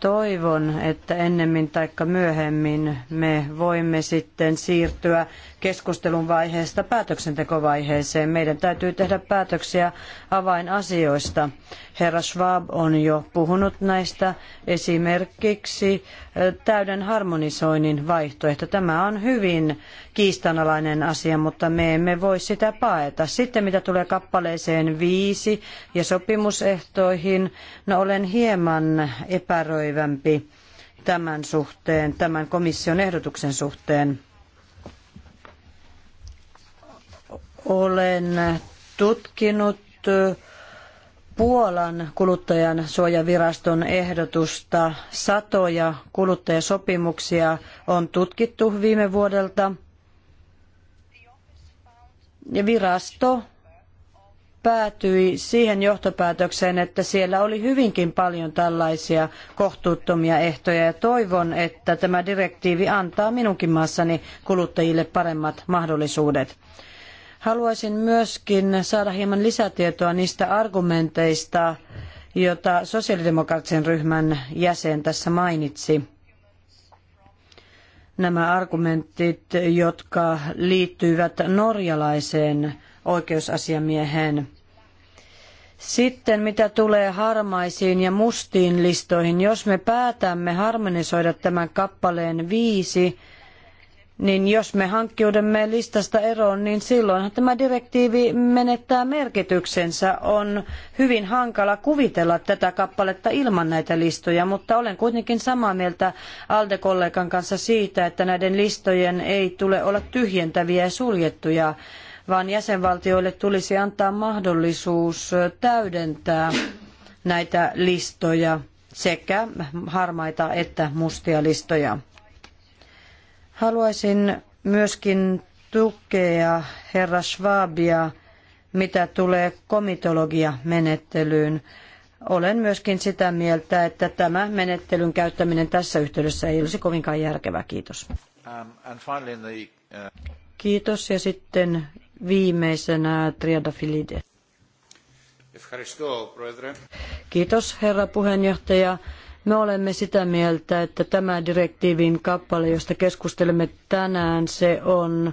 Toivon, että ennemmin tai myöhemmin me voimme sitten siirtyä keskustelun vaiheesta päätöksentekovaiheeseen. Meidän täytyy tehdä päätöksiä avainasioista. Herra Schwab on jo puhunut näistä esimerkiksi eh, täyden harmonisoinnin vaihtoehto. Tämä on hyvin kiistanalainen asia, mutta me emme voi sitä paeta. Sitten mitä tulee kappaleeseen viisi ja sopimusehtoihin, no olen hieman epäröivämpi tämän suhteen, tämän komission ehdotuksen suhteen. Olen tutkinut Puolan kuluttajan suojaviraston ehdotusta. Satoja kuluttajasopimuksia on tutkittu viime vuodelta. Ja virasto päätyi siihen johtopäätökseen, että siellä oli hyvinkin paljon tällaisia kohtuuttomia ehtoja ja toivon, että tämä direktiivi antaa minunkin maassani kuluttajille paremmat mahdollisuudet. Haluaisin myöskin saada hieman lisätietoa niistä argumenteista, joita sosiaalidemokraattisen ryhmän jäsen tässä mainitsi. Nämä argumentit, jotka liittyivät norjalaiseen oikeusasiamieheen. Sitten mitä tulee harmaisiin ja mustiin listoihin, jos me päätämme harmonisoida tämän kappaleen viisi, niin jos me hankkiudumme listasta eroon, niin silloin tämä direktiivi menettää merkityksensä. On hyvin hankala kuvitella tätä kappaletta ilman näitä listoja, mutta olen kuitenkin samaa mieltä Alde-kollegan kanssa siitä, että näiden listojen ei tule olla tyhjentäviä ja suljettuja, vaan jäsenvaltioille tulisi antaa mahdollisuus täydentää näitä listoja sekä harmaita että mustia listoja. Haluaisin myöskin tukea herra Schwabia, mitä tulee komitologiamenettelyyn. Olen myöskin sitä mieltä, että tämä menettelyn käyttäminen tässä yhteydessä ei olisi kovinkaan järkevää. Kiitos. Um, uh, Kiitos ja sitten viimeisenä Triadafilide. Kiitos herra puheenjohtaja. Me olemme sitä mieltä, että tämä direktiivin kappale, josta keskustelemme tänään, se on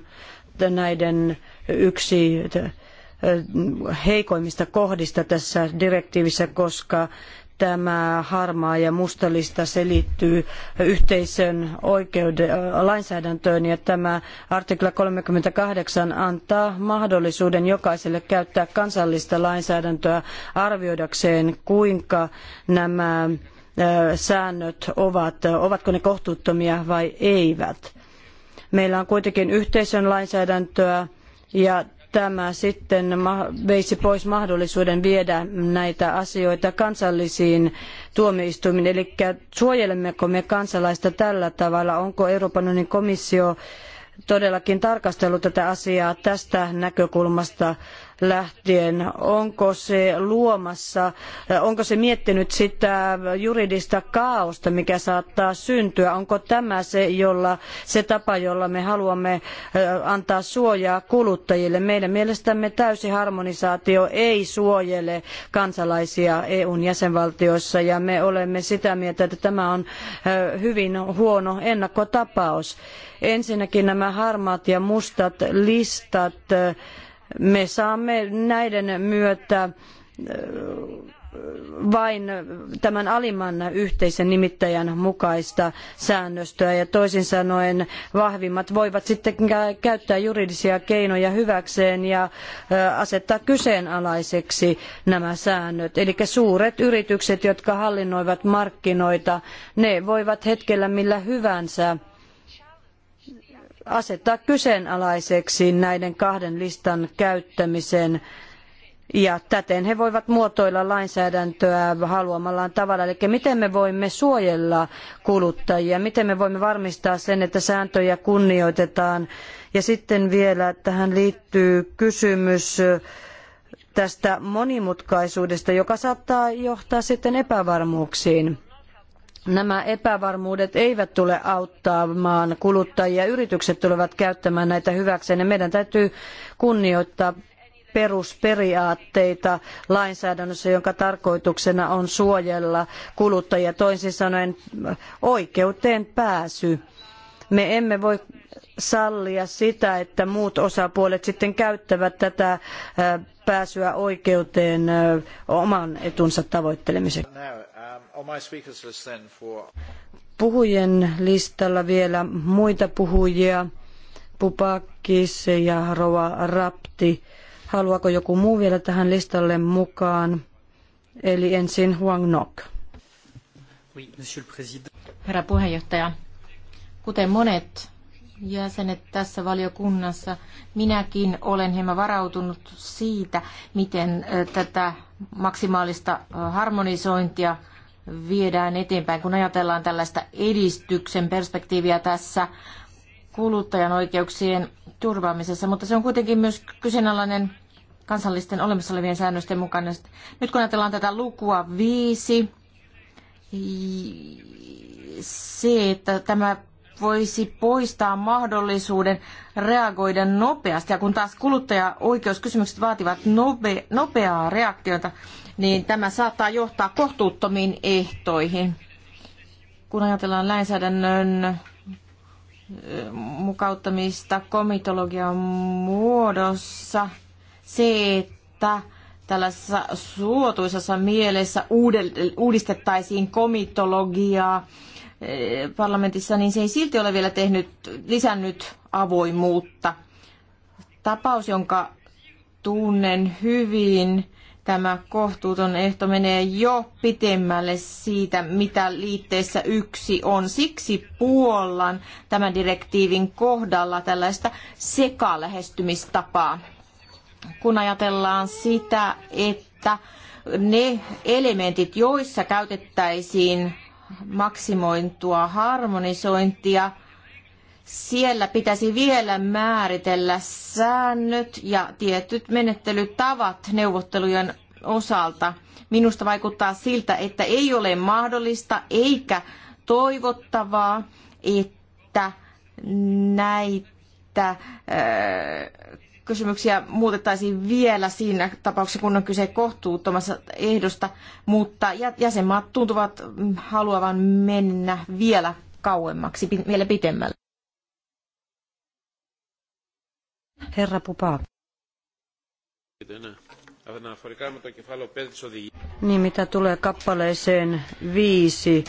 näiden yksi äh, heikoimmista kohdista tässä direktiivissä, koska tämä harmaa ja mustalista selittyy liittyy yhteisön oikeude, äh, lainsäädäntöön ja tämä artikla 38 antaa mahdollisuuden jokaiselle käyttää kansallista lainsäädäntöä arvioidakseen kuinka nämä säännöt ovat, ovatko ne kohtuuttomia vai eivät. Meillä on kuitenkin yhteisön lainsäädäntöä ja tämä sitten veisi pois mahdollisuuden viedä näitä asioita kansallisiin tuomioistuimiin. Eli suojelemmeko me kansalaista tällä tavalla? Onko Euroopan unionin komissio todellakin tarkastellut tätä asiaa tästä näkökulmasta lähtien, onko se luomassa, onko se miettinyt sitä juridista kaaosta, mikä saattaa syntyä, onko tämä se, jolla, se tapa, jolla me haluamme antaa suojaa kuluttajille. Meidän mielestämme täysi harmonisaatio ei suojele kansalaisia EUn jäsenvaltioissa ja me olemme sitä mieltä, että tämä on hyvin huono ennakkotapaus. Ensinnäkin nämä harmaat ja mustat listat me saamme näiden myötä äh, vain tämän alimman yhteisen nimittäjän mukaista säännöstöä ja toisin sanoen vahvimmat voivat sitten käyttää juridisia keinoja hyväkseen ja äh, asettaa kyseenalaiseksi nämä säännöt. Eli suuret yritykset, jotka hallinnoivat markkinoita, ne voivat hetkellä millä hyvänsä asettaa kyseenalaiseksi näiden kahden listan käyttämisen ja täten he voivat muotoilla lainsäädäntöä haluamallaan tavalla. Eli miten me voimme suojella kuluttajia, miten me voimme varmistaa sen, että sääntöjä kunnioitetaan. Ja sitten vielä tähän liittyy kysymys tästä monimutkaisuudesta, joka saattaa johtaa sitten epävarmuuksiin. Nämä epävarmuudet eivät tule auttamaan kuluttajia. Yritykset tulevat käyttämään näitä hyväkseen ja meidän täytyy kunnioittaa perusperiaatteita lainsäädännössä, jonka tarkoituksena on suojella kuluttajia, toisin sanoen oikeuteen pääsy. Me emme voi sallia sitä, että muut osapuolet sitten käyttävät tätä äh, pääsyä oikeuteen äh, oman etunsa tavoittelemiseksi. Um, Puhujien listalla vielä muita puhujia. Pupakis ja Rova Rapti. Haluaako joku muu vielä tähän listalle mukaan? Eli ensin Huang Nok. Herra puheenjohtaja, kuten monet jäsenet tässä valiokunnassa. Minäkin olen hieman varautunut siitä, miten tätä maksimaalista harmonisointia viedään eteenpäin, kun ajatellaan tällaista edistyksen perspektiiviä tässä kuluttajan oikeuksien turvaamisessa, mutta se on kuitenkin myös kyseenalainen kansallisten olemassa olevien säännösten mukainen. Nyt kun ajatellaan tätä lukua viisi, se, että tämä voisi poistaa mahdollisuuden reagoida nopeasti. Ja kun taas kuluttajaoikeuskysymykset vaativat nopeaa reaktiota, niin tämä saattaa johtaa kohtuuttomiin ehtoihin. Kun ajatellaan lainsäädännön mukauttamista komitologian muodossa, se, että tällaisessa suotuisassa mielessä uudistettaisiin komitologiaa Eh, parlamentissa, niin se ei silti ole vielä tehnyt, lisännyt avoimuutta. Tapaus, jonka tunnen hyvin, tämä kohtuuton ehto menee jo pitemmälle siitä, mitä liitteessä yksi on. Siksi Puolan tämän direktiivin kohdalla tällaista sekalähestymistapaa. Kun ajatellaan sitä, että ne elementit, joissa käytettäisiin maksimointua harmonisointia. Siellä pitäisi vielä määritellä säännöt ja tietyt menettelytavat neuvottelujen osalta. Minusta vaikuttaa siltä, että ei ole mahdollista eikä toivottavaa, että näitä kysymyksiä muutettaisiin vielä siinä tapauksessa, kun on kyse kohtuuttomasta ehdosta, mutta jäsenmaat tuntuvat mm, haluavan mennä vielä kauemmaksi, vielä pitemmälle. Herra Pupa. Niin mitä tulee kappaleeseen viisi,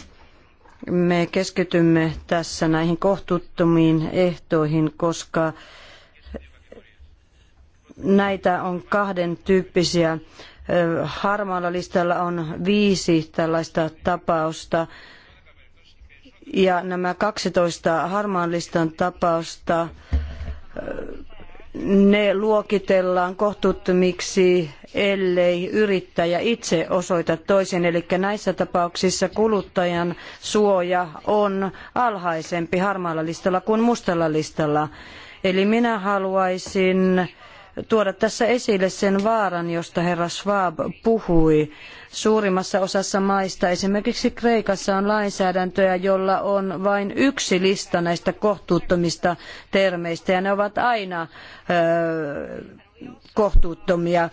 me keskitymme tässä näihin kohtuuttomiin ehtoihin, koska Näitä on kahden tyyppisiä. Harmaalla listalla on viisi tällaista tapausta. Ja nämä 12 harmaan listan tapausta, ne luokitellaan kohtuuttomiksi, ellei yrittäjä itse osoita toisin. Eli näissä tapauksissa kuluttajan suoja on alhaisempi harmaalla listalla kuin mustalla listalla. Eli minä haluaisin tuoda tässä esille sen vaaran, josta herra Schwab puhui. Suurimmassa osassa maista, esimerkiksi Kreikassa, on lainsäädäntöä, jolla on vain yksi lista näistä kohtuuttomista termeistä, ja ne ovat aina öö, kohtuuttomia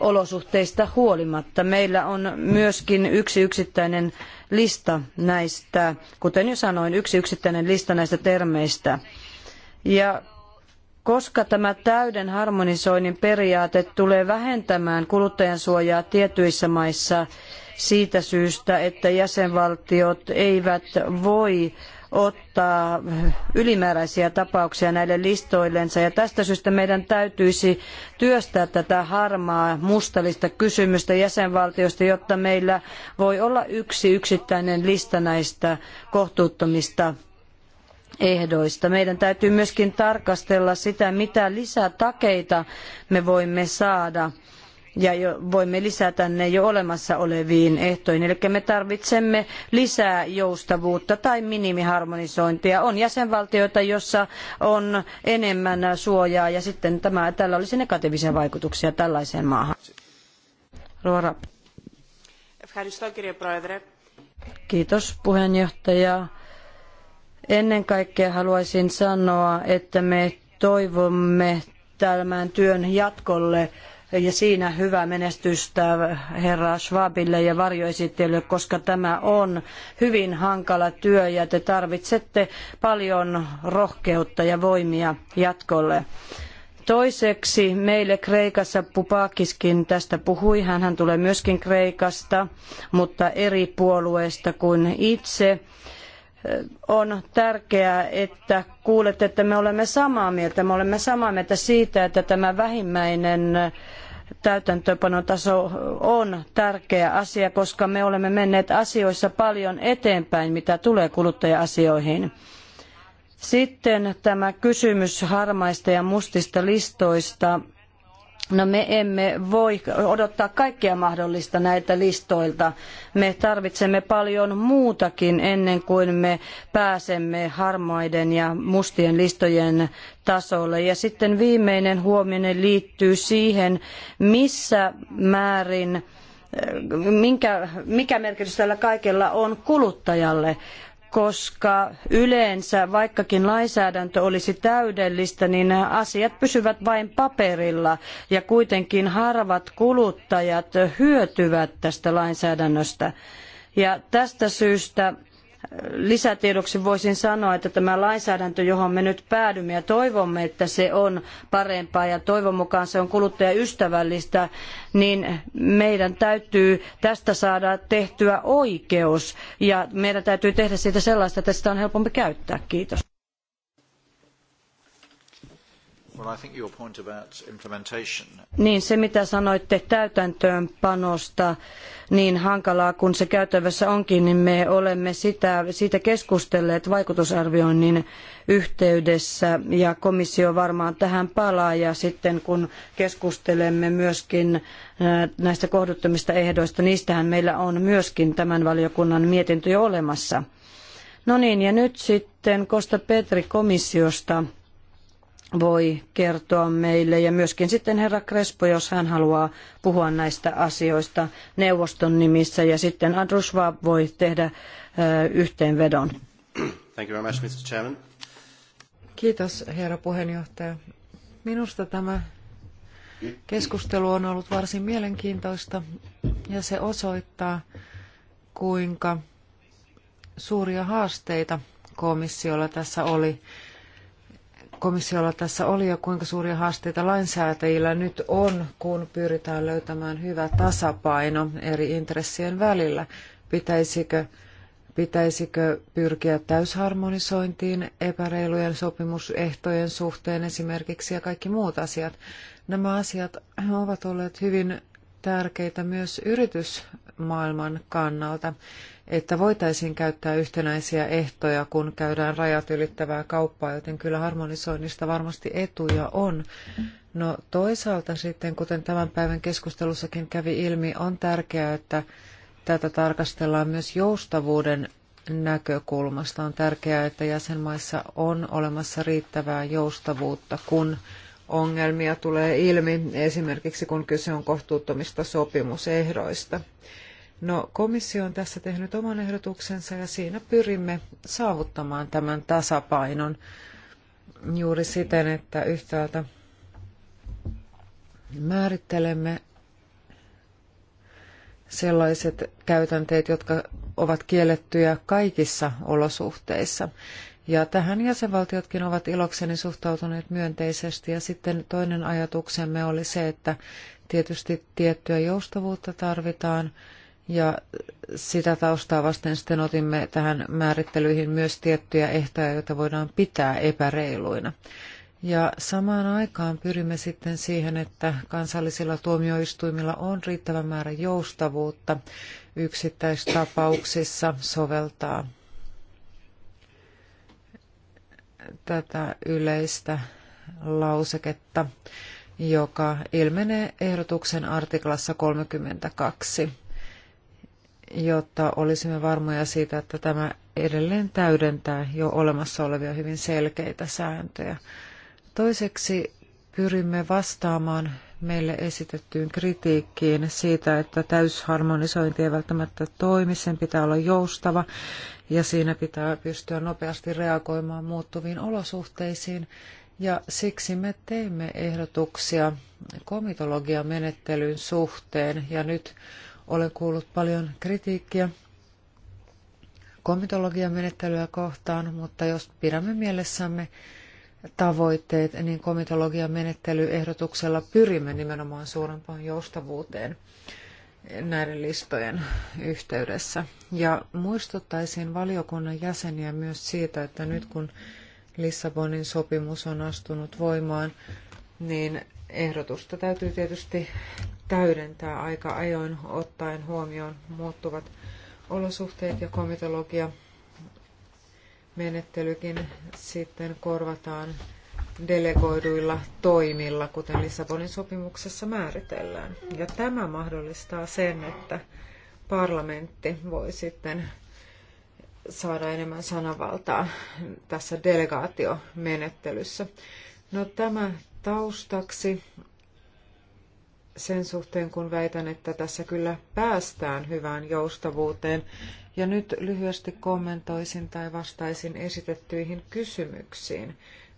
olosuhteista huolimatta. Meillä on myöskin yksi yksittäinen lista näistä, kuten jo sanoin, yksi yksittäinen lista näistä termeistä. Ja koska tämä täyden harmonisoinnin periaate tulee vähentämään kuluttajansuojaa tietyissä maissa siitä syystä, että jäsenvaltiot eivät voi ottaa ylimääräisiä tapauksia näille listoillensa. Ja tästä syystä meidän täytyisi työstää tätä harmaa mustalista kysymystä jäsenvaltiosta, jotta meillä voi olla yksi yksittäinen lista näistä kohtuuttomista ehdoista. Meidän täytyy myöskin tarkastella sitä, mitä lisätakeita me voimme saada ja jo, voimme lisätä ne jo olemassa oleviin ehtoihin. Eli me tarvitsemme lisää joustavuutta tai minimiharmonisointia. On jäsenvaltioita, jossa on enemmän suojaa ja sitten tämä, tällä olisi negatiivisia vaikutuksia tällaiseen maahan. Ruora. Kiitos puheenjohtaja. Ennen kaikkea haluaisin sanoa, että me toivomme tämän työn jatkolle ja siinä hyvää menestystä herra Schwabille ja varjoesittelylle, koska tämä on hyvin hankala työ ja te tarvitsette paljon rohkeutta ja voimia jatkolle. Toiseksi meille Kreikassa Pupakiskin tästä puhui, hän tulee myöskin Kreikasta, mutta eri puolueesta kuin itse on tärkeää, että kuulette, että me olemme samaa mieltä. Me olemme samaa mieltä siitä, että tämä vähimmäinen täytäntöönpanotaso on tärkeä asia, koska me olemme menneet asioissa paljon eteenpäin, mitä tulee kuluttaja-asioihin. Sitten tämä kysymys harmaista ja mustista listoista No me emme voi odottaa kaikkea mahdollista näiltä listoilta. Me tarvitsemme paljon muutakin ennen kuin me pääsemme harmaiden ja mustien listojen tasolle. Ja sitten viimeinen huominen liittyy siihen, missä määrin minkä, mikä merkitys tällä kaikella on kuluttajalle koska yleensä vaikkakin lainsäädäntö olisi täydellistä, niin asiat pysyvät vain paperilla ja kuitenkin harvat kuluttajat hyötyvät tästä lainsäädännöstä. Ja tästä syystä lisätiedoksi voisin sanoa, että tämä lainsäädäntö, johon me nyt päädymme ja toivomme, että se on parempaa ja toivon mukaan se on kuluttajaystävällistä, niin meidän täytyy tästä saada tehtyä oikeus ja meidän täytyy tehdä siitä sellaista, että sitä on helpompi käyttää. Kiitos. Niin se mitä sanoitte täytäntöönpanosta, niin hankalaa kuin se käytävässä onkin, niin me olemme sitä, siitä keskustelleet vaikutusarvioinnin yhteydessä ja komissio varmaan tähän palaa ja sitten kun keskustelemme myöskin äh, näistä kohduttomista ehdoista, niistähän meillä on myöskin tämän valiokunnan mietintö jo olemassa. No niin, ja nyt sitten Kosta Petri komissiosta voi kertoa meille ja myöskin sitten herra Crespo, jos hän haluaa puhua näistä asioista neuvoston nimissä ja sitten Andrew Schwab voi tehdä yhteenvedon. Thank you very much, Mr. Chairman. Kiitos herra puheenjohtaja. Minusta tämä keskustelu on ollut varsin mielenkiintoista ja se osoittaa, kuinka suuria haasteita komissiolla tässä oli komissiolla tässä oli ja kuinka suuria haasteita lainsäätäjillä nyt on, kun pyritään löytämään hyvä tasapaino eri intressien välillä. Pitäisikö, pitäisikö pyrkiä täysharmonisointiin epäreilujen sopimusehtojen suhteen esimerkiksi ja kaikki muut asiat? Nämä asiat ovat olleet hyvin tärkeitä myös yritysmaailman kannalta että voitaisiin käyttää yhtenäisiä ehtoja, kun käydään rajat ylittävää kauppaa, joten kyllä harmonisoinnista varmasti etuja on. No toisaalta sitten, kuten tämän päivän keskustelussakin kävi ilmi, on tärkeää, että tätä tarkastellaan myös joustavuuden näkökulmasta. On tärkeää, että jäsenmaissa on olemassa riittävää joustavuutta, kun ongelmia tulee ilmi, esimerkiksi kun kyse on kohtuuttomista sopimusehdoista. No, komissio on tässä tehnyt oman ehdotuksensa ja siinä pyrimme saavuttamaan tämän tasapainon juuri siten, että yhtäältä määrittelemme sellaiset käytänteet, jotka ovat kiellettyjä kaikissa olosuhteissa. Ja tähän jäsenvaltiotkin ovat ilokseni suhtautuneet myönteisesti. Ja sitten toinen ajatuksemme oli se, että tietysti tiettyä joustavuutta tarvitaan, ja sitä taustaa vasten sitten otimme tähän määrittelyihin myös tiettyjä ehtoja, joita voidaan pitää epäreiluina. Ja samaan aikaan pyrimme sitten siihen, että kansallisilla tuomioistuimilla on riittävä määrä joustavuutta yksittäistapauksissa soveltaa tätä yleistä lauseketta, joka ilmenee ehdotuksen artiklassa 32 jotta olisimme varmoja siitä, että tämä edelleen täydentää jo olemassa olevia hyvin selkeitä sääntöjä. Toiseksi pyrimme vastaamaan meille esitettyyn kritiikkiin siitä, että täysharmonisointi ei välttämättä toimi, sen pitää olla joustava ja siinä pitää pystyä nopeasti reagoimaan muuttuviin olosuhteisiin. Ja siksi me teimme ehdotuksia komitologiamenettelyn suhteen ja nyt olen kuullut paljon kritiikkiä komitologian menettelyä kohtaan, mutta jos pidämme mielessämme tavoitteet, niin komitologian menettelyehdotuksella pyrimme nimenomaan suurempaan joustavuuteen näiden listojen yhteydessä. Ja muistuttaisin valiokunnan jäseniä myös siitä, että nyt kun Lissabonin sopimus on astunut voimaan, niin ehdotusta täytyy tietysti täydentää aika ajoin ottaen huomioon muuttuvat olosuhteet ja komitologia menettelykin sitten korvataan delegoiduilla toimilla, kuten Lissabonin sopimuksessa määritellään. Ja tämä mahdollistaa sen, että parlamentti voi sitten saada enemmän sanavaltaa tässä delegaatiomenettelyssä. No tämä taustaksi sen suhteen, kun väitän, että tässä kyllä päästään hyvään joustavuuteen. Ja nyt lyhyesti kommentoisin tai vastaisin esitettyihin kysymyksiin.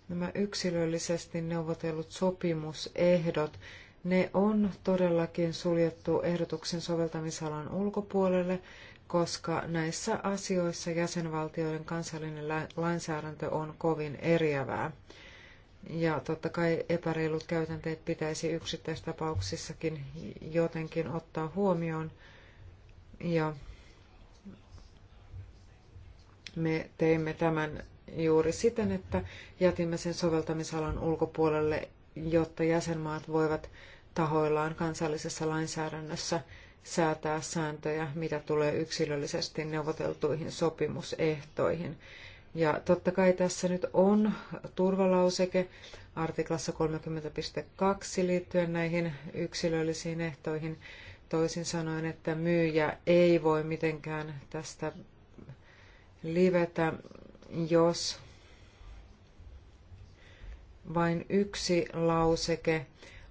Nämä yksilöllisesti neuvotellut sopimusehdot, ne on todellakin suljettu ehdotuksen soveltamisalan ulkopuolelle, koska näissä asioissa jäsenvaltioiden kansallinen lainsäädäntö on kovin eriävää. Ja totta kai epäreilut käytänteet pitäisi yksittäistapauksissakin jotenkin ottaa huomioon. Ja me teimme tämän juuri siten, että jätimme sen soveltamisalan ulkopuolelle, jotta jäsenmaat voivat tahoillaan kansallisessa lainsäädännössä säätää sääntöjä, mitä tulee yksilöllisesti neuvoteltuihin sopimusehtoihin. Ja totta kai tässä nyt on turvalauseke artiklassa 30.2 liittyen näihin yksilöllisiin ehtoihin. Toisin sanoen, että myyjä ei voi mitenkään tästä livetä, jos vain yksi lauseke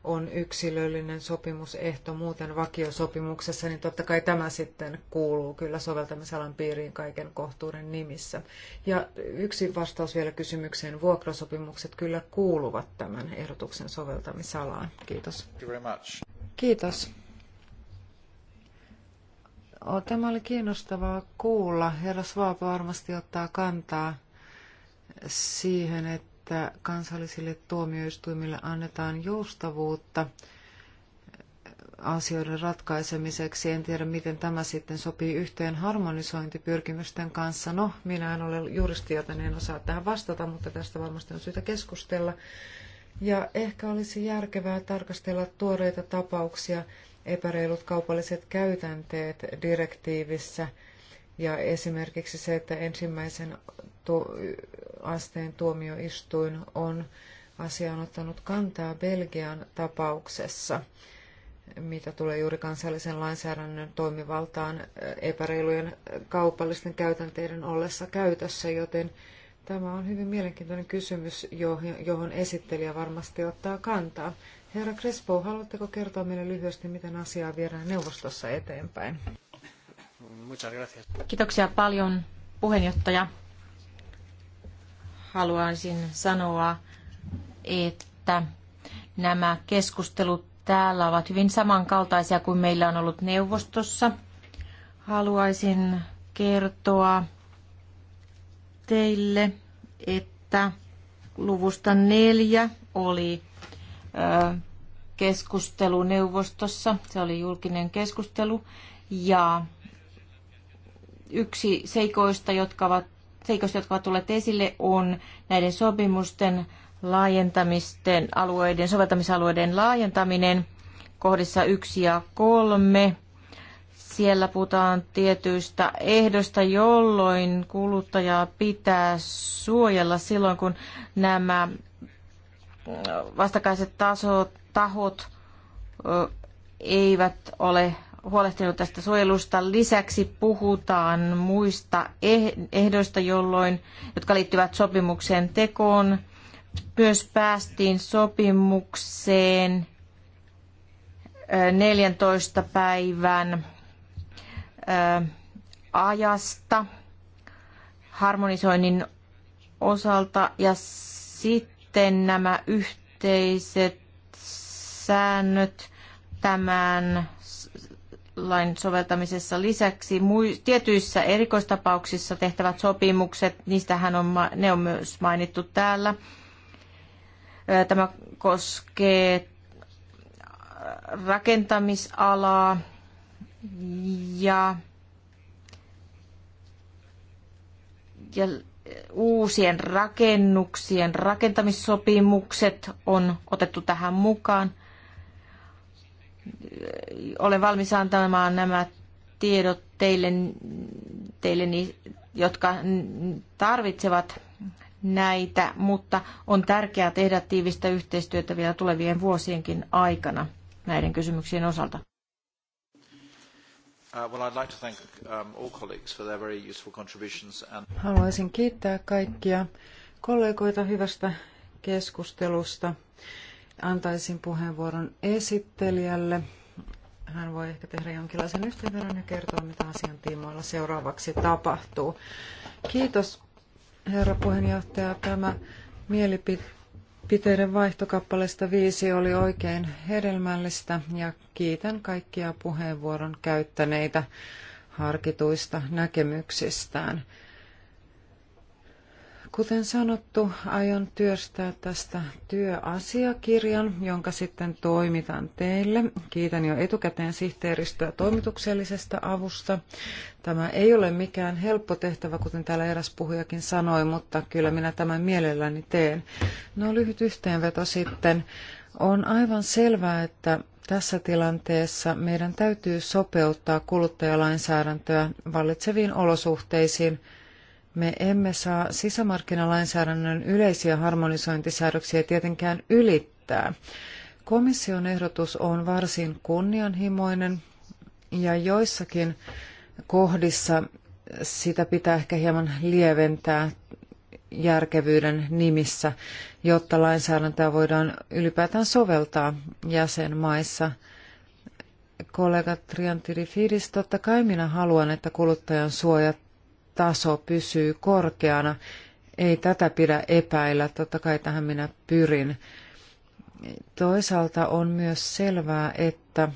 on yksilöllinen sopimusehto muuten vakiosopimuksessa, niin totta kai tämä sitten kuuluu kyllä soveltamisalan piiriin kaiken kohtuuden nimissä. Ja yksi vastaus vielä kysymykseen. Vuokrasopimukset kyllä kuuluvat tämän ehdotuksen soveltamisalaan. Kiitos. Kiitos. Tämä oli kiinnostavaa kuulla. Herra Svaapa varmasti ottaa kantaa siihen, että että kansallisille tuomioistuimille annetaan joustavuutta asioiden ratkaisemiseksi. En tiedä, miten tämä sitten sopii yhteen harmonisointipyrkimysten kanssa. No, minä en ole juristi, joten en osaa tähän vastata, mutta tästä varmasti on syytä keskustella. Ja ehkä olisi järkevää tarkastella tuoreita tapauksia, epäreilut kaupalliset käytänteet direktiivissä – ja esimerkiksi se, että ensimmäisen asteen tuomioistuin on asiaan ottanut kantaa Belgian tapauksessa, mitä tulee juuri kansallisen lainsäädännön toimivaltaan eh, epäreilujen eh, kaupallisten käytänteiden ollessa käytössä, joten tämä on hyvin mielenkiintoinen kysymys, johon esittelijä varmasti ottaa kantaa. Herra Crespo, haluatteko kertoa meille lyhyesti, miten asiaa viedään neuvostossa eteenpäin? Kiitoksia paljon puheenjohtaja. Haluaisin sanoa, että nämä keskustelut täällä ovat hyvin samankaltaisia kuin meillä on ollut neuvostossa. Haluaisin kertoa teille, että luvusta neljä oli keskustelu neuvostossa. Se oli julkinen keskustelu ja yksi seikoista, jotka ovat, seikoista, jotka ovat tulleet esille, on näiden sopimusten laajentamisten alueiden, soveltamisalueiden laajentaminen kohdissa yksi ja kolme. Siellä puhutaan tietyistä ehdoista, jolloin kuluttajaa pitää suojella silloin, kun nämä vastakkaiset tasot, tahot eivät ole huolehtinut tästä suojelusta. Lisäksi puhutaan muista eh- ehdoista, jolloin, jotka liittyvät sopimukseen tekoon. Myös päästiin sopimukseen 14 päivän ajasta harmonisoinnin osalta ja sitten nämä yhteiset säännöt tämän lain soveltamisessa lisäksi tietyissä erikoistapauksissa tehtävät sopimukset, niistähän on, ne on myös mainittu täällä. Tämä koskee äh, rakentamisalaa ja, ja uusien rakennuksien rakentamissopimukset on otettu tähän mukaan – olen valmis antamaan nämä tiedot teille, teille jotka tarvitsevat näitä, mutta on tärkeää tehdä tiivistä yhteistyötä vielä tulevien vuosienkin aikana näiden kysymyksien osalta. Uh, um, Haluaisin kiittää kaikkia kollegoita hyvästä keskustelusta antaisin puheenvuoron esittelijälle. Hän voi ehkä tehdä jonkinlaisen yhteenvedon ja kertoa, mitä asian tiimoilla seuraavaksi tapahtuu. Kiitos, herra puheenjohtaja. Tämä mielipiteiden vaihtokappaleista viisi oli oikein hedelmällistä ja kiitän kaikkia puheenvuoron käyttäneitä harkituista näkemyksistään. Kuten sanottu, aion työstää tästä työasiakirjan, jonka sitten toimitan teille. Kiitän jo etukäteen sihteeristöä toimituksellisesta avusta. Tämä ei ole mikään helppo tehtävä, kuten täällä eräs puhujakin sanoi, mutta kyllä minä tämän mielelläni teen. No lyhyt yhteenveto sitten. On aivan selvää, että tässä tilanteessa meidän täytyy sopeuttaa kuluttajalainsäädäntöä vallitseviin olosuhteisiin – me emme saa sisämarkkinalainsäädännön yleisiä harmonisointisäädöksiä tietenkään ylittää. Komission ehdotus on varsin kunnianhimoinen ja joissakin kohdissa sitä pitää ehkä hieman lieventää järkevyyden nimissä, jotta lainsäädäntöä voidaan ylipäätään soveltaa jäsenmaissa. Kollega Triantirifidis, totta kai minä haluan, että kuluttajan suoja taso pysyy korkeana. Ei tätä pidä epäillä, totta kai tähän minä pyrin. Toisaalta on myös selvää, että,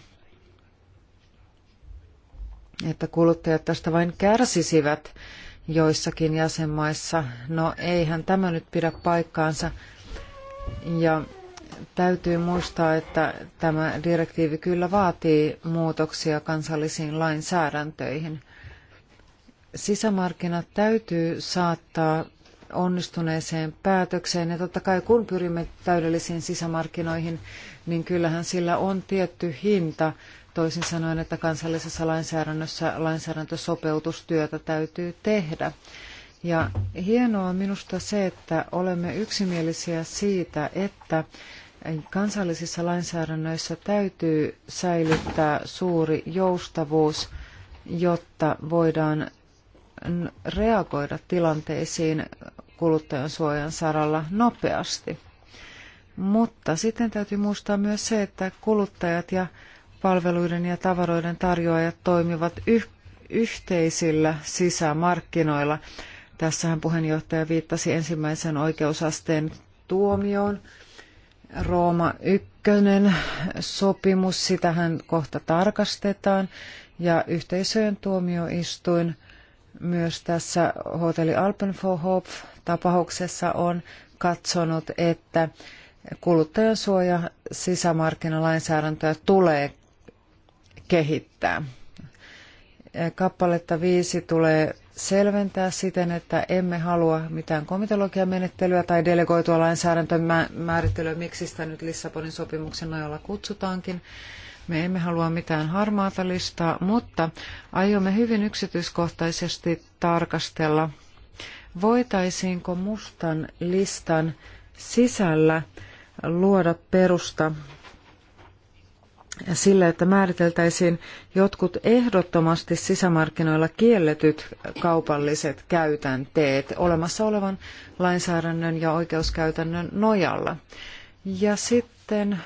että kuluttajat tästä vain kärsisivät joissakin jäsenmaissa. No eihän tämä nyt pidä paikkaansa. Ja täytyy muistaa, että tämä direktiivi kyllä vaatii muutoksia kansallisiin lainsäädäntöihin sisämarkkinat täytyy saattaa onnistuneeseen päätökseen. Ja totta kai kun pyrimme täydellisiin sisämarkkinoihin, niin kyllähän sillä on tietty hinta. Toisin sanoen, että kansallisessa lainsäädännössä lainsäädäntösopeutustyötä täytyy tehdä. Ja hienoa on minusta se, että olemme yksimielisiä siitä, että kansallisissa lainsäädännöissä täytyy säilyttää suuri joustavuus, jotta voidaan reagoida tilanteisiin kuluttajan suojan saralla nopeasti. Mutta sitten täytyy muistaa myös se, että kuluttajat ja palveluiden ja tavaroiden tarjoajat toimivat yh- yhteisillä sisämarkkinoilla. Tässähän puheenjohtaja viittasi ensimmäisen oikeusasteen tuomioon. Rooma 1 sopimus, sitähän kohta tarkastetaan. Ja yhteisöjen tuomioistuin – myös tässä hotelli Alpenvorhof tapauksessa on katsonut, että kuluttajansuoja sisämarkkinalainsäädäntöä tulee kehittää. Kappaletta viisi tulee selventää siten, että emme halua mitään komitologiamenettelyä tai delegoitua lainsäädäntömäärittelyä, miksi sitä nyt Lissabonin sopimuksen nojalla kutsutaankin. Me emme halua mitään harmaata listaa, mutta aiomme hyvin yksityiskohtaisesti tarkastella, voitaisiinko mustan listan sisällä luoda perusta sille, että määriteltäisiin jotkut ehdottomasti sisämarkkinoilla kielletyt kaupalliset käytänteet olemassa olevan lainsäädännön ja oikeuskäytännön nojalla. Ja sitten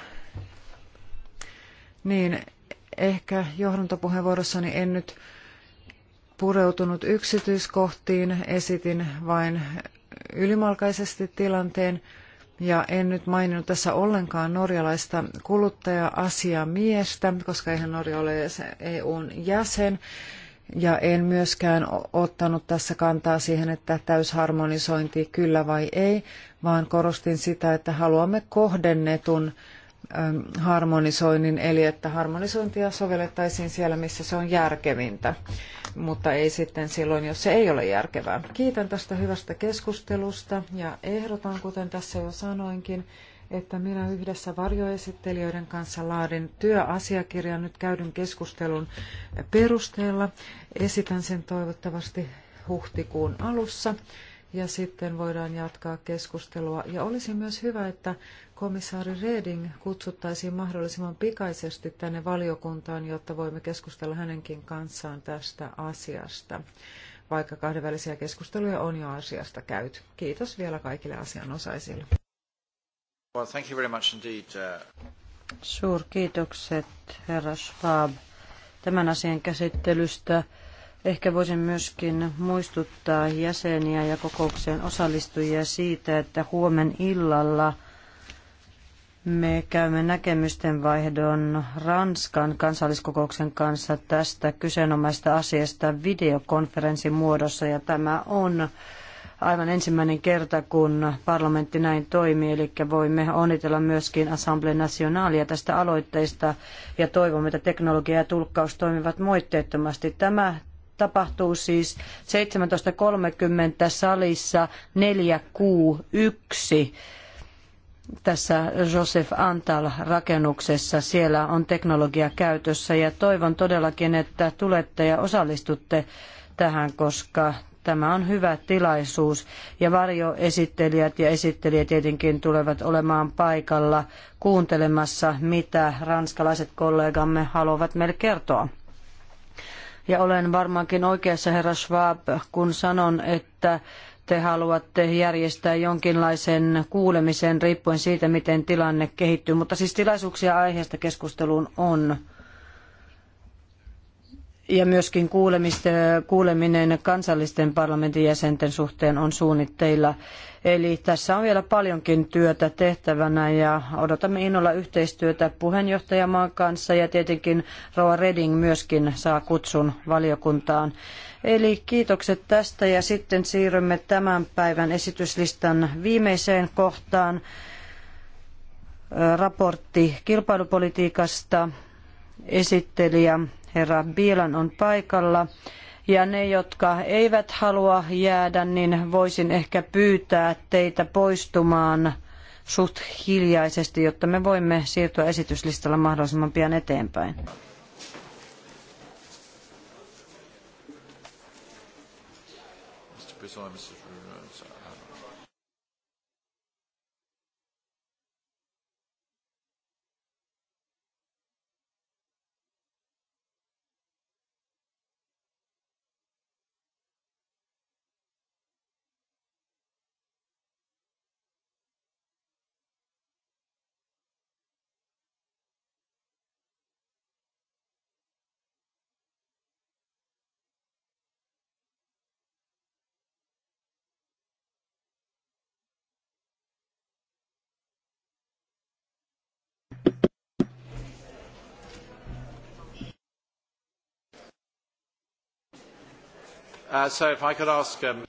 niin ehkä johdantopuheenvuorossani en nyt pureutunut yksityiskohtiin, esitin vain ylimalkaisesti tilanteen ja en nyt maininnut tässä ollenkaan norjalaista kuluttaja-asiamiestä, koska eihän Norja ole EUn e jäsen. Ja en myöskään ottanut tässä kantaa siihen, että täysharmonisointi kyllä vai ei, vaan korostin sitä, että haluamme kohdennetun Ähm, harmonisoinnin, eli että harmonisointia sovellettaisiin siellä, missä se on järkevintä, mutta ei sitten silloin, jos se ei ole järkevää. Kiitän tästä hyvästä keskustelusta ja ehdotan, kuten tässä jo sanoinkin, että minä yhdessä varjoesittelijöiden kanssa laadin työasiakirjan nyt käydyn keskustelun perusteella. Esitän sen toivottavasti huhtikuun alussa ja sitten voidaan jatkaa keskustelua. Ja olisi myös hyvä, että komissaari Reding kutsuttaisiin mahdollisimman pikaisesti tänne valiokuntaan, jotta voimme keskustella hänenkin kanssaan tästä asiasta, vaikka kahdenvälisiä keskusteluja on jo asiasta käyty. Kiitos vielä kaikille asianosaisille. Well, thank you very much indeed. Uh, Suurkiitokset, herra Schwab, tämän asian käsittelystä. Ehkä voisin myöskin muistuttaa jäseniä ja kokoukseen osallistujia siitä, että huomen illalla me käymme näkemysten vaihdon Ranskan kansalliskokouksen kanssa tästä kyseenomaista asiasta videokonferenssin muodossa ja tämä on aivan ensimmäinen kerta, kun parlamentti näin toimii, eli voimme onnitella myöskin Assemblée Nationalia tästä aloitteesta ja toivomme, että teknologia ja tulkkaus toimivat moitteettomasti. Tämä tapahtuu siis 17.30 salissa 461. tässä Joseph Antal rakennuksessa. Siellä on teknologia käytössä ja toivon todellakin, että tulette ja osallistutte tähän, koska tämä on hyvä tilaisuus. Ja varjoesittelijät ja esittelijät tietenkin tulevat olemaan paikalla kuuntelemassa, mitä ranskalaiset kollegamme haluavat meille kertoa. Ja olen varmaankin oikeassa, herra Schwab, kun sanon, että te haluatte järjestää jonkinlaisen kuulemisen riippuen siitä, miten tilanne kehittyy. Mutta siis tilaisuuksia aiheesta keskusteluun on ja myöskin kuuleminen kansallisten parlamentin jäsenten suhteen on suunnitteilla. Eli tässä on vielä paljonkin työtä tehtävänä ja odotamme innolla yhteistyötä puheenjohtajamaan kanssa ja tietenkin Roa Reding myöskin saa kutsun valiokuntaan. Eli kiitokset tästä ja sitten siirrymme tämän päivän esityslistan viimeiseen kohtaan. Raportti kilpailupolitiikasta esittelijä herra Bielan on paikalla. Ja ne, jotka eivät halua jäädä, niin voisin ehkä pyytää teitä poistumaan suht hiljaisesti, jotta me voimme siirtyä esityslistalla mahdollisimman pian eteenpäin. Mr. Uh, um,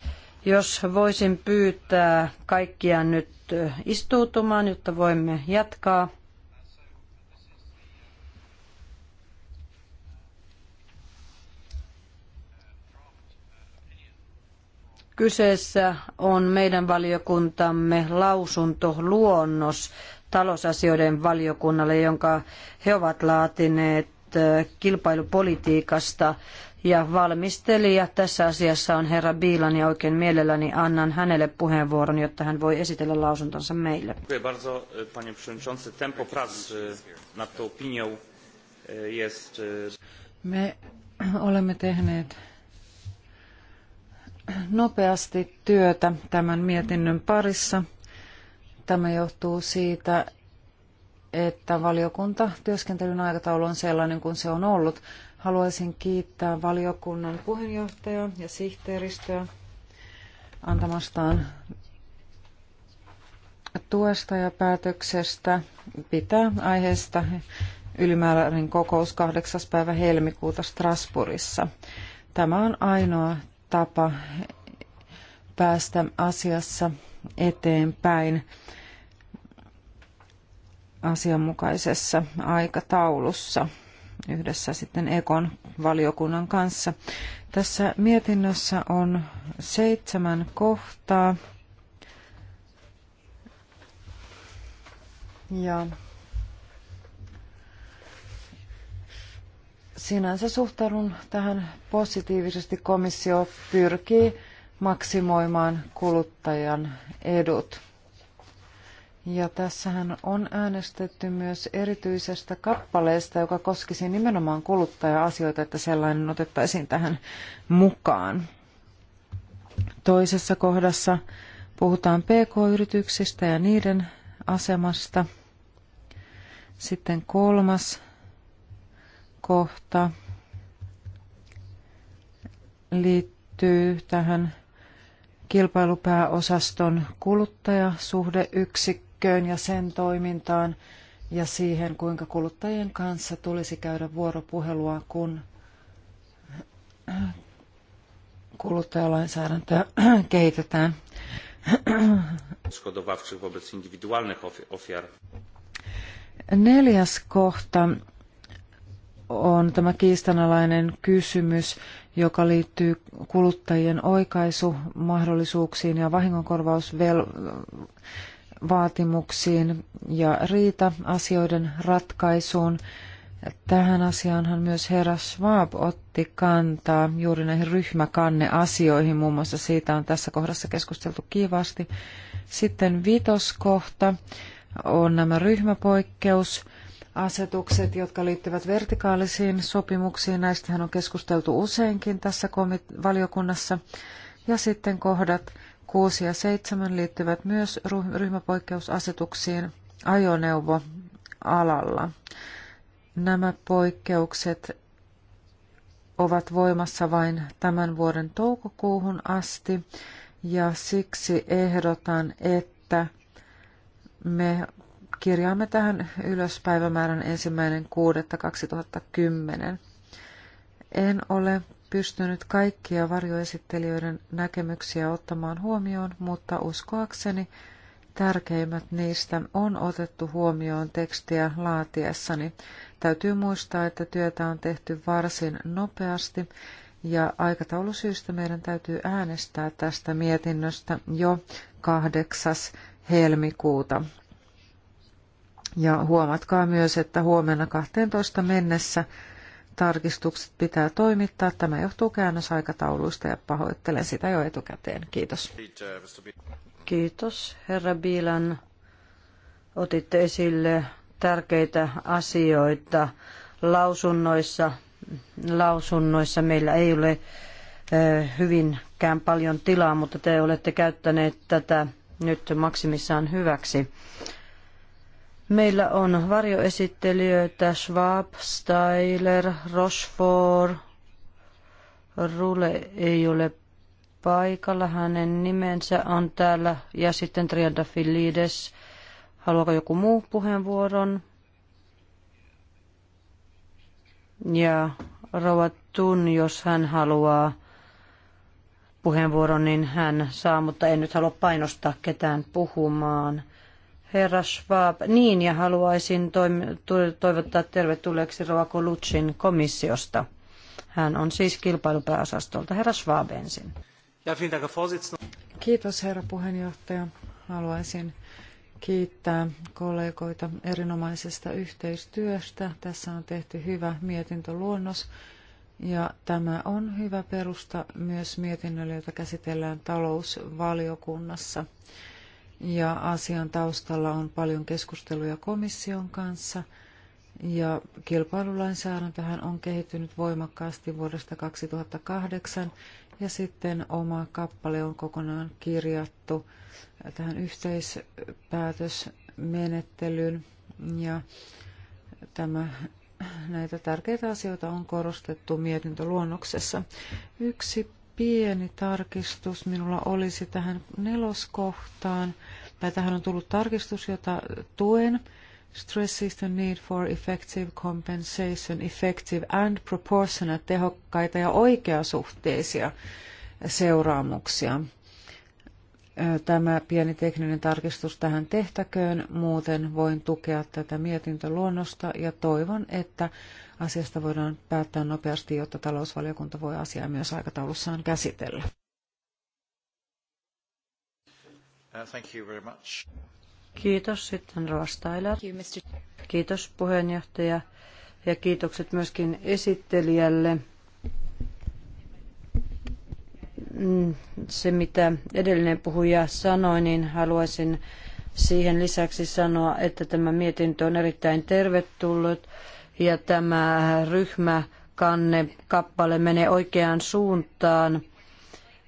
Jos voisin pyytää kaikkia nyt uh, istuutumaan, jotta voimme jatkaa. Kyseessä on meidän valiokuntamme lausuntoluonnos talousasioiden valiokunnalle, jonka he ovat laatineet uh, kilpailupolitiikasta ja valmistelija tässä asiassa on herra Biilan ja oikein mielelläni annan hänelle puheenvuoron, jotta hän voi esitellä lausuntonsa meille. E, e, e, Me olemme tehneet nopeasti työtä tämän mietinnön parissa. Tämä johtuu siitä, että valiokunta työskentelyn aikataulu on sellainen kuin se on ollut. Haluaisin kiittää valiokunnan puheenjohtajaa ja sihteeristöä antamastaan tuesta ja päätöksestä pitää aiheesta ylimääräinen kokous 8. päivä helmikuuta Strasbourgissa. Tämä on ainoa tapa päästä asiassa eteenpäin asianmukaisessa aikataulussa yhdessä sitten Ekon valiokunnan kanssa. Tässä mietinnössä on seitsemän kohtaa. Ja sinänsä suhtaudun tähän positiivisesti. Komissio pyrkii maksimoimaan kuluttajan edut. Ja tässähän on äänestetty myös erityisestä kappaleesta, joka koskisi nimenomaan kuluttaja-asioita, että sellainen otettaisiin tähän mukaan. Toisessa kohdassa puhutaan pk-yrityksistä ja niiden asemasta. Sitten kolmas kohta liittyy tähän kilpailupääosaston kuluttajasuhdeyksikköön yksikköön ja sen toimintaan ja siihen, kuinka kuluttajien kanssa tulisi käydä vuoropuhelua, kun kuluttajalainsäädäntöä kehitetään. Neljäs kohta on tämä kiistanalainen kysymys, joka liittyy kuluttajien oikaisumahdollisuuksiin ja vahingonkorvausvelvollisuuksiin vaatimuksiin ja riita-asioiden ratkaisuun. Tähän asiaanhan myös herra Schwab otti kantaa juuri näihin ryhmäkanneasioihin, muun muassa siitä on tässä kohdassa keskusteltu kiivasti. Sitten vitoskohta on nämä ryhmäpoikkeusasetukset, jotka liittyvät vertikaalisiin sopimuksiin. Näistähän on keskusteltu useinkin tässä valiokunnassa. Ja sitten kohdat 6 ja 7 liittyvät myös ryhmäpoikkeusasetuksiin ajoneuvoalalla. Nämä poikkeukset ovat voimassa vain tämän vuoden toukokuuhun asti ja siksi ehdotan, että me kirjaamme tähän ylös päivämäärän ensimmäinen 6.2010. En ole pystynyt kaikkia varjoesittelijöiden näkemyksiä ottamaan huomioon, mutta uskoakseni tärkeimmät niistä on otettu huomioon tekstiä laatiessani. Täytyy muistaa, että työtä on tehty varsin nopeasti ja aikataulusyistä meidän täytyy äänestää tästä mietinnöstä jo 8. helmikuuta. Ja huomatkaa myös, että huomenna 12 mennessä tarkistukset pitää toimittaa. Tämä johtuu käännösaikatauluista ja pahoittelen sitä jo etukäteen. Kiitos. Kiitos, herra Biilan. Otitte esille tärkeitä asioita lausunnoissa. Lausunnoissa meillä ei ole hyvinkään paljon tilaa, mutta te olette käyttäneet tätä nyt maksimissaan hyväksi. Meillä on varjoesittelijöitä Schwab, Steiler, Rochefort. Rule ei ole paikalla. Hänen nimensä on täällä. Ja sitten Trianda Filides. Haluaako joku muu puheenvuoron? Ja Rova Tun, jos hän haluaa puheenvuoron, niin hän saa, mutta en nyt halua painostaa ketään puhumaan – Herra Schwab, niin ja haluaisin toivottaa tervetulleeksi Roa Kolucin komissiosta. Hän on siis kilpailupääosastolta. Herra Schwab ensin. Kiitos herra puheenjohtaja. Haluaisin kiittää kollegoita erinomaisesta yhteistyöstä. Tässä on tehty hyvä mietintöluonnos ja tämä on hyvä perusta myös mietinnölle, jota käsitellään talousvaliokunnassa ja asian taustalla on paljon keskusteluja komission kanssa. Ja kilpailulainsäädäntöhän on kehittynyt voimakkaasti vuodesta 2008 ja sitten oma kappale on kokonaan kirjattu tähän yhteispäätösmenettelyyn ja tämä, näitä tärkeitä asioita on korostettu mietintöluonnoksessa. Yksi pieni tarkistus minulla olisi tähän neloskohtaan, tai tähän on tullut tarkistus, jota tuen. Stress is the need for effective compensation, effective and proportionate, tehokkaita ja oikeasuhteisia seuraamuksia. Tämä pieni tekninen tarkistus tähän tehtäköön, muuten voin tukea tätä mietintöluonnosta ja toivon, että asiasta voidaan päättää nopeasti, jotta talousvaliokunta voi asiaa myös aikataulussaan käsitellä. Uh, thank you very much. Kiitos. Sitten Roastailer. Kiitos puheenjohtaja ja kiitokset myöskin esittelijälle. Mm, se, mitä edellinen puhuja sanoi, niin haluaisin siihen lisäksi sanoa, että tämä mietintö on erittäin tervetullut ja tämä ryhmäkanne kappale menee oikeaan suuntaan,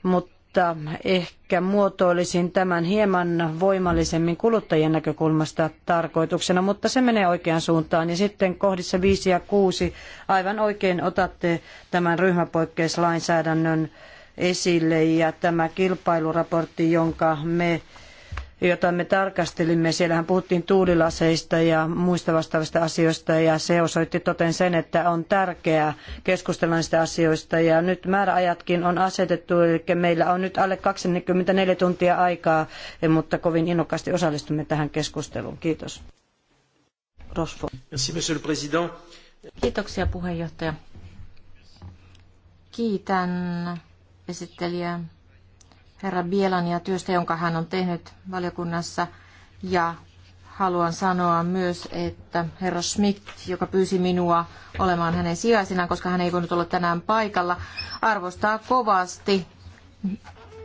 mutta ehkä muotoilisin tämän hieman voimallisemmin kuluttajien näkökulmasta tarkoituksena, mutta se menee oikeaan suuntaan. Ja sitten kohdissa 5 ja 6 aivan oikein otatte tämän ryhmäpoikkeuslainsäädännön esille ja tämä kilpailuraportti, jonka me jota me tarkastelimme. Siellähän puhuttiin tuulilaseista ja muista vastaavista asioista ja se osoitti toten sen, että on tärkeää keskustella näistä asioista. Ja nyt määräajatkin on asetettu, eli meillä on nyt alle 24 tuntia aikaa, mutta kovin innokkaasti osallistumme tähän keskusteluun. Kiitos. Rosfo. Kiitoksia puheenjohtaja. Kiitän esittelijää herra Bielan ja työstä, jonka hän on tehnyt valiokunnassa. Ja haluan sanoa myös, että herra Schmidt, joka pyysi minua olemaan hänen sijaisenaan, koska hän ei voinut olla tänään paikalla, arvostaa kovasti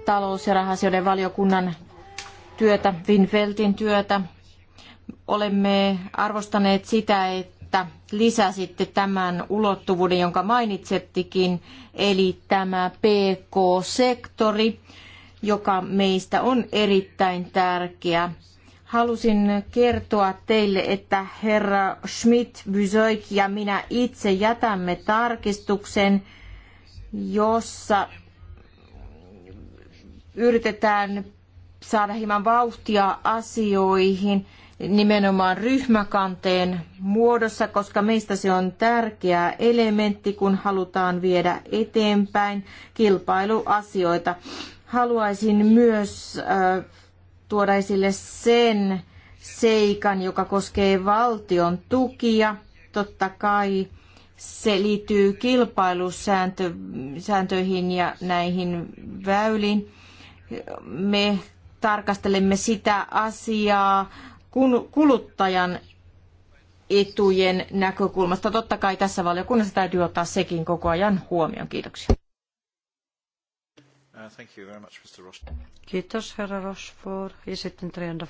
talous- ja rahasioiden valiokunnan työtä, Winfeldin työtä. Olemme arvostaneet sitä, että lisäsitte tämän ulottuvuuden, jonka mainitsettikin, eli tämä PK-sektori joka meistä on erittäin tärkeä. Halusin kertoa teille, että herra Schmidt, Bysoik ja minä itse jätämme tarkistuksen, jossa yritetään saada hieman vauhtia asioihin nimenomaan ryhmäkanteen muodossa, koska meistä se on tärkeä elementti, kun halutaan viedä eteenpäin kilpailuasioita. Haluaisin myös äh, tuoda esille sen seikan, joka koskee valtion tukia. Totta kai se liittyy kilpailusääntöihin ja näihin väyliin. Me tarkastelemme sitä asiaa kuluttajan etujen näkökulmasta. Totta kai tässä valiokunnassa täytyy ottaa sekin koko ajan huomioon. Kiitoksia. Uh, thank you very much, Mr. Rochford. Kiitos, herra Rochford. Ja sitten Trianda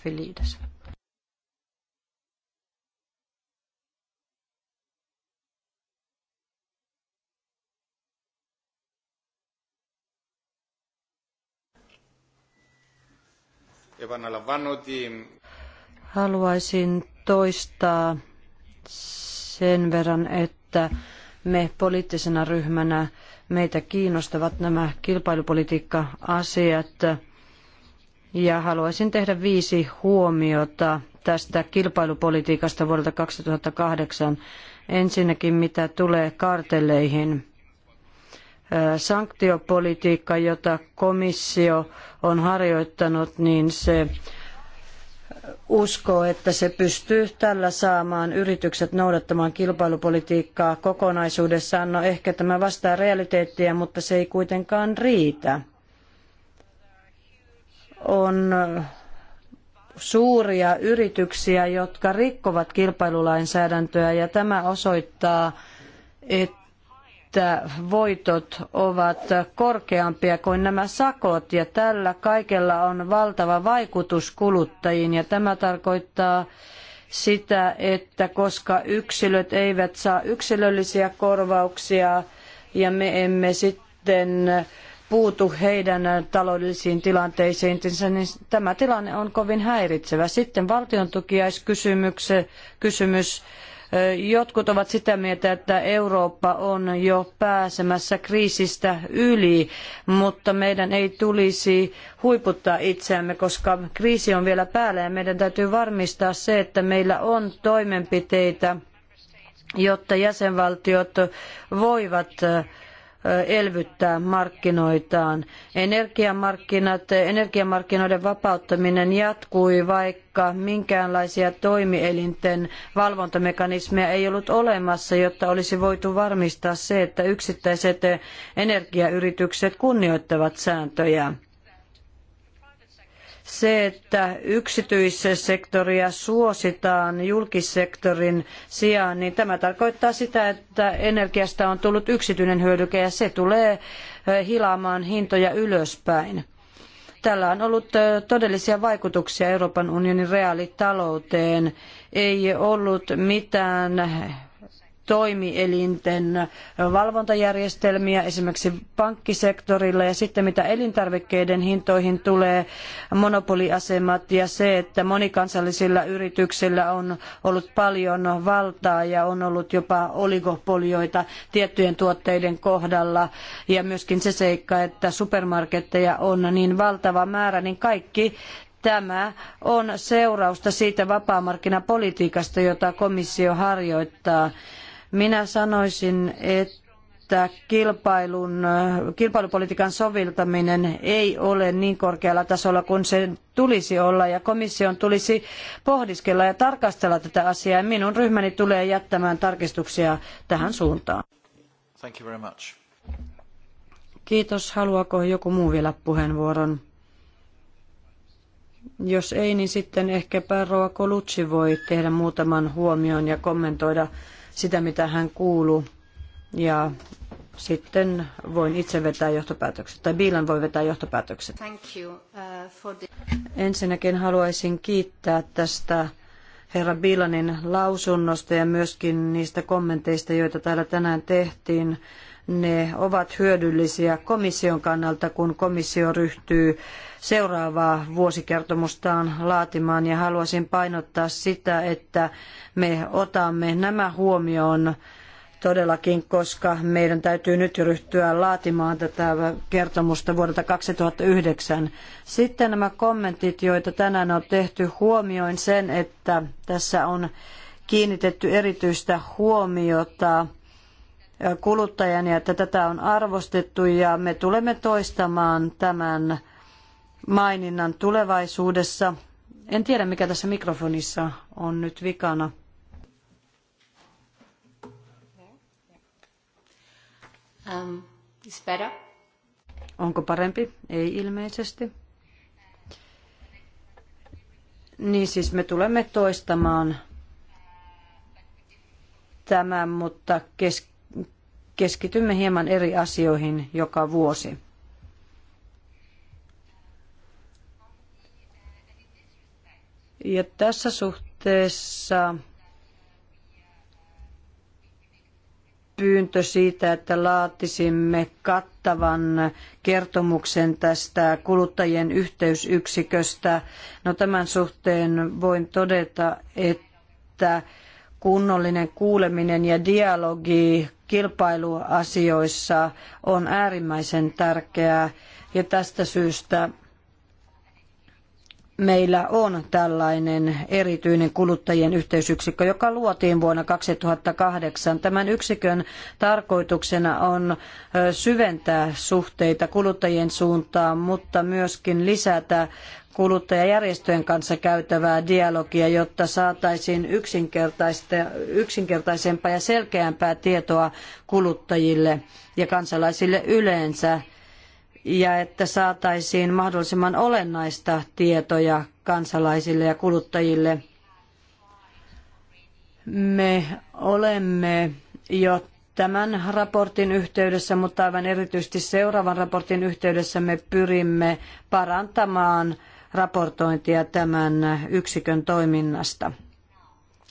Haluaisin toistaa sen verran, että me poliittisena ryhmänä Meitä kiinnostavat nämä kilpailupolitiikka-asiat ja haluaisin tehdä viisi huomiota tästä kilpailupolitiikasta vuodelta 2008. Ensinnäkin mitä tulee kartelleihin. Sanktiopolitiikka, jota komissio on harjoittanut, niin se uskoo, että se pystyy tällä saamaan yritykset noudattamaan kilpailupolitiikkaa kokonaisuudessaan. No ehkä tämä vastaa realiteettiä, mutta se ei kuitenkaan riitä. On suuria yrityksiä, jotka rikkovat kilpailulainsäädäntöä ja tämä osoittaa, että että voitot ovat korkeampia kuin nämä sakot ja tällä kaikella on valtava vaikutus kuluttajiin ja tämä tarkoittaa sitä, että koska yksilöt eivät saa yksilöllisiä korvauksia ja me emme sitten puutu heidän taloudellisiin tilanteisiinsa, niin tämä tilanne on kovin häiritsevä. Sitten valtion tukiaiskysymys. Kysymys, Jotkut ovat sitä mieltä, että Eurooppa on jo pääsemässä kriisistä yli, mutta meidän ei tulisi huiputtaa itseämme, koska kriisi on vielä päällä ja meidän täytyy varmistaa se, että meillä on toimenpiteitä, jotta jäsenvaltiot voivat elvyttää markkinoitaan. Energiamarkkinat, energiamarkkinoiden vapauttaminen jatkui, vaikka minkäänlaisia toimielinten valvontamekanismeja ei ollut olemassa, jotta olisi voitu varmistaa se, että yksittäiset energiayritykset kunnioittavat sääntöjä se, että yksityissektoria suositaan julkissektorin sijaan, niin tämä tarkoittaa sitä, että energiasta on tullut yksityinen hyödyke ja se tulee eh, hilaamaan hintoja ylöspäin. Tällä on ollut eh, todellisia vaikutuksia Euroopan unionin reaalitalouteen. Ei ollut mitään toimielinten valvontajärjestelmiä esimerkiksi pankkisektorilla ja sitten mitä elintarvikkeiden hintoihin tulee monopoliasemat ja se, että monikansallisilla yrityksillä on ollut paljon valtaa ja on ollut jopa oligopolioita tiettyjen tuotteiden kohdalla ja myöskin se seikka, että supermarketteja on niin valtava määrä, niin kaikki tämä on seurausta siitä vapaamarkkinapolitiikasta, jota komissio harjoittaa. Minä sanoisin, että kilpailun, kilpailupolitiikan soveltaminen ei ole niin korkealla tasolla kuin sen tulisi olla ja komission tulisi pohdiskella ja tarkastella tätä asiaa. Minun ryhmäni tulee jättämään tarkistuksia tähän suuntaan. Kiitos. Haluaako joku muu vielä puheenvuoron? Jos ei, niin sitten ehkäpä Roa Colucci voi tehdä muutaman huomion ja kommentoida sitä, mitä hän kuuluu. Ja sitten voin itse vetää johtopäätökset, tai Biilan voi vetää johtopäätökset. Uh, Ensinnäkin haluaisin kiittää tästä herra Biilanin lausunnosta ja myöskin niistä kommenteista, joita täällä tänään tehtiin. Ne ovat hyödyllisiä komission kannalta, kun komissio ryhtyy seuraavaa vuosikertomustaan laatimaan ja haluaisin painottaa sitä, että me otamme nämä huomioon todellakin, koska meidän täytyy nyt jo ryhtyä laatimaan tätä kertomusta vuodelta 2009. Sitten nämä kommentit, joita tänään on tehty, huomioin sen, että tässä on kiinnitetty erityistä huomiota kuluttajan ja että tätä on arvostettu ja me tulemme toistamaan tämän maininnan tulevaisuudessa. En tiedä, mikä tässä mikrofonissa on nyt vikana. Um, Onko parempi? Ei ilmeisesti. Niin siis me tulemme toistamaan tämän, mutta keskitymme hieman eri asioihin joka vuosi. Ja tässä suhteessa pyyntö siitä, että laatisimme kattavan kertomuksen tästä kuluttajien yhteysyksiköstä. No tämän suhteen voin todeta, että kunnollinen kuuleminen ja dialogi kilpailuasioissa on äärimmäisen tärkeää ja tästä syystä meillä on tällainen erityinen kuluttajien yhteysyksikkö, joka luotiin vuonna 2008. Tämän yksikön tarkoituksena on syventää suhteita kuluttajien suuntaan, mutta myöskin lisätä kuluttajajärjestöjen kanssa käytävää dialogia, jotta saataisiin yksinkertaisempaa ja selkeämpää tietoa kuluttajille ja kansalaisille yleensä ja että saataisiin mahdollisimman olennaista tietoja kansalaisille ja kuluttajille. Me olemme jo tämän raportin yhteydessä, mutta aivan erityisesti seuraavan raportin yhteydessä me pyrimme parantamaan raportointia tämän yksikön toiminnasta.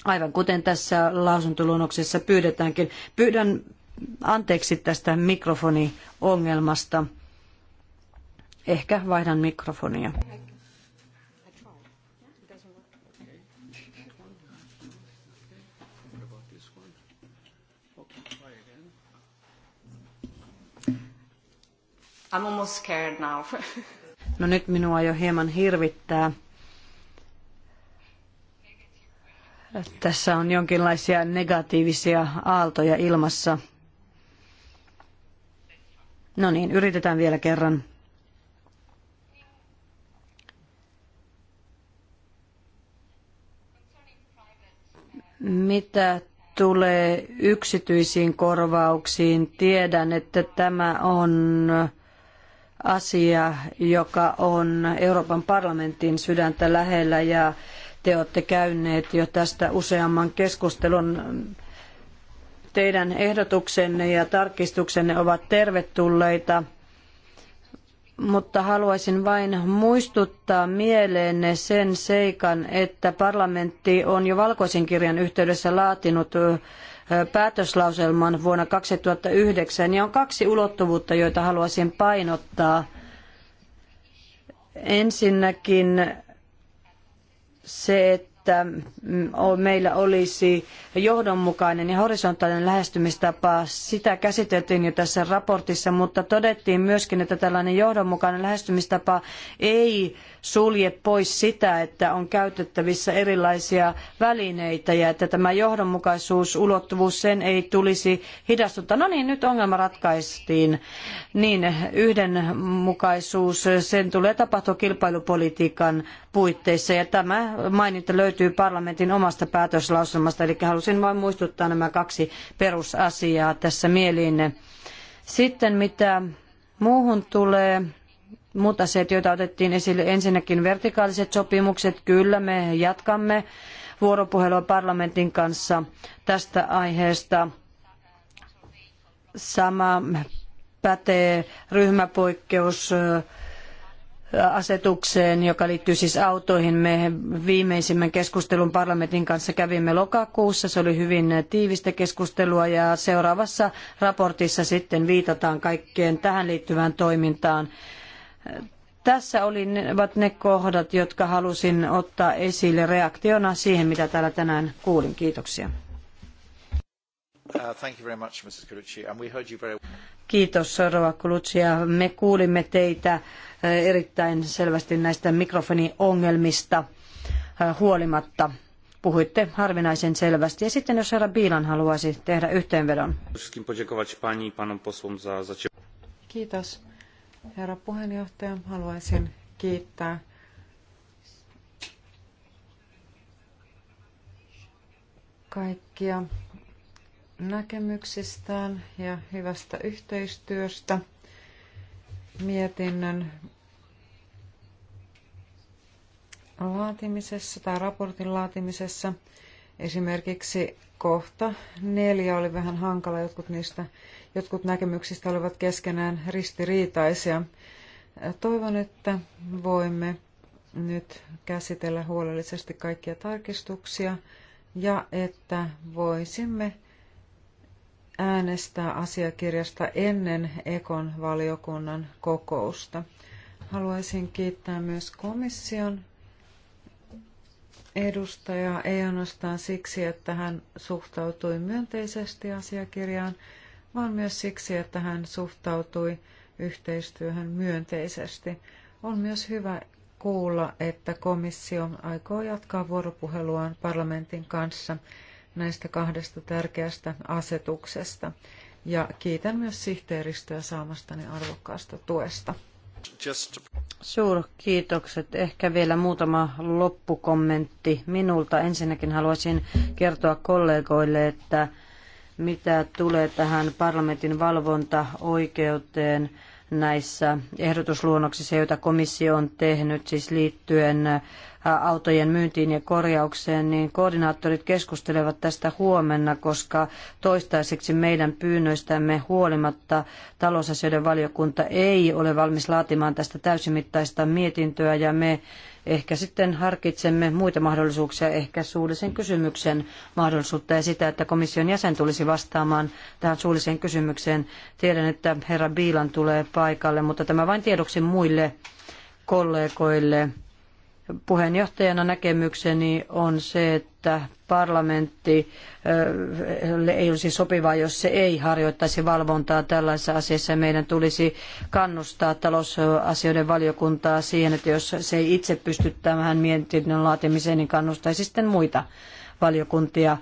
Aivan kuten tässä lausuntoluonnoksessa pyydetäänkin. Pyydän anteeksi tästä mikrofoniongelmasta. Ehkä vaihdan mikrofonia. I'm almost scared now. no nyt minua jo hieman hirvittää. Tässä on jonkinlaisia negatiivisia aaltoja ilmassa. No niin, yritetään vielä kerran. Mitä tulee yksityisiin korvauksiin, tiedän, että tämä on asia, joka on Euroopan parlamentin sydäntä lähellä ja te olette käyneet jo tästä useamman keskustelun. Teidän ehdotuksenne ja tarkistuksenne ovat tervetulleita mutta haluaisin vain muistuttaa mieleenne sen seikan, että parlamentti on jo valkoisen kirjan yhteydessä laatinut päätöslauselman vuonna 2009 ja on kaksi ulottuvuutta, joita haluaisin painottaa. Ensinnäkin se, että että mm, meillä olisi johdonmukainen ja horisontaalinen lähestymistapa. Sitä käsiteltiin jo tässä raportissa, mutta todettiin myöskin, että tällainen johdonmukainen lähestymistapa ei sulje pois sitä, että on käytettävissä erilaisia välineitä ja että tämä johdonmukaisuus, ulottuvuus, sen ei tulisi hidastuttaa. No niin, nyt ongelma ratkaistiin. Niin, yhdenmukaisuus, sen tulee tapahtua kilpailupolitiikan puitteissa ja tämä maininta löytyy parlamentin omasta päätöslauselmasta, eli halusin vain muistuttaa nämä kaksi perusasiaa tässä mieliinne. Sitten mitä muuhun tulee, muut asiat, joita otettiin esille. Ensinnäkin vertikaaliset sopimukset. Kyllä, me jatkamme vuoropuhelua parlamentin kanssa tästä aiheesta. Sama pätee ryhmäpoikkeus asetukseen, joka liittyy siis autoihin. Me viimeisimmän keskustelun parlamentin kanssa kävimme lokakuussa. Se oli hyvin tiivistä keskustelua ja seuraavassa raportissa sitten viitataan kaikkeen tähän liittyvään toimintaan. Tässä olivat ne kohdat, jotka halusin ottaa esille reaktiona siihen, mitä täällä tänään kuulin. Kiitoksia. Uh, Kiitos, Rova Kulucia. Me kuulimme teitä uh, erittäin selvästi näistä mikrofoniongelmista uh, huolimatta. Puhuitte harvinaisen selvästi. Ja sitten jos herra Biilan haluaisi tehdä yhteenvedon. Kiitos. Herra puheenjohtaja, haluaisin kiittää kaikkia näkemyksistään ja hyvästä yhteistyöstä mietinnön laatimisessa tai raportin laatimisessa. Esimerkiksi kohta neljä oli vähän hankala, jotkut niistä Jotkut näkemyksistä olivat keskenään ristiriitaisia. Toivon, että voimme nyt käsitellä huolellisesti kaikkia tarkistuksia ja että voisimme äänestää asiakirjasta ennen Ekon valiokunnan kokousta. Haluaisin kiittää myös komission edustajaa, ei ainoastaan siksi, että hän suhtautui myönteisesti asiakirjaan, vaan myös siksi, että hän suhtautui yhteistyöhön myönteisesti. On myös hyvä kuulla, että komissio aikoo jatkaa vuoropuheluaan parlamentin kanssa näistä kahdesta tärkeästä asetuksesta. Ja kiitän myös sihteeristöä saamastani arvokkaasta tuesta. Just... Suurkiitokset. Ehkä vielä muutama loppukommentti minulta. Ensinnäkin haluaisin kertoa kollegoille, että mitä tulee tähän parlamentin valvontaoikeuteen näissä ehdotusluonnoksissa, joita komissio on tehnyt, siis liittyen autojen myyntiin ja korjaukseen, niin koordinaattorit keskustelevat tästä huomenna, koska toistaiseksi meidän pyynnöistämme huolimatta talousasioiden valiokunta ei ole valmis laatimaan tästä täysimittaista mietintöä ja me Ehkä sitten harkitsemme muita mahdollisuuksia, ehkä suullisen kysymyksen mahdollisuutta ja sitä, että komission jäsen tulisi vastaamaan tähän suulliseen kysymykseen. Tiedän, että herra Biilan tulee paikalle, mutta tämä vain tiedoksi muille kollegoille Puheenjohtajana näkemykseni on se, että parlamentti ei olisi sopivaa, jos se ei harjoittaisi valvontaa tällaisessa asiassa. Meidän tulisi kannustaa talousasioiden valiokuntaa siihen, että jos se ei itse pysty tämän mietinnön laatimiseen, niin kannustaisi sitten muita valiokuntia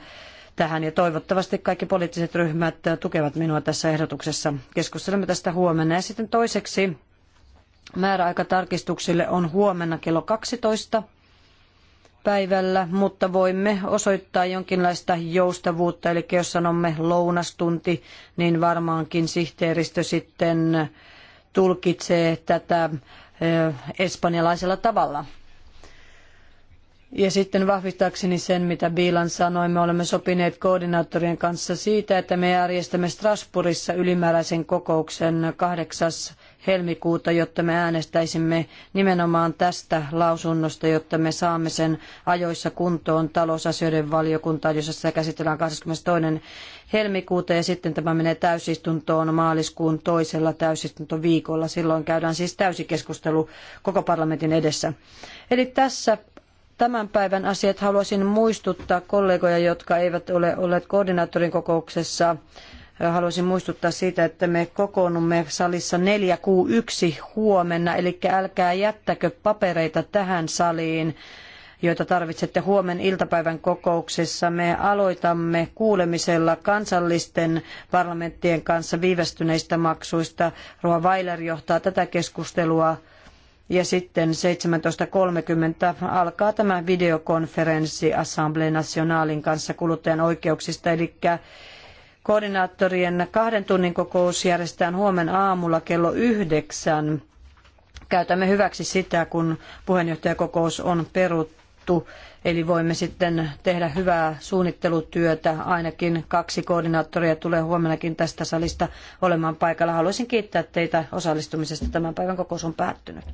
tähän. Ja toivottavasti kaikki poliittiset ryhmät tukevat minua tässä ehdotuksessa. Keskustelemme tästä huomenna. Ja sitten toiseksi Määräaika tarkistuksille on huomenna kello 12 päivällä, mutta voimme osoittaa jonkinlaista joustavuutta, eli jos sanomme lounastunti, niin varmaankin sihteeristö sitten tulkitsee tätä espanjalaisella tavalla. Ja sitten vahvistaakseni sen, mitä Biilan sanoi, me olemme sopineet koordinaattorien kanssa siitä, että me järjestämme Strasbourgissa ylimääräisen kokouksen 8 helmikuuta, jotta me äänestäisimme nimenomaan tästä lausunnosta, jotta me saamme sen ajoissa kuntoon talousasioiden valiokuntaan, jossa sitä käsitellään 22. helmikuuta ja sitten tämä menee täysistuntoon maaliskuun toisella täysistuntoviikolla. Silloin käydään siis täysikeskustelu koko parlamentin edessä. Eli tässä tämän päivän asiat haluaisin muistuttaa kollegoja, jotka eivät ole olleet koordinaattorin kokouksessa haluaisin muistuttaa siitä, että me kokoonnumme salissa 4Q1 huomenna, eli älkää jättäkö papereita tähän saliin joita tarvitsette huomen iltapäivän kokouksessa. Me aloitamme kuulemisella kansallisten parlamenttien kanssa viivästyneistä maksuista. Ruoha Weiler johtaa tätä keskustelua ja sitten 17.30 alkaa tämä videokonferenssi Assemblée Nationalin kanssa kuluttajan oikeuksista, eli Koordinaattorien kahden tunnin kokous järjestetään huomenna aamulla kello yhdeksän. Käytämme hyväksi sitä, kun puheenjohtajakokous on peruttu, eli voimme sitten tehdä hyvää suunnittelutyötä. Ainakin kaksi koordinaattoria tulee huomennakin tästä salista olemaan paikalla. Haluaisin kiittää teitä osallistumisesta. Tämän päivän kokous on päättynyt.